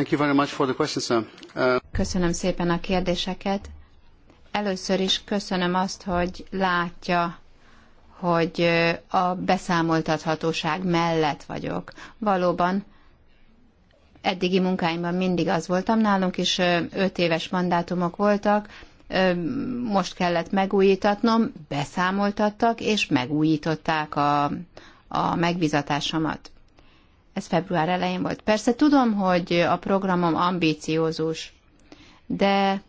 Uh, köszönöm szépen a kérdéseket. Először is köszönöm azt, hogy látja hogy a beszámoltathatóság mellett vagyok. Valóban eddigi munkáimban mindig az voltam, nálunk is öt éves mandátumok voltak, most kellett megújítatnom, beszámoltattak, és megújították a, a megbizatásomat. Ez február elején volt. Persze tudom, hogy a programom ambíciózus, de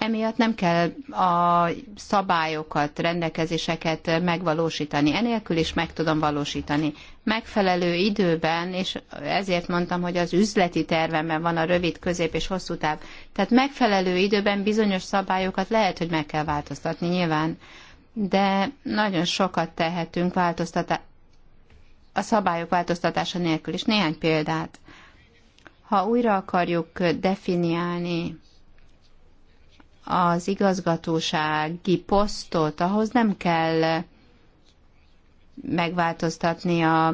emiatt nem kell a szabályokat, rendelkezéseket megvalósítani, enélkül is meg tudom valósítani. Megfelelő időben, és ezért mondtam, hogy az üzleti tervemben van a rövid, közép és hosszú táv, tehát megfelelő időben bizonyos szabályokat lehet, hogy meg kell változtatni nyilván, de nagyon sokat tehetünk változtatá- a szabályok változtatása nélkül is. Néhány példát. Ha újra akarjuk definiálni az igazgatósági posztot, ahhoz nem kell megváltoztatni a,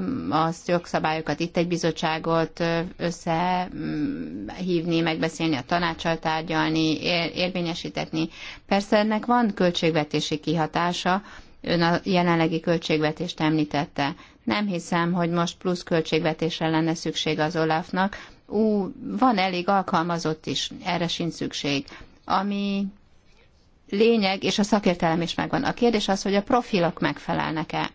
a jogszabályokat, itt egy bizottságot összehívni, megbeszélni, a tanácsal tárgyalni, ér, érvényesítetni. Persze ennek van költségvetési kihatása, ön a jelenlegi költségvetést említette. Nem hiszem, hogy most plusz költségvetésre lenne szükség az Olafnak. Ú, van elég alkalmazott is, erre sincs szükség ami lényeg, és a szakértelem is megvan. A kérdés az, hogy a profilok megfelelnek-e.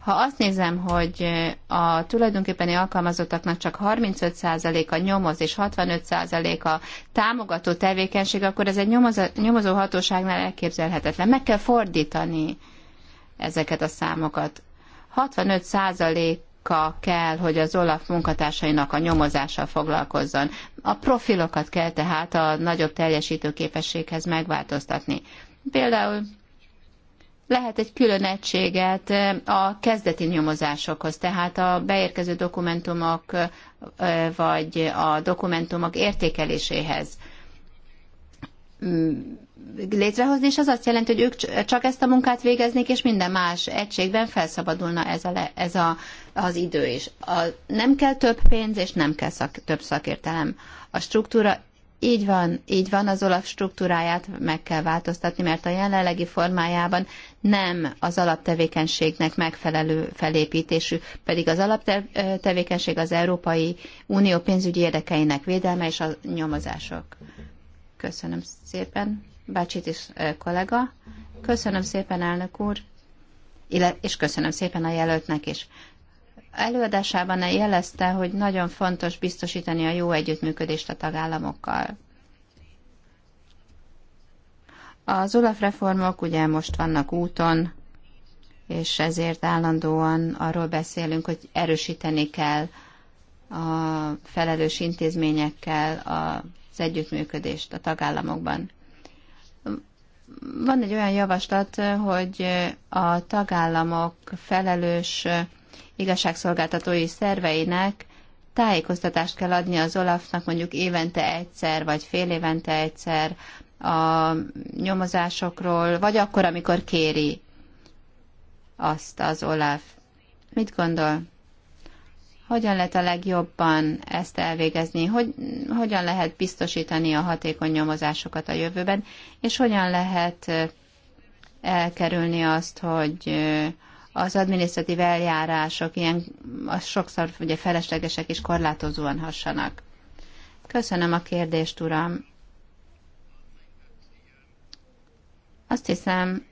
Ha azt nézem, hogy a tulajdonképpeni alkalmazottaknak csak 35%-a nyomoz és 65%-a támogató tevékenység, akkor ez egy nyomozó hatóságnál elképzelhetetlen. Meg kell fordítani ezeket a számokat. 65% munka kell, hogy az Olaf munkatársainak a nyomozással foglalkozzon. A profilokat kell tehát a nagyobb teljesítő képességhez megváltoztatni. Például lehet egy külön egységet a kezdeti nyomozásokhoz, tehát a beérkező dokumentumok vagy a dokumentumok értékeléséhez Mm, létrehozni, és az azt jelenti, hogy ők csak ezt a munkát végeznék, és minden más egységben felszabadulna ez, a le, ez a, az idő is. A, nem kell több pénz, és nem kell szak, több szakértelem. A struktúra így van, így van, az olaf struktúráját meg kell változtatni, mert a jelenlegi formájában nem az alaptevékenységnek megfelelő felépítésű, pedig az alaptevékenység az Európai Unió pénzügyi érdekeinek védelme és a nyomozások. Köszönöm szépen, bácsit is eh, kollega. Köszönöm szépen, elnök úr, és köszönöm szépen a jelöltnek is. Előadásában jelezte, hogy nagyon fontos biztosítani a jó együttműködést a tagállamokkal. Az Olaf reformok ugye most vannak úton, és ezért állandóan arról beszélünk, hogy erősíteni kell a felelős intézményekkel a az együttműködést a tagállamokban. Van egy olyan javaslat, hogy a tagállamok felelős igazságszolgáltatói szerveinek tájékoztatást kell adni az Olafnak mondjuk évente egyszer, vagy fél évente egyszer a nyomozásokról, vagy akkor, amikor kéri azt az Olaf. Mit gondol? hogyan lehet a legjobban ezt elvégezni, hogy, hogyan lehet biztosítani a hatékony nyomozásokat a jövőben, és hogyan lehet elkerülni azt, hogy az adminisztratív eljárások ilyen az sokszor ugye feleslegesek és korlátozóan hassanak. Köszönöm a kérdést, uram. Azt hiszem,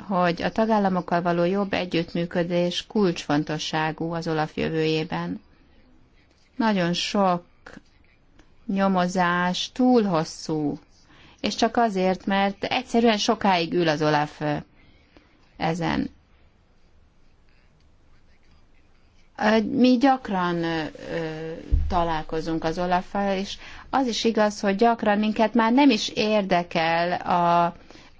hogy a tagállamokkal való jobb együttműködés kulcsfontosságú az Olaf jövőjében. Nagyon sok nyomozás túl hosszú, és csak azért, mert egyszerűen sokáig ül az Olaf ezen. Mi gyakran ö, találkozunk az olaf és az is igaz, hogy gyakran minket már nem is érdekel a,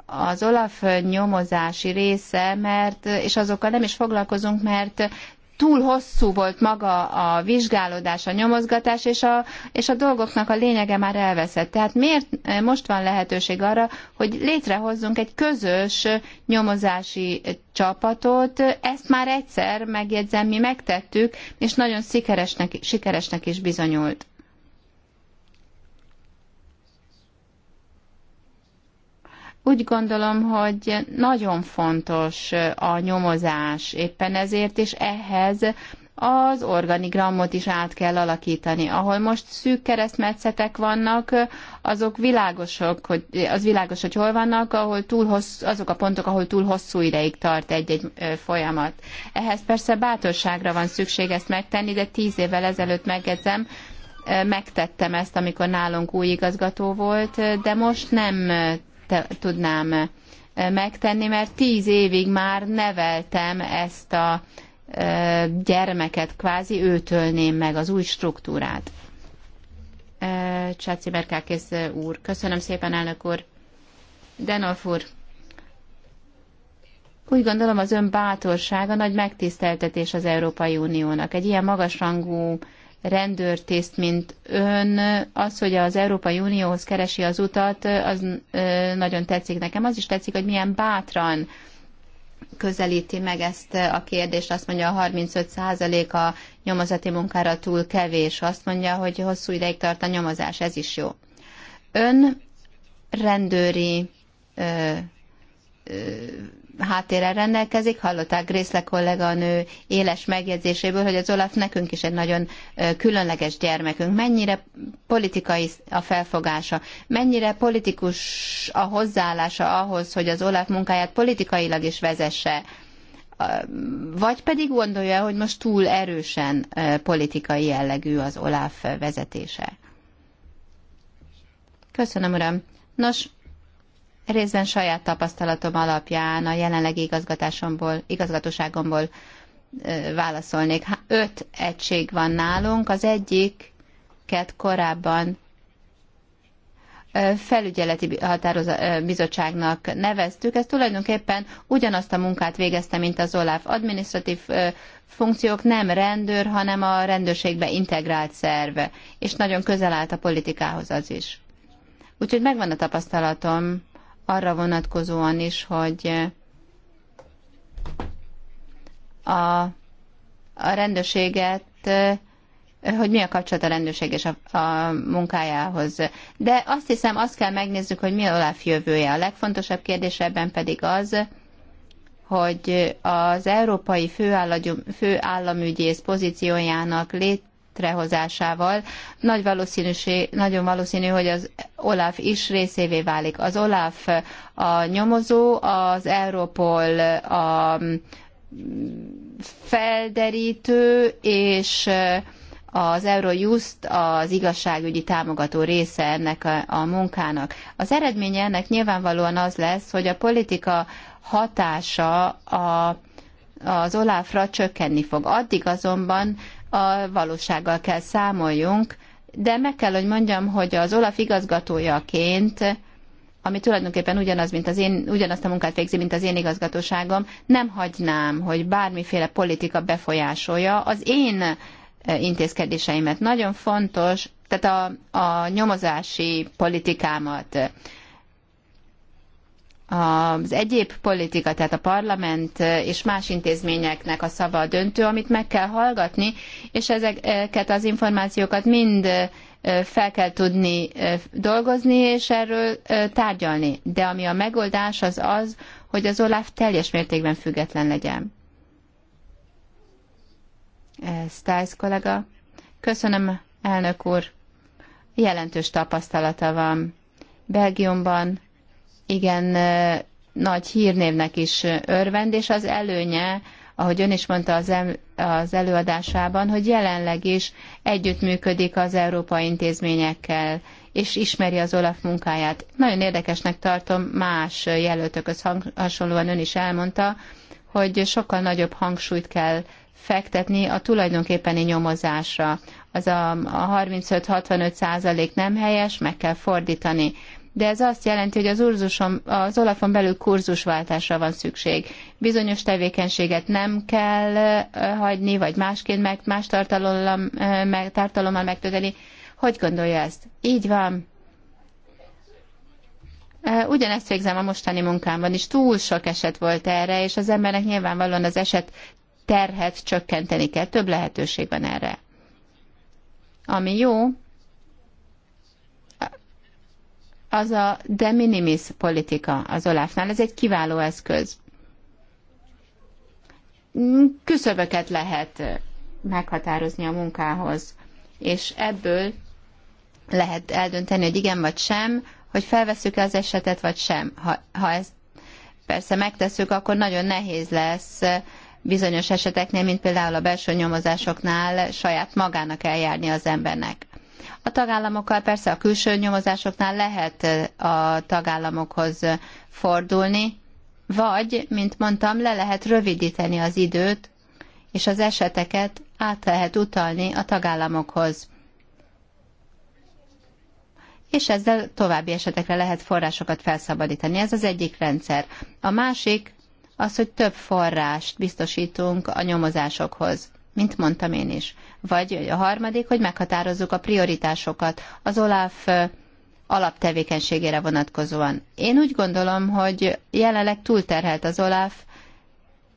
az Olaf nyomozási része, mert, és azokkal nem is foglalkozunk, mert túl hosszú volt maga a vizsgálódás, a nyomozgatás, és a, és a dolgoknak a lényege már elveszett. Tehát miért eh, most van lehetőség arra, hogy létrehozzunk egy közös nyomozási csapatot? Ezt már egyszer, megjegyzem, mi megtettük, és nagyon sikeresnek, sikeresnek is bizonyult. Úgy gondolom, hogy nagyon fontos a nyomozás éppen ezért, és ehhez az organigramot is át kell alakítani. Ahol most szűk keresztmetszetek vannak, azok világosok, hogy, az világos, hogy hol vannak, ahol túl hosszú, azok a pontok, ahol túl hosszú ideig tart egy-egy folyamat. Ehhez persze bátorságra van szükség ezt megtenni, de tíz évvel ezelőtt megedzem, megtettem ezt, amikor nálunk új igazgató volt, de most nem tudnám eh, megtenni, mert tíz évig már neveltem ezt a eh, gyermeket, kvázi őtölném meg az új struktúrát. Eh, Csáci Berkákész úr, köszönöm szépen, elnök úr. Denolf úr, úgy gondolom az ön bátorsága nagy megtiszteltetés az Európai Uniónak. Egy ilyen magasrangú rendőrtiszt, mint ön, az, hogy az Európai Unióhoz keresi az utat, az nagyon tetszik nekem. Az is tetszik, hogy milyen bátran közelíti meg ezt a kérdést, azt mondja, a 35% a nyomozati munkára túl kevés, azt mondja, hogy hosszú ideig tart a nyomozás, ez is jó. Ön rendőri háttérrel rendelkezik. Hallották Grészle kolléganő éles megjegyzéséből, hogy az Olaf nekünk is egy nagyon különleges gyermekünk. Mennyire politikai a felfogása, mennyire politikus a hozzáállása ahhoz, hogy az Olaf munkáját politikailag is vezesse. Vagy pedig gondolja, hogy most túl erősen politikai jellegű az Olaf vezetése. Köszönöm, Uram. Nos, részben saját tapasztalatom alapján a jelenlegi igazgatásomból, igazgatóságomból válaszolnék. Öt egység van nálunk, az egyiket korábban felügyeleti határoz- bizottságnak neveztük. Ez tulajdonképpen ugyanazt a munkát végezte, mint az OLAF. Administratív funkciók nem rendőr, hanem a rendőrségbe integrált szerve, és nagyon közel állt a politikához az is. Úgyhogy megvan a tapasztalatom arra vonatkozóan is, hogy eh, a, a rendőrséget, eh, hogy mi a kapcsolat a rendőrség és a, a munkájához. De azt hiszem, azt kell megnézzük, hogy mi a Olaf jövője. A legfontosabb kérdés ebben pedig az, hogy az európai főállam, főállamügyész pozíciójának lét, létrehozásával nagy valószínűség, nagyon valószínű, hogy az OLAF is részévé válik. Az OLAF a nyomozó, az Europol a felderítő, és az Eurojust az igazságügyi támogató része ennek a, a munkának. Az eredménye ennek nyilvánvalóan az lesz, hogy a politika hatása a, az Olafra csökkenni fog. Addig azonban a valósággal kell számoljunk, de meg kell, hogy mondjam, hogy az Olaf igazgatójaként ami tulajdonképpen ugyanaz, mint az én, ugyanazt a munkát végzi, mint az én igazgatóságom, nem hagynám, hogy bármiféle politika befolyásolja az én e, intézkedéseimet. Nagyon fontos, tehát a, a nyomozási politikámat, az egyéb politika, tehát a parlament és más intézményeknek a szava a döntő, amit meg kell hallgatni, és ezeket az információkat mind fel kell tudni dolgozni, és erről tárgyalni. De ami a megoldás, az az, hogy az OLAF teljes mértékben független legyen. Stiles kollega. Köszönöm, elnök úr. Jelentős tapasztalata van. Belgiumban igen nagy hírnévnek is örvend, és az előnye, ahogy ön is mondta az, el, az előadásában, hogy jelenleg is együttműködik az európai intézményekkel, és ismeri az Olaf munkáját. Nagyon érdekesnek tartom, más jelöltökhöz hasonlóan ön is elmondta, hogy sokkal nagyobb hangsúlyt kell fektetni a tulajdonképpeni nyomozásra. Az a 35-65 százalék nem helyes, meg kell fordítani de ez azt jelenti, hogy az, urzuson, az olafon belül kurzusváltásra van szükség. Bizonyos tevékenységet nem kell hagyni, vagy másként meg, más tartalommal, meg, megtölteni. Hogy gondolja ezt? Így van. Ugyanezt végzem a mostani munkámban is. Túl sok eset volt erre, és az embernek nyilvánvalóan az eset terhet csökkenteni kell. Több lehetőség van erre. Ami jó, az a de minimis politika az Olafnál. Ez egy kiváló eszköz. Küszöböket lehet meghatározni a munkához, és ebből lehet eldönteni, hogy igen vagy sem, hogy felveszük-e az esetet, vagy sem. Ha, ha ezt persze megtesszük, akkor nagyon nehéz lesz bizonyos eseteknél, mint például a belső nyomozásoknál saját magának eljárni az embernek. A tagállamokkal persze a külső nyomozásoknál lehet eh, a tagállamokhoz eh, fordulni, vagy, mint mondtam, le lehet rövidíteni az időt, és az eseteket át lehet utalni a tagállamokhoz. És ezzel további esetekre lehet forrásokat felszabadítani. Ez az egyik rendszer. A másik az, hogy több forrást biztosítunk a nyomozásokhoz mint mondtam én is. Vagy a harmadik, hogy meghatározzuk a prioritásokat az OLAF alaptevékenységére vonatkozóan. Én úgy gondolom, hogy jelenleg túlterhelt az OLAF,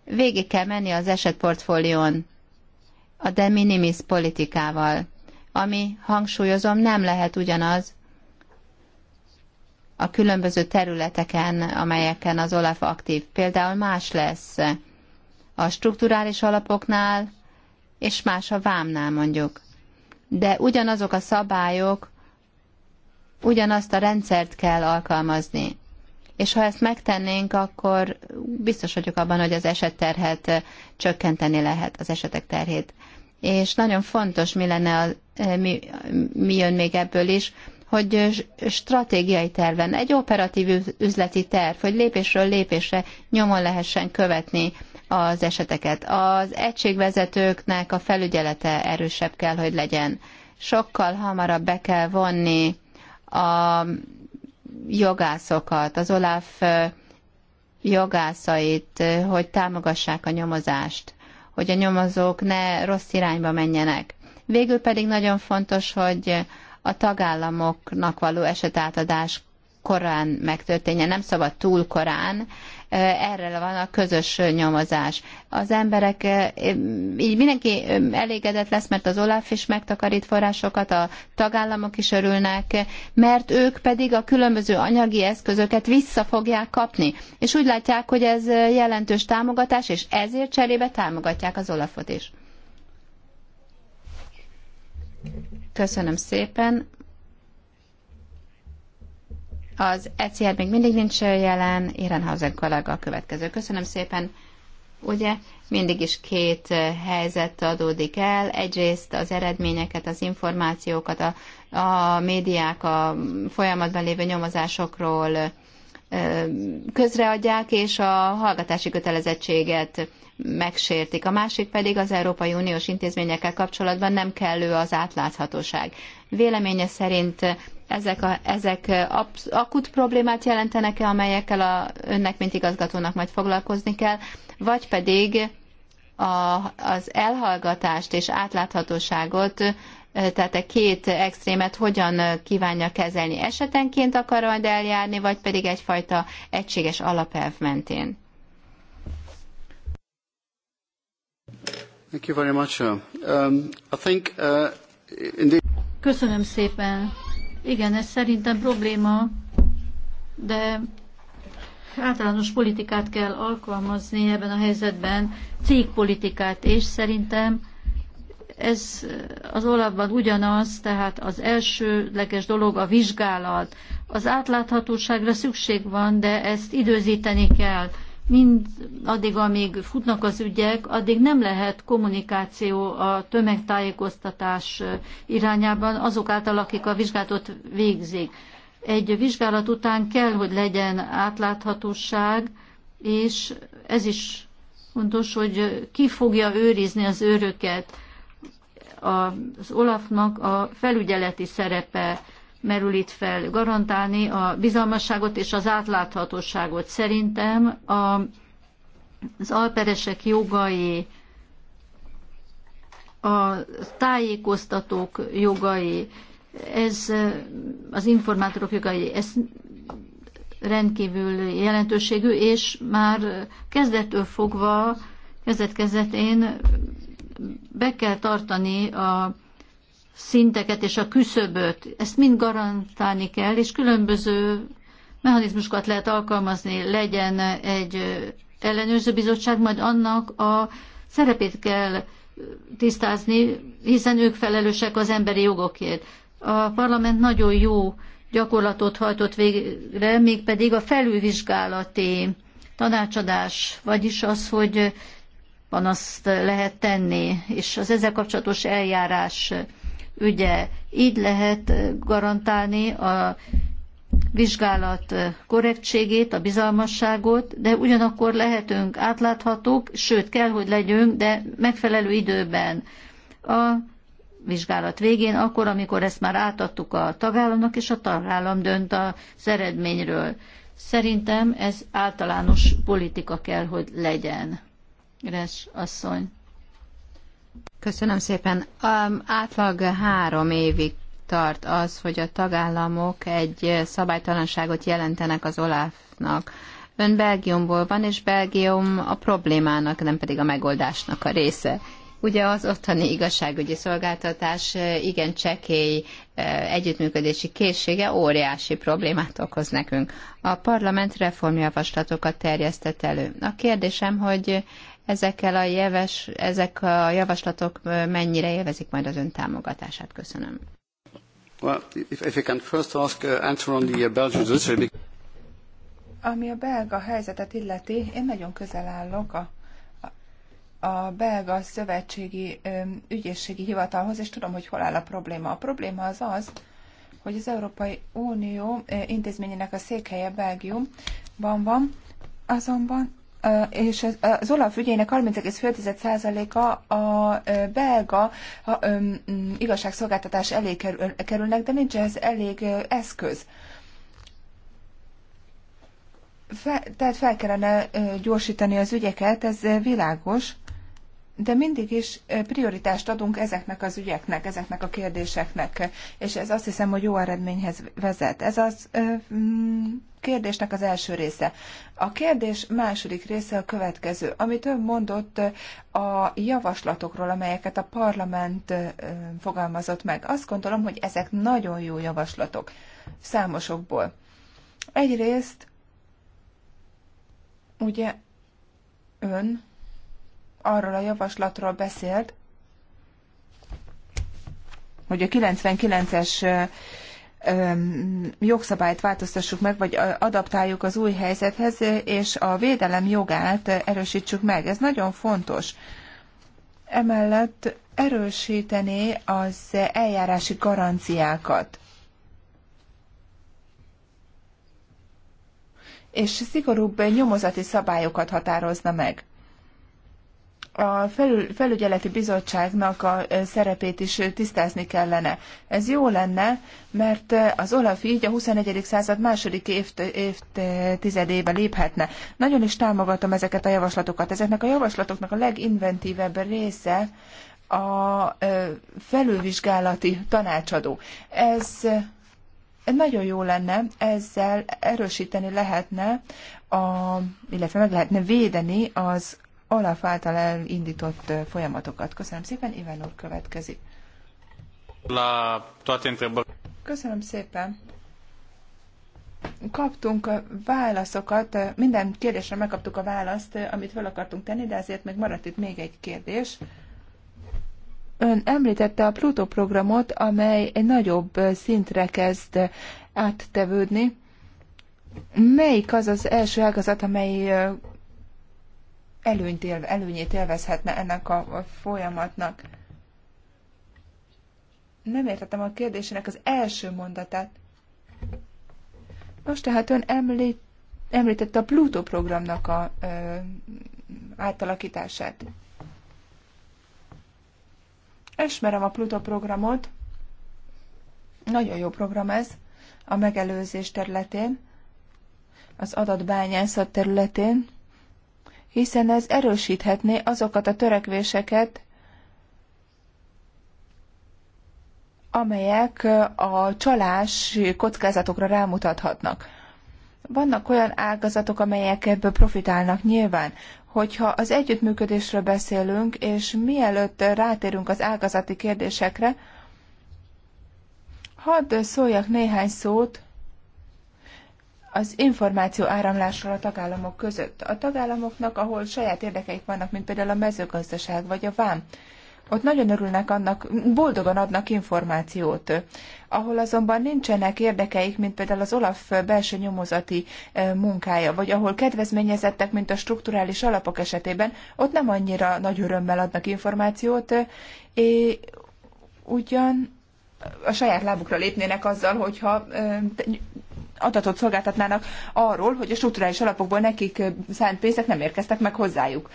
végig kell menni az esetportfólión a de minimis politikával, ami, hangsúlyozom, nem lehet ugyanaz a különböző területeken, amelyeken az OLAF aktív. Például más lesz a strukturális alapoknál, és más a vámnál mondjuk. De ugyanazok a szabályok, ugyanazt a rendszert kell alkalmazni. És ha ezt megtennénk, akkor biztos vagyok abban, hogy az esetterhet csökkenteni lehet, az esetek terhét. És nagyon fontos, mi lenne, a, mi, mi jön még ebből is, hogy stratégiai terven, egy operatív üzleti terv, hogy lépésről lépésre nyomon lehessen követni az eseteket. Az egységvezetőknek a felügyelete erősebb kell, hogy legyen. Sokkal hamarabb be kell vonni a jogászokat, az Olaf jogászait, hogy támogassák a nyomozást, hogy a nyomozók ne rossz irányba menjenek. Végül pedig nagyon fontos, hogy a tagállamoknak való esetátadás korán megtörténjen, nem szabad túl korán, erre van a közös nyomozás. Az emberek, eh, így mindenki eh, elégedett lesz, mert az Olaf is megtakarít forrásokat, a tagállamok is örülnek, mert ők pedig a különböző anyagi eszközöket vissza fogják kapni. És úgy látják, hogy ez eh, jelentős támogatás, és ezért cserébe támogatják az Olafot is. Köszönöm szépen. Az ECR még mindig nincs jelen, Irenhausen kollega a következő. Köszönöm szépen. Ugye mindig is két eh, helyzet adódik el. Egyrészt az eredményeket, az információkat, a, a médiák a folyamatban lévő nyomozásokról eh, közreadják, és a hallgatási kötelezettséget megsértik. A másik pedig az Európai Uniós intézményekkel kapcsolatban nem kellő az átláthatóság. Véleménye szerint ezek, a, ezek akut problémát jelentenek-e, amelyekkel a, önnek, mint igazgatónak majd foglalkozni kell, vagy pedig a, az elhallgatást és átláthatóságot, tehát a két extrémet hogyan kívánja kezelni esetenként akar majd eljárni, vagy pedig egyfajta egységes alapelv mentén? Thank you very much. Um, I think, uh, indeed... Köszönöm szépen. Igen, ez szerintem probléma, de általános politikát kell alkalmazni ebben a helyzetben, cégpolitikát, és szerintem ez az olapban ugyanaz, tehát az elsőleges dolog a vizsgálat. Az átláthatóságra szükség van, de ezt időzíteni kell mind addig, amíg futnak az ügyek, addig nem lehet kommunikáció a tömegtájékoztatás eh, irányában azok által, akik a vizsgálatot végzik. Egy vizsgálat után kell, hogy legyen átláthatóság, és ez is fontos, hogy ki fogja őrizni az őröket. Az Olafnak a felügyeleti szerepe merül itt fel garantálni a bizalmasságot és az átláthatóságot. Szerintem a, az alperesek jogai, a tájékoztatók jogai, ez az informátorok jogai, ez rendkívül jelentőségű, és már kezdettől fogva, kezdet-kezdetén be kell tartani a szinteket és a küszöböt, ezt mind garantálni kell, és különböző mechanizmusokat lehet alkalmazni, legyen egy ellenőrző bizottság, majd annak a szerepét kell tisztázni, hiszen ők felelősek az emberi jogokért. A parlament nagyon jó gyakorlatot hajtott végre, mégpedig a felülvizsgálati tanácsadás, vagyis az, hogy panaszt lehet tenni, és az ezzel kapcsolatos eljárás ügye. Így lehet garantálni a vizsgálat korrektségét, a bizalmasságot, de ugyanakkor lehetünk átláthatók, sőt kell, hogy legyünk, de megfelelő időben. A vizsgálat végén, akkor, amikor ezt már átadtuk a tagállamnak, és a tagállam dönt az eredményről. Szerintem ez általános politika kell, hogy legyen. Gres asszony. Köszönöm szépen. Um, átlag három évig tart az, hogy a tagállamok egy szabálytalanságot jelentenek az Olafnak. Ön Belgiumból van, és Belgium a problémának, nem pedig a megoldásnak a része. Ugye az ottani igazságügyi szolgáltatás eh, igen csekély eh, együttműködési készsége óriási problémát okoz nekünk. A parlament reformjavaslatokat terjesztett elő. A kérdésem, hogy ezekkel a jeves, ezek a javaslatok mennyire élvezik majd az ön támogatását. Köszönöm. Well, if, can first ask, uh, answer on the uh, Belgian Ami a belga helyzetet illeti, én nagyon közel állok a, a, belga szövetségi ügyészségi hivatalhoz, és tudom, hogy hol áll a probléma. A probléma az az, hogy az Európai Unió intézményének a székhelye Belgiumban van, azonban és az Olaf ügyének 30,5%-a a belga igazságszolgáltatás elé kerülnek, de nincs ehhez elég eszköz. Fe, tehát fel kellene gyorsítani az ügyeket, ez világos de mindig is prioritást adunk ezeknek az ügyeknek, ezeknek a kérdéseknek, és ez azt hiszem, hogy jó eredményhez vezet. Ez az mm, kérdésnek az első része. A kérdés második része a következő, amit ön mondott a javaslatokról, amelyeket a parlament fogalmazott meg. Azt gondolom, hogy ezek nagyon jó javaslatok, számosokból. Egyrészt, ugye ön arról a javaslatról beszélt, hogy a 99-es jogszabályt változtassuk meg, vagy adaptáljuk az új helyzethez, és a védelem jogát erősítsük meg. Ez nagyon fontos. Emellett erősíteni az eljárási garanciákat. És szigorúbb nyomozati szabályokat határozna meg a felül, felügyeleti bizottságnak a szerepét is tisztázni kellene. Ez jó lenne, mert az Olaf így a 21. század második évtizedébe léphetne. Nagyon is támogatom ezeket a javaslatokat. Ezeknek a javaslatoknak a leginventívebb része a felülvizsgálati tanácsadó. Ez nagyon jó lenne, ezzel erősíteni lehetne, a, illetve meg lehetne védeni az Olaf által elindított folyamatokat. Köszönöm szépen, Iván úr következik. Köszönöm szépen. Kaptunk válaszokat, minden kérdésre megkaptuk a választ, amit fel akartunk tenni, de azért még maradt itt még egy kérdés. Ön említette a Pluto programot, amely egy nagyobb szintre kezd áttevődni. Melyik az az első ágazat, amely előnyt élve, előnyét élvezhetne ennek a folyamatnak. Nem értettem a kérdésének az első mondatát. Most tehát ön említ, említette a Pluto programnak a ö, átalakítását. Ismerem a Pluto programot, nagyon jó program ez, a megelőzés területén, az adatbányászat területén, hiszen ez erősíthetné azokat a törekvéseket, amelyek a csalás kockázatokra rámutathatnak. Vannak olyan ágazatok, amelyek ebből profitálnak nyilván. Hogyha az együttműködésről beszélünk, és mielőtt rátérünk az ágazati kérdésekre, hadd szóljak néhány szót az információ áramlásról a tagállamok között. A tagállamoknak, ahol saját érdekeik vannak, mint például a mezőgazdaság vagy a vám, ott nagyon örülnek annak, boldogan adnak információt. Ahol azonban nincsenek érdekeik, mint például az Olaf belső nyomozati e, munkája, vagy ahol kedvezményezettek, mint a strukturális alapok esetében, ott nem annyira nagy örömmel adnak információt, e, és ugyan a saját lábukra lépnének azzal, hogyha e, adatot szolgáltatnának arról, hogy a strukturális alapokból nekik szánt pénzek nem érkeztek meg hozzájuk.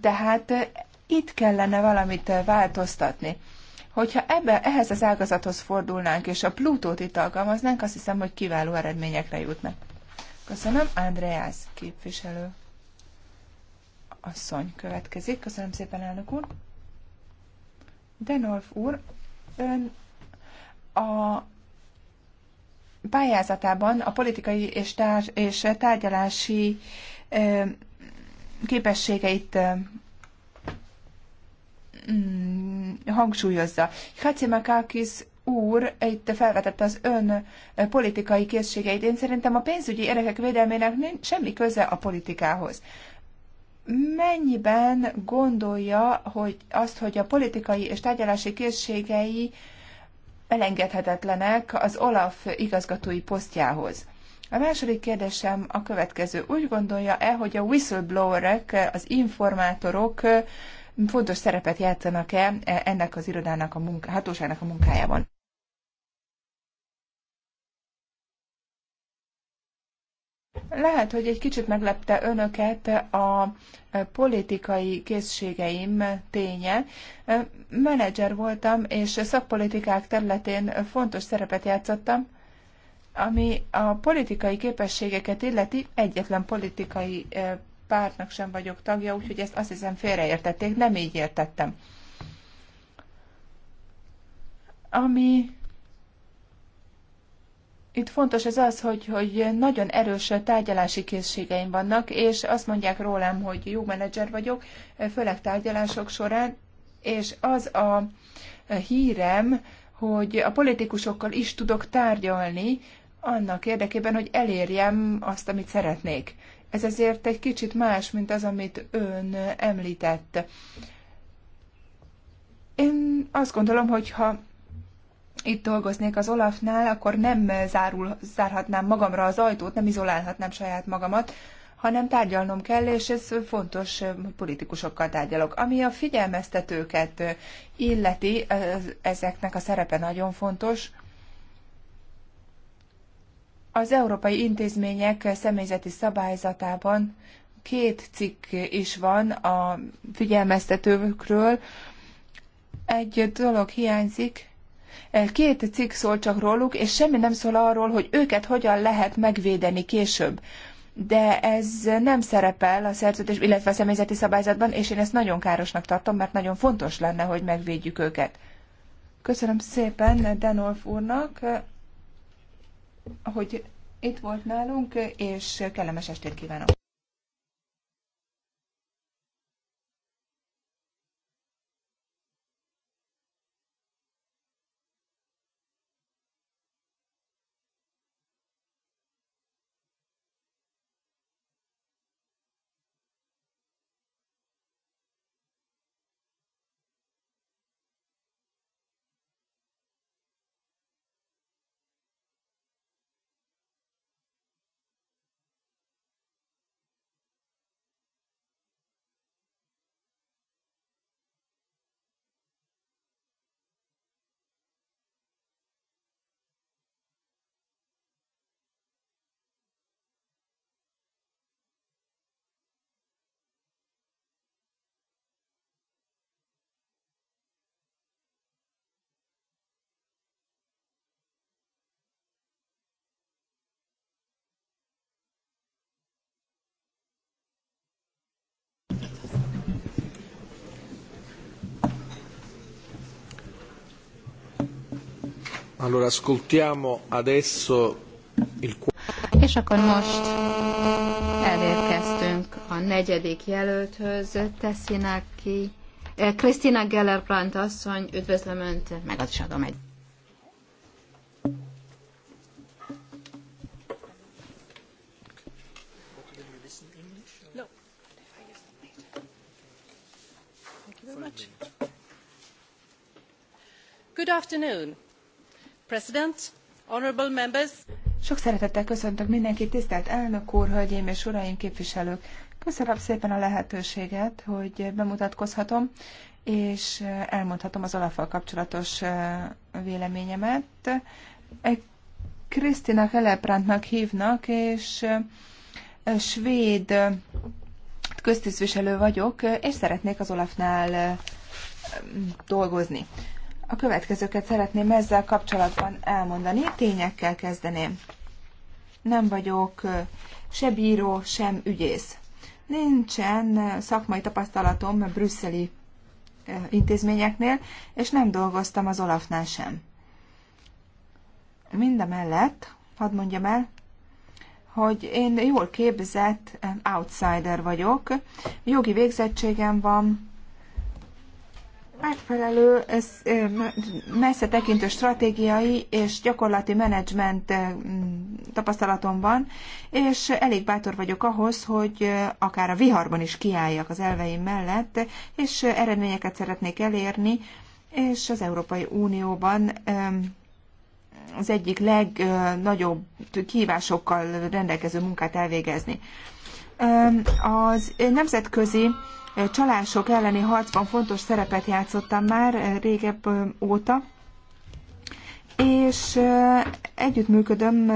Tehát itt kellene valamit változtatni. Hogyha ebbe, ehhez az ágazathoz fordulnánk, és a Plutót itt alkalmaznánk, azt hiszem, hogy kiváló eredményekre jutnak. Köszönöm, Andreas képviselő asszony következik. Köszönöm szépen, elnök úr. Denolf úr, ön a pályázatában a politikai és, tár- és tárgyalási képességeit mm, hangsúlyozza. Hatsimakakis úr itt felvetette az ön politikai készségeit. Én szerintem a pénzügyi érdekek védelmének nincs semmi köze a politikához. Mennyiben gondolja, hogy azt, hogy a politikai és tárgyalási készségei elengedhetetlenek az Olaf igazgatói posztjához. A második kérdésem a következő. Úgy gondolja-e, hogy a whistleblowerek, az informátorok fontos szerepet játszanak-e e, ennek az irodának a munka, hatóságnak a munkájában? Lehet, hogy egy kicsit meglepte önöket a e, politikai készségeim ténye. E, menedzser voltam, és szakpolitikák területén fontos szerepet játszottam, ami a politikai képességeket illeti, egyetlen politikai e, pártnak sem vagyok tagja, úgyhogy ezt azt hiszem félreértették, nem így értettem. Ami itt fontos ez az, hogy, hogy nagyon erős tárgyalási készségeim vannak, és azt mondják rólam, hogy jó menedzser vagyok, főleg tárgyalások során, és az a hírem, hogy a politikusokkal is tudok tárgyalni annak érdekében, hogy elérjem azt, amit szeretnék. Ez azért egy kicsit más, mint az, amit ön említett. Én azt gondolom, hogy ha itt dolgoznék az Olafnál, akkor nem zárul, zárhatnám magamra az ajtót, nem izolálhatnám saját magamat, hanem tárgyalnom kell, és ez fontos, hogy politikusokkal tárgyalok. Ami a figyelmeztetőket illeti, ezeknek a szerepe nagyon fontos. Az európai intézmények személyzeti szabályzatában két cikk is van a figyelmeztetőkről. Egy dolog hiányzik, Eh, két cikk szól csak róluk, és semmi nem szól arról, hogy őket hogyan lehet megvédeni később. De ez nem szerepel a szerződés, illetve a személyzeti szabályzatban, és én ezt nagyon károsnak tartom, mert nagyon fontos lenne, hogy megvédjük őket. Köszönöm szépen Denolf úrnak, eh, hogy itt volt nálunk, és kellemes estét kívánok! Allora ascoltiamo adesso il... És akkor most elérkeztünk a negyedik jelölthöz, Tessinaki. Krisztina eh, Gellerbrandt asszony, üdvözlöm Önt, meg is adom egy. Good afternoon. President, honorable members. Sok szeretettel köszöntök mindenkit, tisztelt elnök úr, hölgyeim és uraim, képviselők. Köszönöm szépen a lehetőséget, hogy bemutatkozhatom, és elmondhatom az alapfal kapcsolatos véleményemet. Krisztina Helebrandnak hívnak, és svéd köztisztviselő vagyok, és szeretnék az Olafnál dolgozni. A következőket szeretném ezzel kapcsolatban elmondani. Tényekkel kezdeném. Nem vagyok se bíró, sem ügyész. Nincsen szakmai tapasztalatom brüsszeli intézményeknél, és nem dolgoztam az Olafnál sem. Mindemellett, hadd mondjam el, hogy én jól képzett outsider vagyok, jogi végzettségem van, megfelelő, ez messze tekintő stratégiai és gyakorlati menedzsment tapasztalatom van, és elég bátor vagyok ahhoz, hogy akár a viharban is kiálljak az elveim mellett, és eredményeket szeretnék elérni, és az Európai Unióban az egyik legnagyobb kihívásokkal rendelkező munkát elvégezni. Az nemzetközi csalások elleni harcban fontos szerepet játszottam már régebb óta, és együttműködöm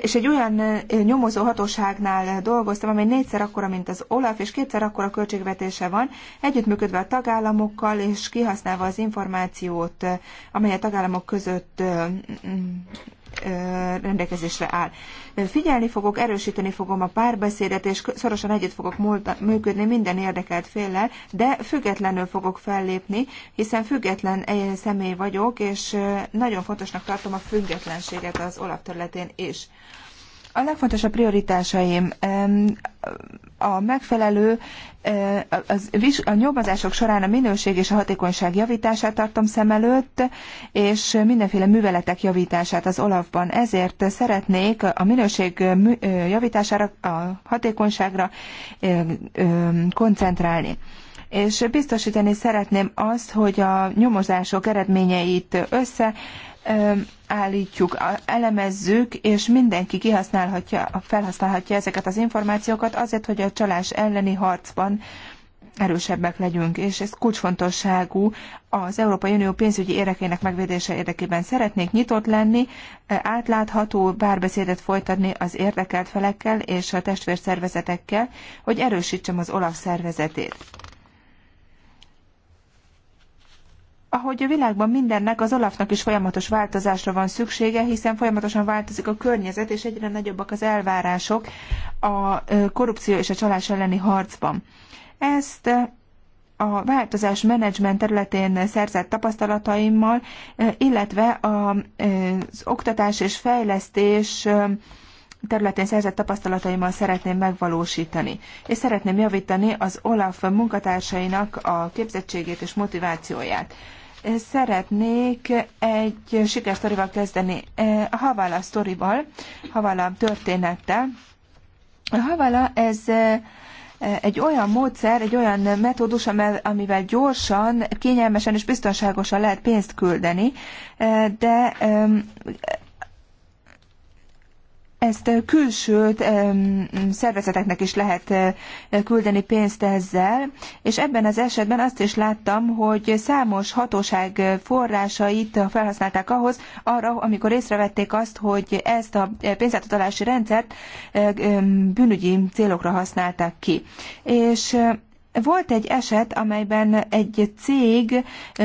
és egy olyan nyomozó hatóságnál dolgoztam, amely négyszer akkora, mint az OLAF, és kétszer akkora költségvetése van, együttműködve a tagállamokkal, és kihasználva az információt, amely a tagállamok között rendelkezésre áll. Figyelni fogok, erősíteni fogom a párbeszédet, és szorosan együtt fogok működni minden érdekelt féllel, de függetlenül fogok fellépni, hiszen független személy vagyok, és nagyon fontosnak tartom a függetlenséget az olap területén is. A legfontosabb prioritásaim a megfelelő e, a nyomozások során a minőség és a hatékonyság javítását tartom szem előtt, és mindenféle műveletek javítását az Olafban. Ezért szeretnék a minőség e, javítására, a hatékonyságra e, koncentrálni és biztosítani szeretném azt, hogy a nyomozások eredményeit össze állítjuk, elemezzük, és mindenki kihasználhatja, felhasználhatja ezeket az információkat azért, hogy a csalás elleni harcban erősebbek legyünk, és ez kulcsfontosságú az Európai Unió pénzügyi érdekének megvédése érdekében. Szeretnék nyitott lenni, átlátható párbeszédet folytatni az érdekelt felekkel és a testvérszervezetekkel, hogy erősítsem az OLAF szervezetét. ahogy a világban mindennek, az Olafnak is folyamatos változásra van szüksége, hiszen folyamatosan változik a környezet, és egyre nagyobbak az elvárások a korrupció és a csalás elleni harcban. Ezt a változás menedzsment területén szerzett tapasztalataimmal, illetve az oktatás és fejlesztés területén szerzett tapasztalataimmal szeretném megvalósítani, és szeretném javítani az OLAF munkatársainak a képzettségét és motivációját. Szeretnék egy sikersztorival kezdeni, e, a Havala sztorival, Havala történettel. Havala ez e, egy olyan módszer, egy olyan metódus, amivel gyorsan, kényelmesen és biztonságosan lehet pénzt küldeni, e, de ezt külső szervezeteknek is lehet küldeni pénzt ezzel, és ebben az esetben azt is láttam, hogy számos hatóság forrásait felhasználták ahhoz, arra, amikor észrevették azt, hogy ezt a pénzátutalási rendszert bűnügyi célokra használták ki. És volt egy eset, amelyben egy cég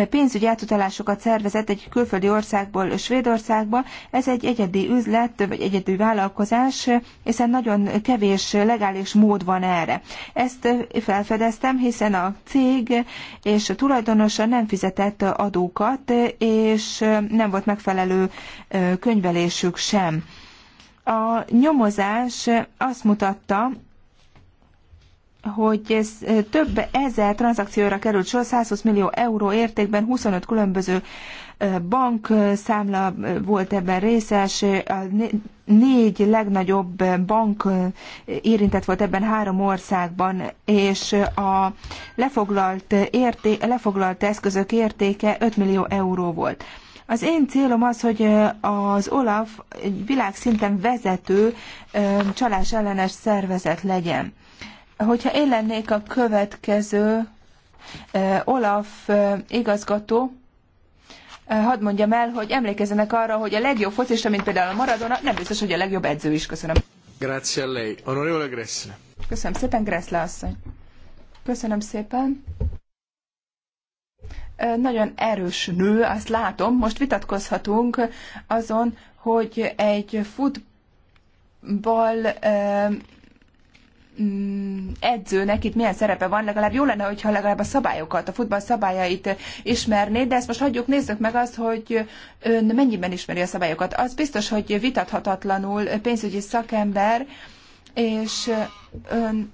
pénzügyi átutalásokat szervezett egy külföldi országból Svédországba. Ez egy egyedi üzlet, vagy egyedi vállalkozás, hiszen nagyon kevés legális mód van erre. Ezt felfedeztem, hiszen a cég és a tulajdonosa nem fizetett adókat, és nem volt megfelelő könyvelésük sem. A nyomozás azt mutatta, hogy ez több ezer tranzakcióra került sor, 120 millió euró értékben, 25 különböző bankszámla volt ebben részes, a négy legnagyobb bank érintett volt ebben három országban, és a lefoglalt, érté, lefoglalt eszközök értéke 5 millió euró volt. Az én célom az, hogy az OLAF egy világszinten vezető csalás ellenes szervezet legyen Hogyha én lennék a következő eh, Olaf eh, igazgató, eh, hadd mondjam el, hogy emlékezzenek arra, hogy a legjobb focista, mint például a Maradona, nem biztos, hogy a legjobb edző is. Köszönöm. Grazie a lei. Onorevole Gressle. Köszönöm szépen, Gressle asszony. Köszönöm szépen. Nagyon erős nő, azt látom. Most vitatkozhatunk azon, hogy egy futball Mm, edzőnek itt milyen szerepe van, legalább jó lenne, hogyha legalább a szabályokat, a futball szabályait ismerné, de ezt most hagyjuk, nézzük meg azt, hogy ön mennyiben ismeri a szabályokat. Az biztos, hogy vitathatatlanul pénzügyi szakember, és ön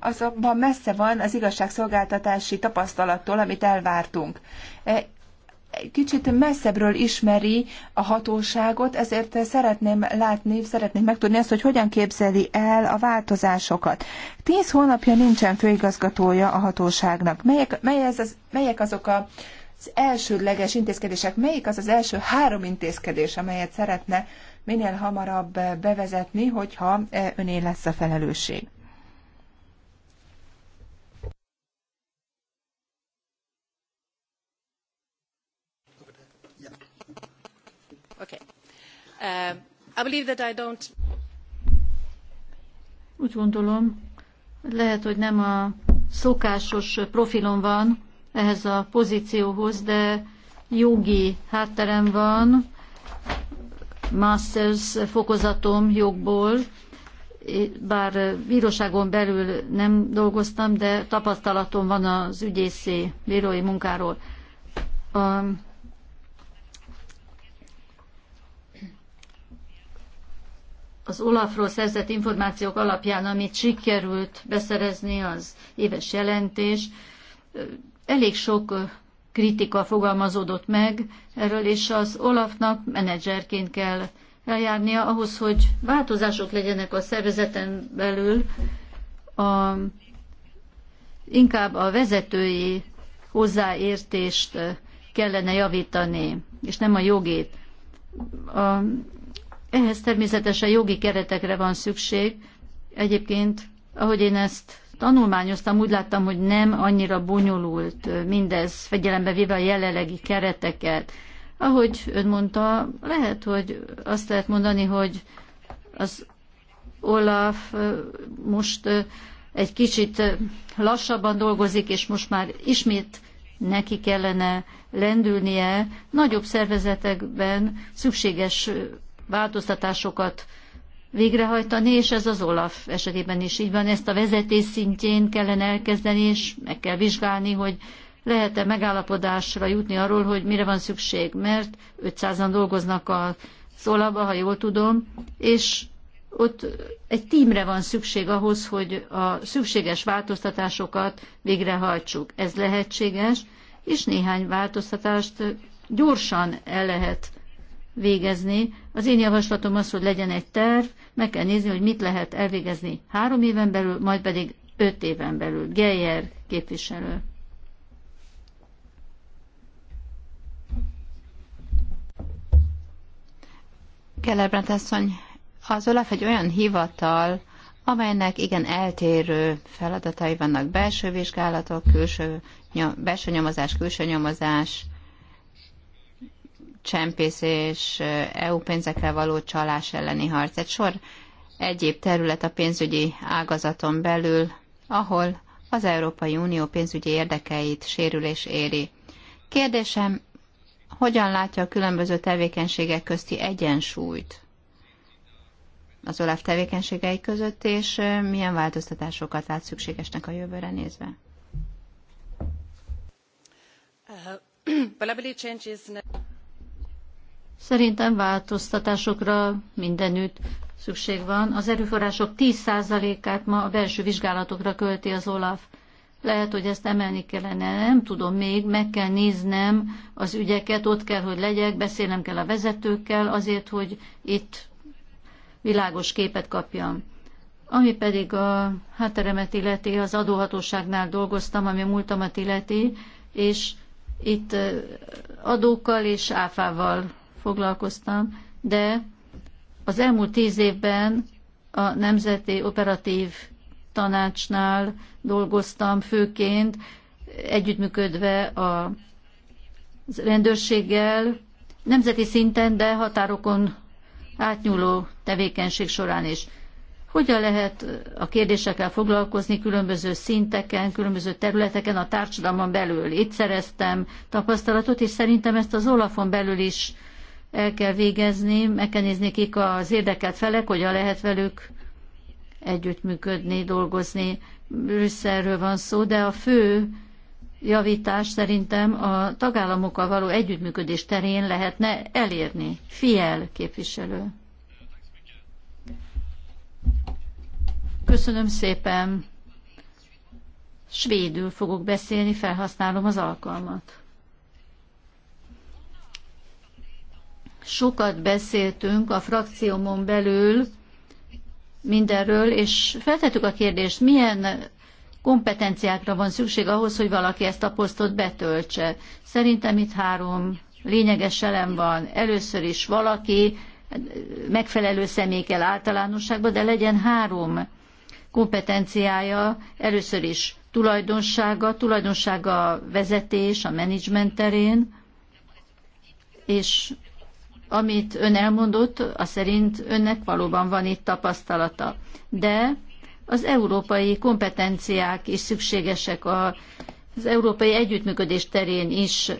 azonban messze van az igazságszolgáltatási tapasztalattól, amit elvártunk kicsit messzebbről ismeri a hatóságot, ezért szeretném látni, szeretném megtudni azt, hogy hogyan képzeli el a változásokat. Tíz hónapja nincsen főigazgatója a hatóságnak. Melyek, mely ez az, melyek azok a az elsődleges intézkedések, melyik az az első három intézkedés, amelyet szeretne minél hamarabb bevezetni, hogyha öné lesz a felelősség? Uh, Úgy gondolom, lehet, hogy nem a szokásos profilom van ehhez a pozícióhoz, de jogi hátterem van, masters fokozatom jogból, bár bíróságon belül nem dolgoztam, de tapasztalatom van az ügyészi bírói munkáról. A az Olafról szerzett információk alapján, amit sikerült beszerezni az éves jelentés, elég sok kritika fogalmazódott meg erről, és az Olafnak menedzserként kell eljárnia ahhoz, hogy változások legyenek a szervezeten belül, a, inkább a vezetői hozzáértést kellene javítani, és nem a jogét. A ehhez természetesen jogi keretekre van szükség. Egyébként, ahogy én ezt tanulmányoztam, úgy láttam, hogy nem annyira bonyolult mindez, fegyelembe véve a jelenlegi kereteket. Ahogy ön mondta, lehet, hogy azt lehet mondani, hogy az Olaf most egy kicsit lassabban dolgozik, és most már ismét neki kellene lendülnie. Nagyobb szervezetekben szükséges változtatásokat végrehajtani, és ez az Olaf esetében is így van. Ezt a vezetés szintjén kellene elkezdeni, és meg kell vizsgálni, hogy lehet-e megállapodásra jutni arról, hogy mire van szükség, mert 500-an dolgoznak a Olafba, ha jól tudom, és ott egy tímre van szükség ahhoz, hogy a szükséges változtatásokat végrehajtsuk. Ez lehetséges, és néhány változtatást gyorsan el lehet végezni. Az én javaslatom az, hogy legyen egy terv, meg kell nézni, hogy mit lehet elvégezni három éven belül, majd pedig öt éven belül. Geyer képviselő. Kellebrant asszony, az Olaf egy olyan hivatal, amelynek igen eltérő feladatai vannak, belső vizsgálatok, külső, nyom, belső nyomozás, külső nyomozás, és EU pénzekkel való csalás elleni harc. Egy sor egyéb terület a pénzügyi ágazaton belül, ahol az Európai Unió pénzügyi érdekeit sérülés éri. Kérdésem, hogyan látja a különböző tevékenységek közti egyensúlyt az OLAF tevékenységei között, és milyen változtatásokat lát szükségesnek a jövőre nézve? Uh, <clears throat> Szerintem változtatásokra mindenütt szükség van. Az erőforrások 10%-át ma a belső vizsgálatokra költi az OLAF. Lehet, hogy ezt emelni kellene, nem tudom még, meg kell néznem az ügyeket, ott kell, hogy legyek, beszélnem kell a vezetőkkel azért, hogy itt világos képet kapjam. Ami pedig a hátteremet illeti, az adóhatóságnál dolgoztam, ami a múltamat illeti, és itt adókkal és áfával foglalkoztam, de az elmúlt tíz évben a Nemzeti Operatív Tanácsnál dolgoztam főként, együttműködve a rendőrséggel, nemzeti szinten, de határokon átnyúló tevékenység során is. Hogyan lehet a kérdésekkel foglalkozni különböző szinteken, különböző területeken, a társadalmon belül? Itt szereztem tapasztalatot, és szerintem ezt az Olafon belül is el kell végezni, meg kell nézni, kik az érdekelt felek, hogyan lehet velük együttműködni, dolgozni. Brüsszelről van szó, de a fő javítás szerintem a tagállamokkal való együttműködés terén lehetne elérni. Fiel képviselő. Köszönöm szépen. Svédül fogok beszélni, felhasználom az alkalmat. sokat beszéltünk a frakciómon belül mindenről, és feltettük a kérdést, milyen kompetenciákra van szükség ahhoz, hogy valaki ezt a posztot betöltse. Szerintem itt három lényeges elem van. Először is valaki, megfelelő személy kell általánosságban, de legyen három kompetenciája, először is tulajdonsága, tulajdonsága a vezetés, a menedzsment terén, és amit ön elmondott, a szerint önnek valóban van itt tapasztalata. De az európai kompetenciák is szükségesek, az európai együttműködés terén is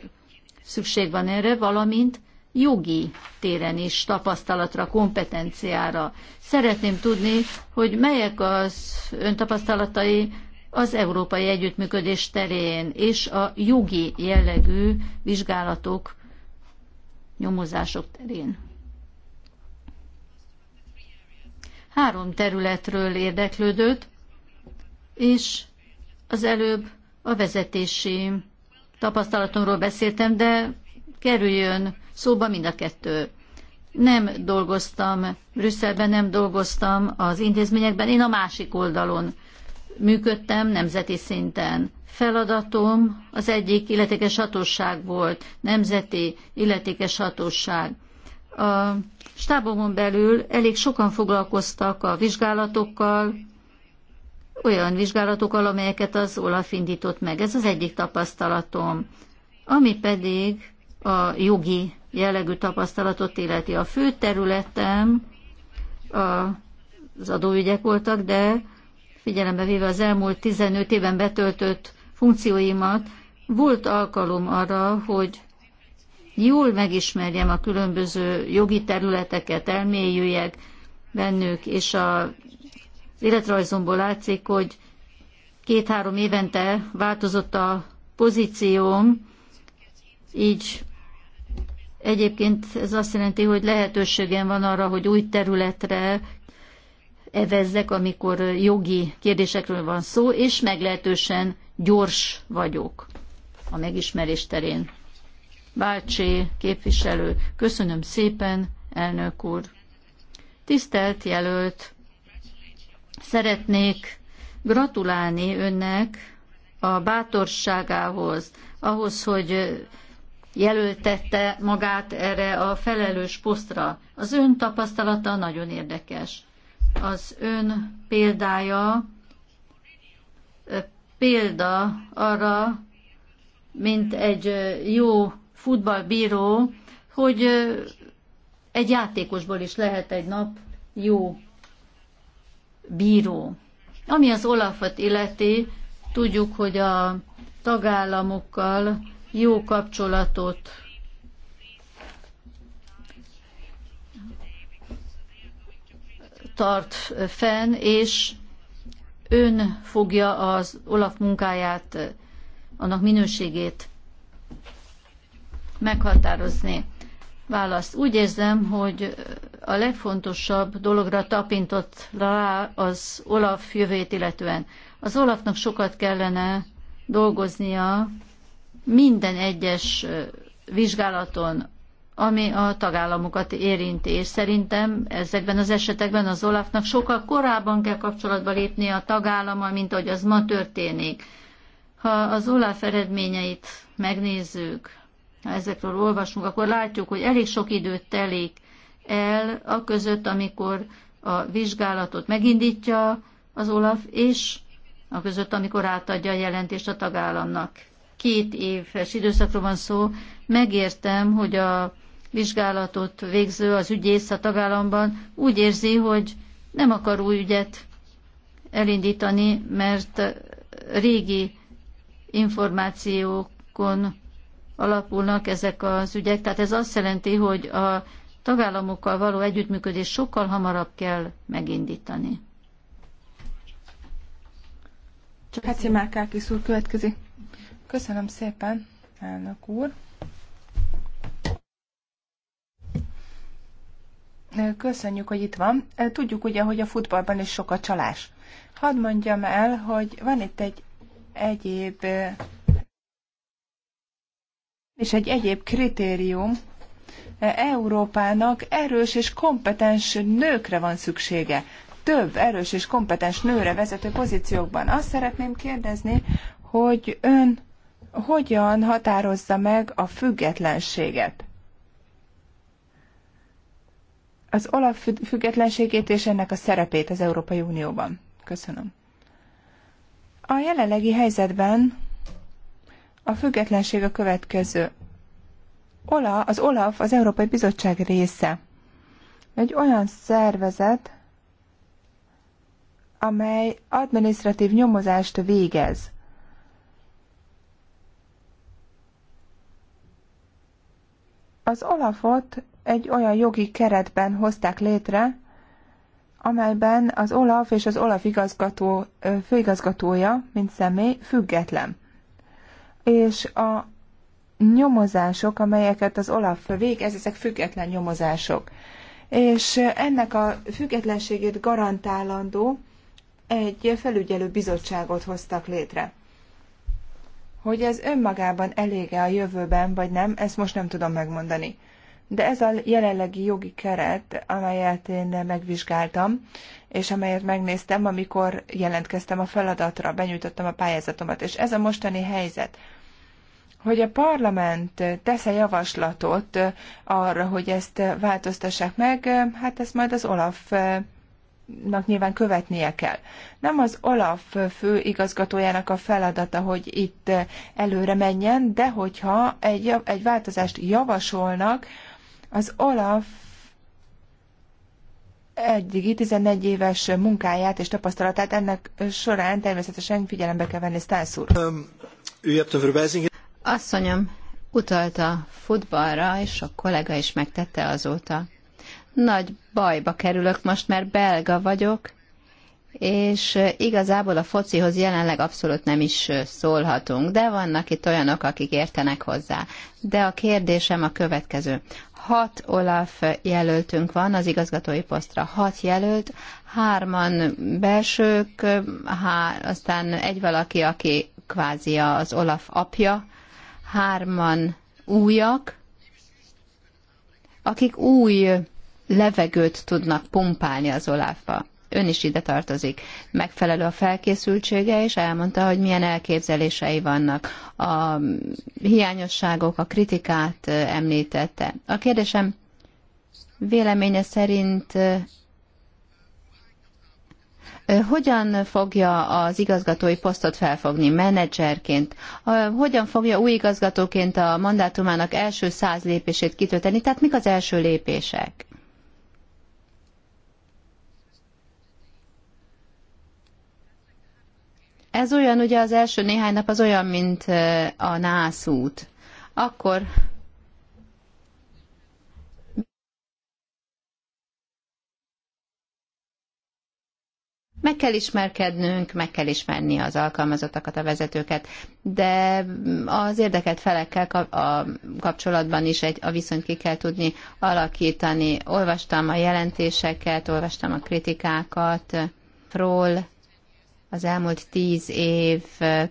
szükség van erre, valamint jogi téren is tapasztalatra, kompetenciára. Szeretném tudni, hogy melyek az ön tapasztalatai az európai együttműködés terén és a jogi jellegű vizsgálatok nyomozások terén. Három területről érdeklődött, és az előbb a vezetési tapasztalatomról beszéltem, de kerüljön szóba mind a kettő. Nem dolgoztam Brüsszelben, nem dolgoztam az intézményekben, én a másik oldalon működtem nemzeti szinten. Feladatom az egyik illetékes hatóság volt, nemzeti illetékes hatóság. A stábomon belül elég sokan foglalkoztak a vizsgálatokkal, olyan vizsgálatokkal, amelyeket az Olaf indított meg. Ez az egyik tapasztalatom. Ami pedig a jogi jellegű tapasztalatot illeti. A fő területem az adóügyek voltak, de figyelembe véve az elmúlt 15 éven betöltött funkcióimat, volt alkalom arra, hogy jól megismerjem a különböző jogi területeket, elmélyüljek bennük, és a életrajzomból látszik, hogy két-három évente változott a pozícióm, így egyébként ez azt jelenti, hogy lehetőségem van arra, hogy új területre evezzek, amikor jogi kérdésekről van szó, és meglehetősen gyors vagyok a megismerés terén. Bácsi, képviselő, köszönöm szépen, elnök úr. Tisztelt jelölt, szeretnék gratulálni önnek a bátorságához, ahhoz, hogy jelöltette magát erre a felelős posztra. Az ön tapasztalata nagyon érdekes. Az ön példája példa arra, mint egy jó futballbíró, hogy egy játékosból is lehet egy nap jó bíró. Ami az Olafot illeti, tudjuk, hogy a tagállamokkal jó kapcsolatot tart fenn, és ön fogja az Olaf munkáját, annak minőségét meghatározni. Válasz. Úgy érzem, hogy a legfontosabb dologra tapintott rá az Olaf jövét illetően. Az Olafnak sokat kellene dolgoznia minden egyes vizsgálaton, ami a tagállamokat érinti, és szerintem ezekben az esetekben az Olafnak sokkal korábban kell kapcsolatba lépni a tagállammal, mint ahogy az ma történik. Ha az Olaf eredményeit megnézzük, ha ezekről olvasunk, akkor látjuk, hogy elég sok időt telik el a között, amikor a vizsgálatot megindítja az Olaf, és a között, amikor átadja a jelentést a tagállamnak. Két éves időszakról van szó. Megértem, hogy a vizsgálatot végző az ügyész a tagállamban úgy érzi, hogy nem akar új ügyet elindítani, mert régi információkon alapulnak ezek az ügyek. Tehát ez azt jelenti, hogy a tagállamokkal való együttműködés sokkal hamarabb kell megindítani. Csak Heci Márkákis úr következik. Köszönöm szépen, elnök úr. Köszönjük, hogy itt van. Tudjuk ugye, hogy a futballban is sok a csalás. Hadd mondjam el, hogy van itt egy egyéb és egy egyéb kritérium, Európának erős és kompetens nőkre van szüksége. Több erős és kompetens nőre vezető pozíciókban. Azt szeretném kérdezni, hogy ön hogyan határozza meg a függetlenséget? az Olaf függetlenségét és ennek a szerepét az Európai Unióban. Köszönöm. A jelenlegi helyzetben a függetlenség a következő. Ola, az Olaf az Európai Bizottság része. Egy olyan szervezet, amely administratív nyomozást végez. Az Olafot egy olyan jogi keretben hozták létre, amelyben az Olaf és az Olaf igazgató, főigazgatója, mint személy, független. És a nyomozások, amelyeket az Olaf végez, ezek független nyomozások. És ennek a függetlenségét garantálandó egy felügyelő bizottságot hoztak létre. Hogy ez önmagában elége a jövőben, vagy nem, ezt most nem tudom megmondani de ez a jelenlegi jogi keret, amelyet én megvizsgáltam, és amelyet megnéztem, amikor jelentkeztem a feladatra, benyújtottam a pályázatomat, és ez a mostani helyzet hogy a parlament tesz-e javaslatot arra, hogy ezt változtassák meg, hát ezt majd az Olaf nyilván követnie kell. Nem az Olaf fő igazgatójának a feladata, hogy itt előre menjen, de hogyha egy, egy változást javasolnak, az Olaf eddigi 14 éves munkáját és tapasztalatát ennek során természetesen figyelembe kell venni, Stász úr. Asszonyom utalta futballra, és a kollega is megtette azóta. Nagy bajba kerülök most, mert belga vagyok, és igazából a focihoz jelenleg abszolút nem is szólhatunk, de vannak itt olyanok, akik értenek hozzá. De a kérdésem a következő hat Olaf jelöltünk van az igazgatói posztra, hat jelölt, hárman belsők, há aztán egy valaki, aki kvázi az Olaf apja, hárman újak, akik új levegőt tudnak pumpálni az Olafba ön is ide tartozik. Megfelelő a felkészültsége, és elmondta, hogy milyen elképzelései vannak. A hiányosságok, a kritikát említette. A kérdésem véleménye szerint hogyan fogja az igazgatói posztot felfogni menedzserként? Hogyan fogja új igazgatóként a mandátumának első száz lépését kitölteni? Tehát mik az első lépések? Ez olyan, ugye az első néhány nap az olyan, mint a nászút. Akkor meg kell ismerkednünk, meg kell ismerni az alkalmazottakat, a vezetőket, de az érdekelt felekkel a kapcsolatban is egy, a viszonyt ki kell tudni alakítani. Olvastam a jelentéseket, olvastam a kritikákat, ról az elmúlt tíz év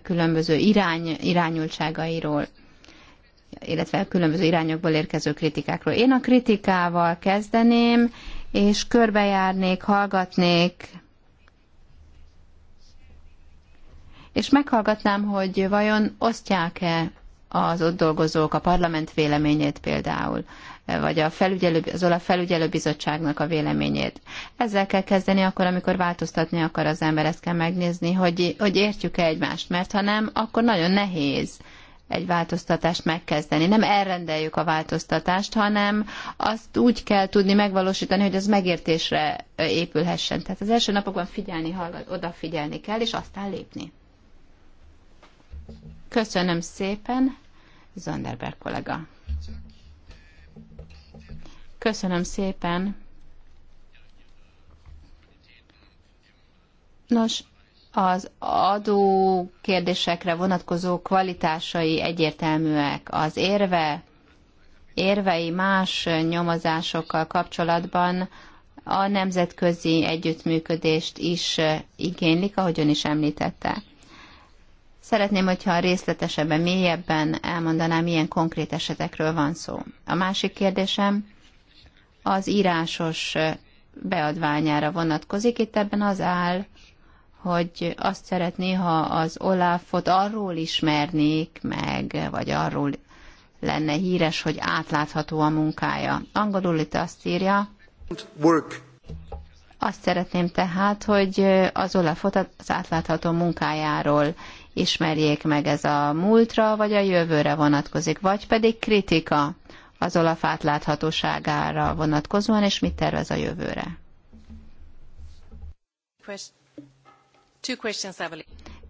különböző irány, irányultságairól, illetve különböző irányokból érkező kritikákról. Én a kritikával kezdeném, és körbejárnék, hallgatnék, és meghallgatnám, hogy vajon osztják-e az ott dolgozók a parlament véleményét például vagy a felügyelő, az OLAF felügyelőbizottságnak a véleményét. Ezzel kell kezdeni akkor, amikor változtatni akar az ember, ezt kell megnézni, hogy, hogy értjük-e egymást, mert ha nem, akkor nagyon nehéz egy változtatást megkezdeni. Nem elrendeljük a változtatást, hanem azt úgy kell tudni megvalósítani, hogy az megértésre épülhessen. Tehát az első napokban figyelni, hallgat, odafigyelni kell, és aztán lépni. Köszönöm szépen, Zanderberg kollega. Köszönöm szépen. Nos, az adó kérdésekre vonatkozó kvalitásai egyértelműek. Az érve, érvei más nyomozásokkal kapcsolatban a nemzetközi együttműködést is igénylik, ahogy ön is említette. Szeretném, hogyha részletesebben, mélyebben elmondanám, milyen konkrét esetekről van szó. A másik kérdésem, az írásos beadványára vonatkozik. Itt ebben az áll, hogy azt szeretné, ha az Olafot arról ismernék meg, vagy arról lenne híres, hogy átlátható a munkája. Angolul itt azt írja. Work. Azt szeretném tehát, hogy az Olafot az átlátható munkájáról ismerjék meg ez a múltra, vagy a jövőre vonatkozik, vagy pedig kritika az Olaf átláthatóságára vonatkozóan, és mit tervez a jövőre?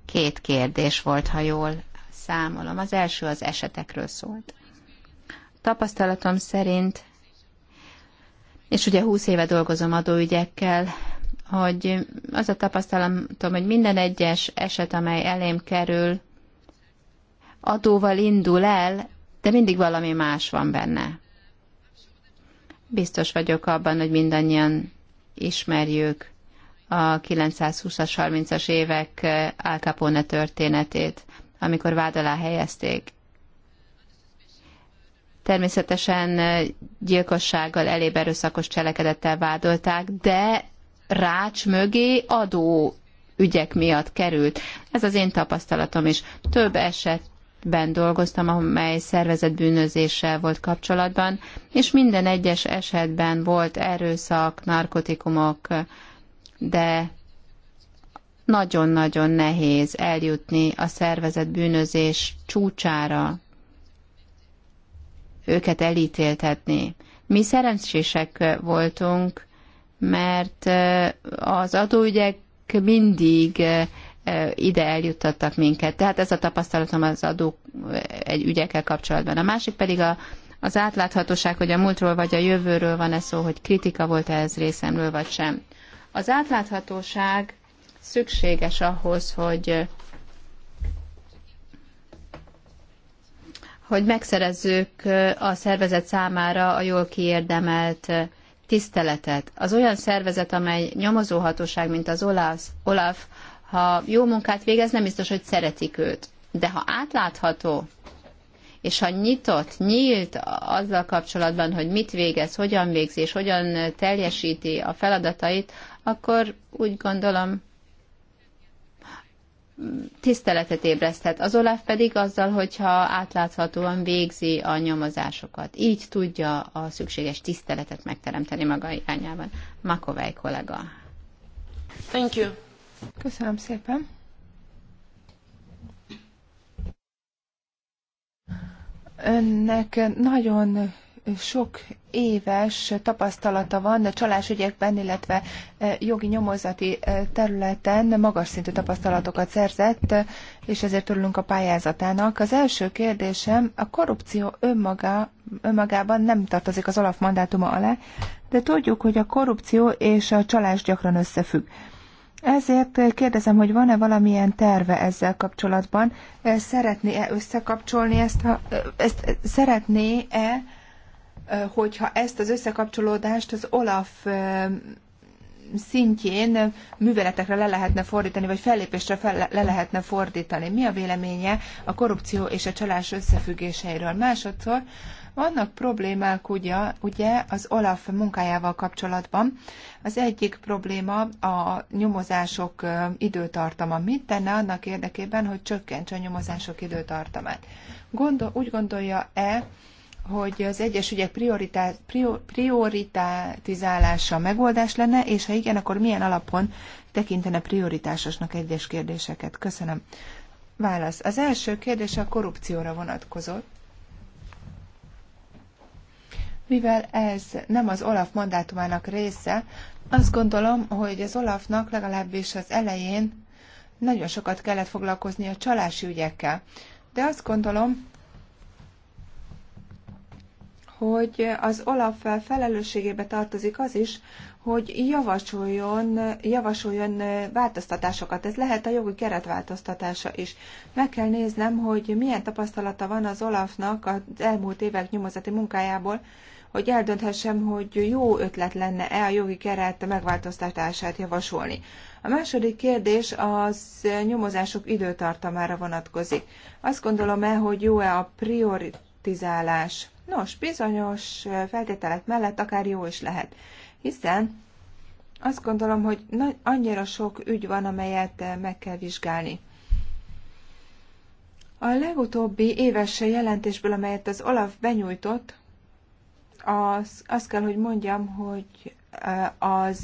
Két kérdés volt, ha jól számolom. Az első az esetekről szólt. Tapasztalatom szerint, és ugye 20 éve dolgozom adóügyekkel, hogy az a tapasztalatom, hogy minden egyes eset, amely elém kerül, adóval indul el, de mindig valami más van benne. Biztos vagyok abban, hogy mindannyian ismerjük a 920-as, 30-as évek eh, Al Capone történetét, amikor vád alá helyezték. Természetesen eh, gyilkossággal, elébe erőszakos cselekedettel vádolták, de rács mögé adó ügyek miatt került. Ez az én tapasztalatom is. Több eset ben dolgoztam, amely szervezetbűnözéssel volt kapcsolatban, és minden egyes esetben volt erőszak, narkotikumok, de nagyon-nagyon nehéz eljutni a szervezetbűnözés csúcsára, őket elítéltetni. Mi szerencsések voltunk, mert az adóügyek mindig ide eljuttattak minket. Tehát ez a tapasztalatom az adó egy ügyekkel kapcsolatban. A másik pedig a, az átláthatóság, hogy a múltról vagy a jövőről van-e szó, hogy kritika volt-e ez részemről vagy sem. Az átláthatóság szükséges ahhoz, hogy hogy megszerezzük a szervezet számára a jól kiérdemelt tiszteletet. Az olyan szervezet, amely nyomozóhatóság, mint az OLAF, OLAF ha jó munkát végez, nem biztos, hogy szeretik őt. De ha átlátható, és ha nyitott, nyílt azzal kapcsolatban, hogy mit végez, hogyan végzi, és hogyan teljesíti a feladatait, akkor úgy gondolom, tiszteletet ébreszthet. Az Olaf pedig azzal, hogyha átláthatóan végzi a nyomozásokat. Így tudja a szükséges tiszteletet megteremteni maga irányában. Makovej kollega. Thank you. Köszönöm szépen. Önnek nagyon sok éves tapasztalata van csalásügyekben, illetve eh, jogi nyomozati eh, területen magas szintű tapasztalatokat szerzett, és ezért örülünk a pályázatának. Az első kérdésem, a korrupció önmaga, önmagában nem tartozik az alapmandátuma alá, de tudjuk, hogy a korrupció és a csalás gyakran összefügg. Ezért kérdezem, hogy van-e valamilyen terve ezzel kapcsolatban? Szeretné-e összekapcsolni ezt? Ha, ezt szeretné-e, hogyha ezt az összekapcsolódást az Olaf szintjén műveletekre le lehetne fordítani, vagy fellépésre fel, le lehetne fordítani. Mi a véleménye a korrupció és a csalás összefüggéseiről? Másodszor vannak problémák ugye, ugye az Olaf munkájával kapcsolatban. Az egyik probléma a nyomozások időtartama. Mit tenne annak érdekében, hogy csökkentse a nyomozások időtartamát? Gondol, úgy gondolja-e, hogy az egyes ügyek prioritá, prior, prioritizálása megoldás lenne, és ha igen, akkor milyen alapon tekintene prioritásosnak egyes kérdéseket? Köszönöm. Válasz. Az első kérdés a korrupcióra vonatkozott. Mivel ez nem az Olaf mandátumának része, azt gondolom, hogy az Olafnak legalábbis az elején nagyon sokat kellett foglalkozni a csalási ügyekkel. De azt gondolom, hogy az Olaf felelősségébe tartozik az is, hogy javasoljon, javasoljon változtatásokat. Ez lehet a jogi keretváltoztatása is. Meg kell néznem, hogy milyen tapasztalata van az Olafnak az elmúlt évek nyomozati munkájából, hogy eldönthessem, hogy jó ötlet lenne-e a jogi keret megváltoztatását javasolni. A második kérdés az nyomozások időtartamára vonatkozik. Azt gondolom-e, hogy jó-e a prioritizálás? Nos, bizonyos feltételek mellett akár jó is lehet, hiszen azt gondolom, hogy annyira sok ügy van, amelyet meg kell vizsgálni. A legutóbbi éves jelentésből, amelyet az Olaf benyújtott, az, azt kell, hogy mondjam, hogy az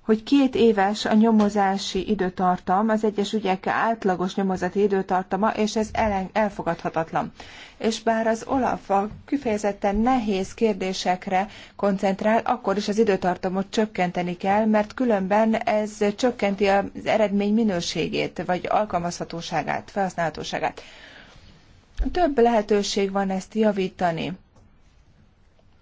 hogy két éves a nyomozási időtartam, az egyes ügyek átlagos nyomozati időtartama, és ez elfogadhatatlan. És bár az Olaf a kifejezetten nehéz kérdésekre koncentrál, akkor is az időtartamot csökkenteni kell, mert különben ez csökkenti az eredmény minőségét, vagy alkalmazhatóságát, felhasználhatóságát. Több lehetőség van ezt javítani.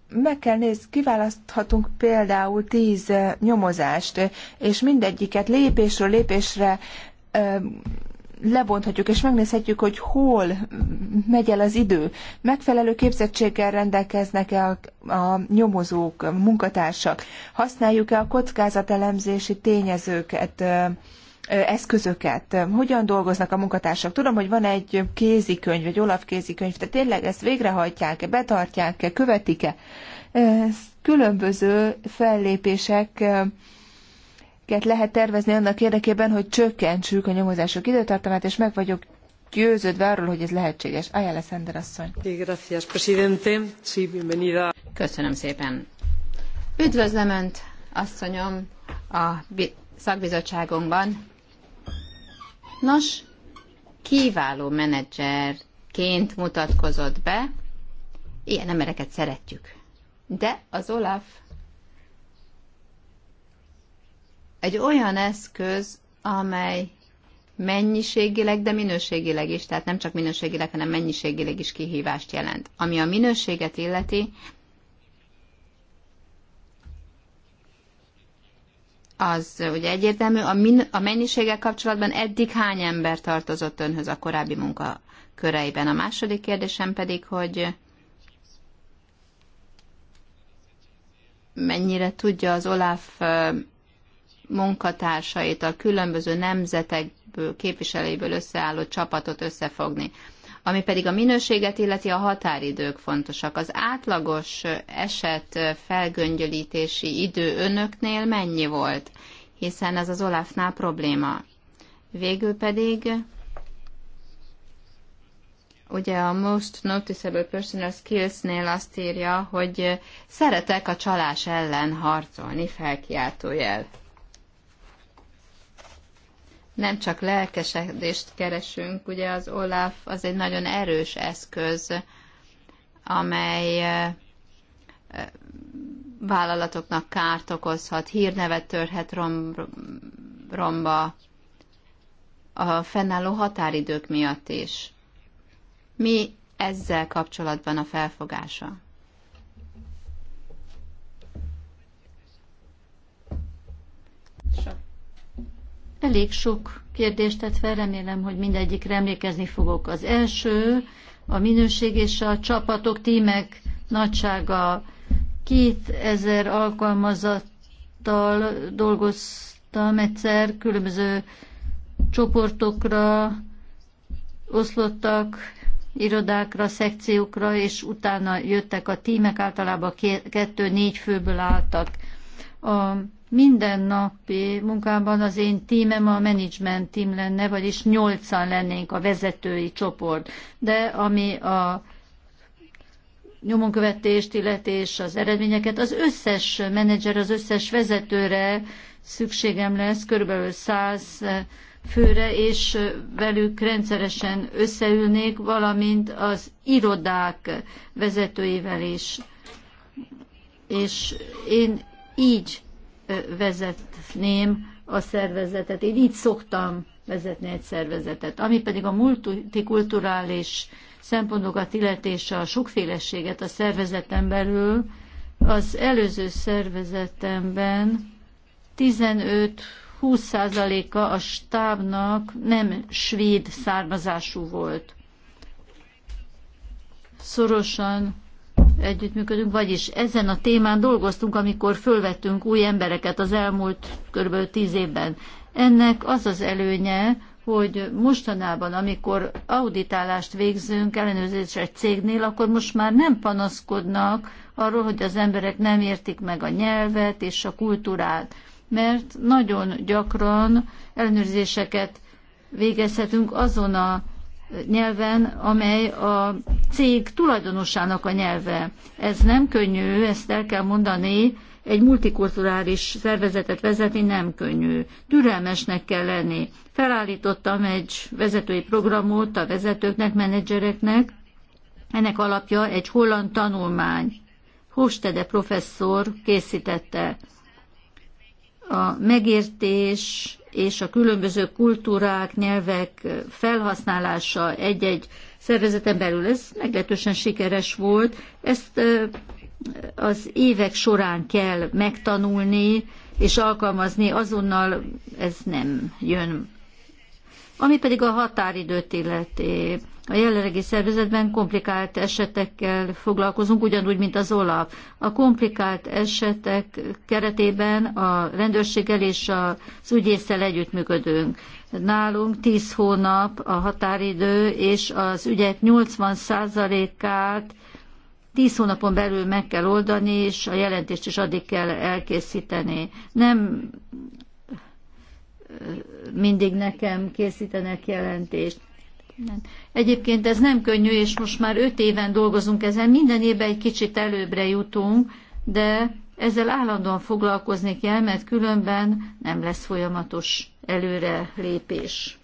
Meg kell nézni, kiválaszthatunk például tíz nyomozást, és mindegyiket lépésről lépésre lebonthatjuk, és megnézhetjük, hogy hol megy el az idő. Megfelelő képzettséggel rendelkeznek-e a, a nyomozók, a munkatársak? Használjuk-e a kockázatelemzési tényezőket? eszközöket, hogyan dolgoznak a munkatársak. Tudom, hogy van egy kézikönyv, egy Olaf kézikönyv, de tényleg ezt végrehajtják-e, betartják-e, követik-e? Különböző fellépések lehet tervezni annak érdekében, hogy csökkentsük a nyomozások időtartamát, és meg vagyok győződve arról, hogy ez lehetséges. Ayala Sender asszony. Köszönöm szépen. Üdvözlöm Önt, asszonyom, a szakbizottságunkban. Nos, kiváló menedzserként mutatkozott be, ilyen embereket szeretjük. De az Olaf egy olyan eszköz, amely mennyiségileg, de minőségileg is, tehát nem csak minőségileg, hanem mennyiségileg is kihívást jelent. Ami a minőséget illeti, az ugye egyértelmű, a, min, a mennyiséggel kapcsolatban eddig hány ember tartozott önhöz a korábbi munkaköreiben? A második kérdésem pedig, hogy mennyire tudja az Olaf munkatársait a különböző nemzetekből, képviselőiből összeálló csapatot összefogni. Ami pedig a minőséget illeti, a határidők fontosak. Az átlagos eset felgöngyölítési idő önöknél mennyi volt? Hiszen ez az Olafnál probléma. Végül pedig ugye a Most Noticeable Personal Skills-nél azt írja, hogy szeretek a csalás ellen harcolni, felkiáltójel nem csak lelkesedést keresünk, ugye az OLAF az egy nagyon erős eszköz, amely eh, eh, vállalatoknak kárt okozhat, hírnevet törhet rom, romba a fennálló határidők miatt is. Mi ezzel kapcsolatban a felfogása? Elég sok kérdést tett fel, remélem, hogy mindegyikre emlékezni fogok. Az első, a minőség és a csapatok, tímek nagysága. 2000 alkalmazattal dolgoztam egyszer, különböző csoportokra oszlottak, irodákra, szekciókra, és utána jöttek a tímek, általában kettő-négy főből álltak. A minden napi munkában az én tímem a management tím lenne, vagyis nyolcan lennénk a vezetői csoport. De ami a nyomonkövetést, illetés, az eredményeket, az összes menedzser, az összes vezetőre szükségem lesz, körülbelül 100 főre, és velük rendszeresen összeülnék, valamint az irodák vezetőivel is. És én így vezetném a szervezetet. Én így szoktam vezetni egy szervezetet. Ami pedig a multikulturális szempontokat illetése a sokféleséget a szervezeten belül, az előző szervezetemben 15-20%-a a stábnak nem svéd származású volt. Szorosan együttműködünk, vagyis ezen a témán dolgoztunk, amikor fölvettünk új embereket az elmúlt kb. tíz évben. Ennek az az előnye, hogy mostanában, amikor auditálást végzünk ellenőrzés egy cégnél, akkor most már nem panaszkodnak arról, hogy az emberek nem értik meg a nyelvet és a kultúrát, mert nagyon gyakran ellenőrzéseket végezhetünk azon a nyelven, amely a cég tulajdonosának a nyelve. Ez nem könnyű, ezt el kell mondani, egy multikulturális szervezetet vezetni nem könnyű. Türelmesnek kell lenni. Felállítottam egy vezetői programot a vezetőknek, menedzsereknek. Ennek alapja egy holland tanulmány. Hostede professzor készítette. A megértés, és a különböző kultúrák, nyelvek felhasználása egy-egy szervezeten belül, ez meglehetősen sikeres volt. Ezt az évek során kell megtanulni és alkalmazni, azonnal ez nem jön ami pedig a határidőt illeti. A jelenlegi szervezetben komplikált esetekkel foglalkozunk, ugyanúgy, mint az OLAP. A komplikált esetek keretében a rendőrséggel és az ügyésszel együttműködünk. Nálunk 10 hónap a határidő, és az ügyek 80%-át 10 hónapon belül meg kell oldani, és a jelentést is addig kell elkészíteni. Nem mindig nekem készítenek jelentést. Egyébként ez nem könnyű, és most már öt éven dolgozunk ezen, minden évben egy kicsit előbbre jutunk, de ezzel állandóan foglalkozni kell, mert különben nem lesz folyamatos előre lépés.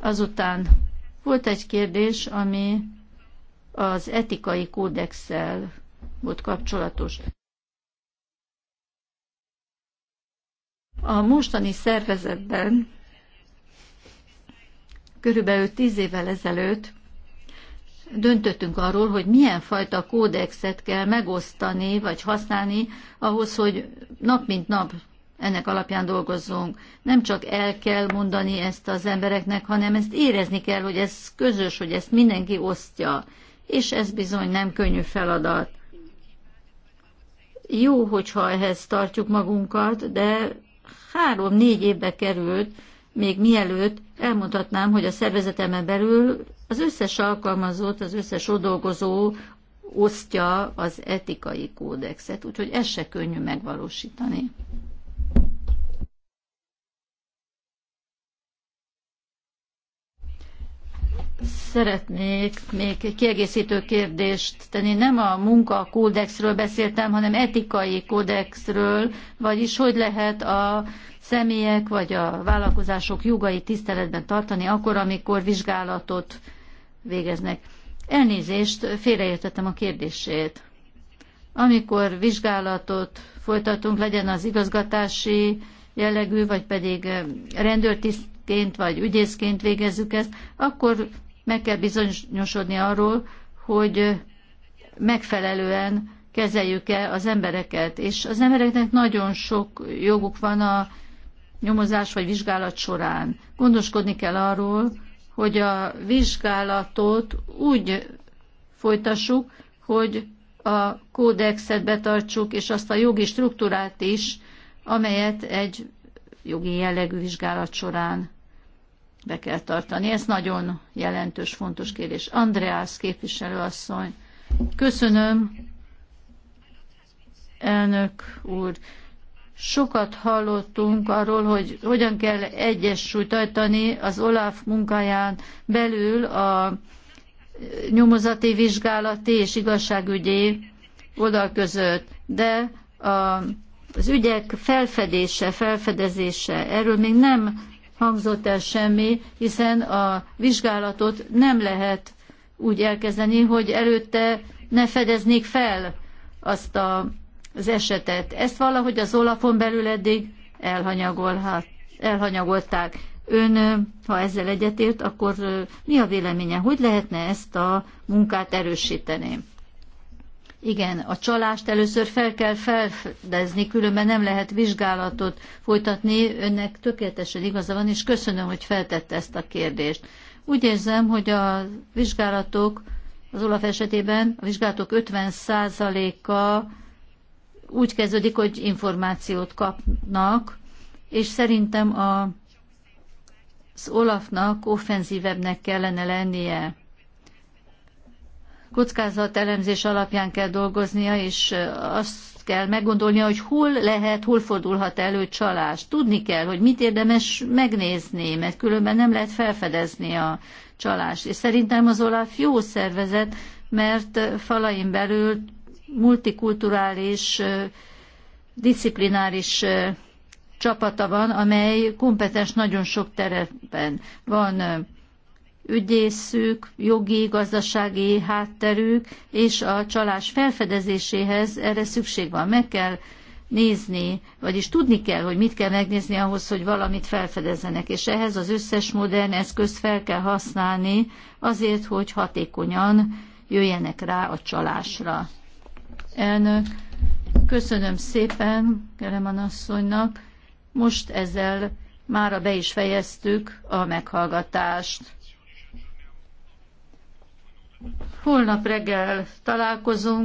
Azután volt egy kérdés, ami az etikai kódexsel volt kapcsolatos. A mostani szervezetben körülbelül tíz évvel ezelőtt döntöttünk arról, hogy milyen fajta kódexet kell megosztani vagy használni ahhoz, hogy nap mint nap ennek alapján dolgozzunk. Nem csak el kell mondani ezt az embereknek, hanem ezt érezni kell, hogy ez közös, hogy ezt mindenki osztja. És ez bizony nem könnyű feladat. Jó, hogyha ehhez tartjuk magunkat, de három-négy évbe került, még mielőtt elmondhatnám, hogy a szervezetemen belül az összes alkalmazott, az összes odolgozó osztja az etikai kódexet, úgyhogy ez se könnyű megvalósítani. Szeretnék még kiegészítő kérdést tenni. Nem a munkakódexről beszéltem, hanem etikai kódexről, vagyis hogy lehet a személyek vagy a vállalkozások jogai tiszteletben tartani akkor, amikor vizsgálatot végeznek. Elnézést, félreértettem a kérdését. Amikor vizsgálatot folytatunk, legyen az igazgatási jellegű, vagy pedig rendőrtisztként vagy ügyészként végezzük ezt, akkor meg kell bizonyosodni arról, hogy megfelelően kezeljük-e az embereket. És az embereknek nagyon sok joguk van a nyomozás vagy vizsgálat során. Gondoskodni kell arról, hogy a vizsgálatot úgy folytassuk, hogy a kódexet betartsuk, és azt a jogi struktúrát is, amelyet egy jogi jellegű vizsgálat során be kell tartani. Ez nagyon jelentős, fontos kérdés. Andreász képviselőasszony, köszönöm, elnök úr. Sokat hallottunk arról, hogy hogyan kell egyesültani az Olaf munkáján belül a nyomozati, vizsgálati és igazságügyi oldal között, de a, az ügyek felfedése, felfedezése, erről még nem hangzott el semmi, hiszen a vizsgálatot nem lehet úgy elkezdeni, hogy előtte ne fedeznék fel azt a, az esetet. Ezt valahogy az olafon belül eddig elhanyagolták. Ön, ha ezzel egyetért, akkor mi a véleménye? Hogy lehetne ezt a munkát erősíteni? Igen, a csalást először fel kell felfedezni, különben nem lehet vizsgálatot folytatni. Önnek tökéletesen igaza van, és köszönöm, hogy feltette ezt a kérdést. Úgy érzem, hogy a vizsgálatok az Olaf esetében a vizsgálatok 50%-a úgy kezdődik, hogy információt kapnak, és szerintem a, az Olafnak offenzívebbnek kellene lennie kockázatelemzés alapján kell dolgoznia, és azt kell meggondolnia, hogy hol lehet, hol fordulhat elő csalás. Tudni kell, hogy mit érdemes megnézni, mert különben nem lehet felfedezni a csalást. És szerintem az Olaf jó szervezet, mert falain belül multikulturális, disziplináris csapata van, amely kompetens nagyon sok terepen. Van ügyészük, jogi, gazdasági hátterük, és a csalás felfedezéséhez erre szükség van. Meg kell nézni, vagyis tudni kell, hogy mit kell megnézni ahhoz, hogy valamit felfedezzenek, és ehhez az összes modern eszközt fel kell használni azért, hogy hatékonyan jöjjenek rá a csalásra. Elnök, köszönöm szépen Keleman asszonynak. Most ezzel mára be is fejeztük a meghallgatást. Holnap reggel találkozunk.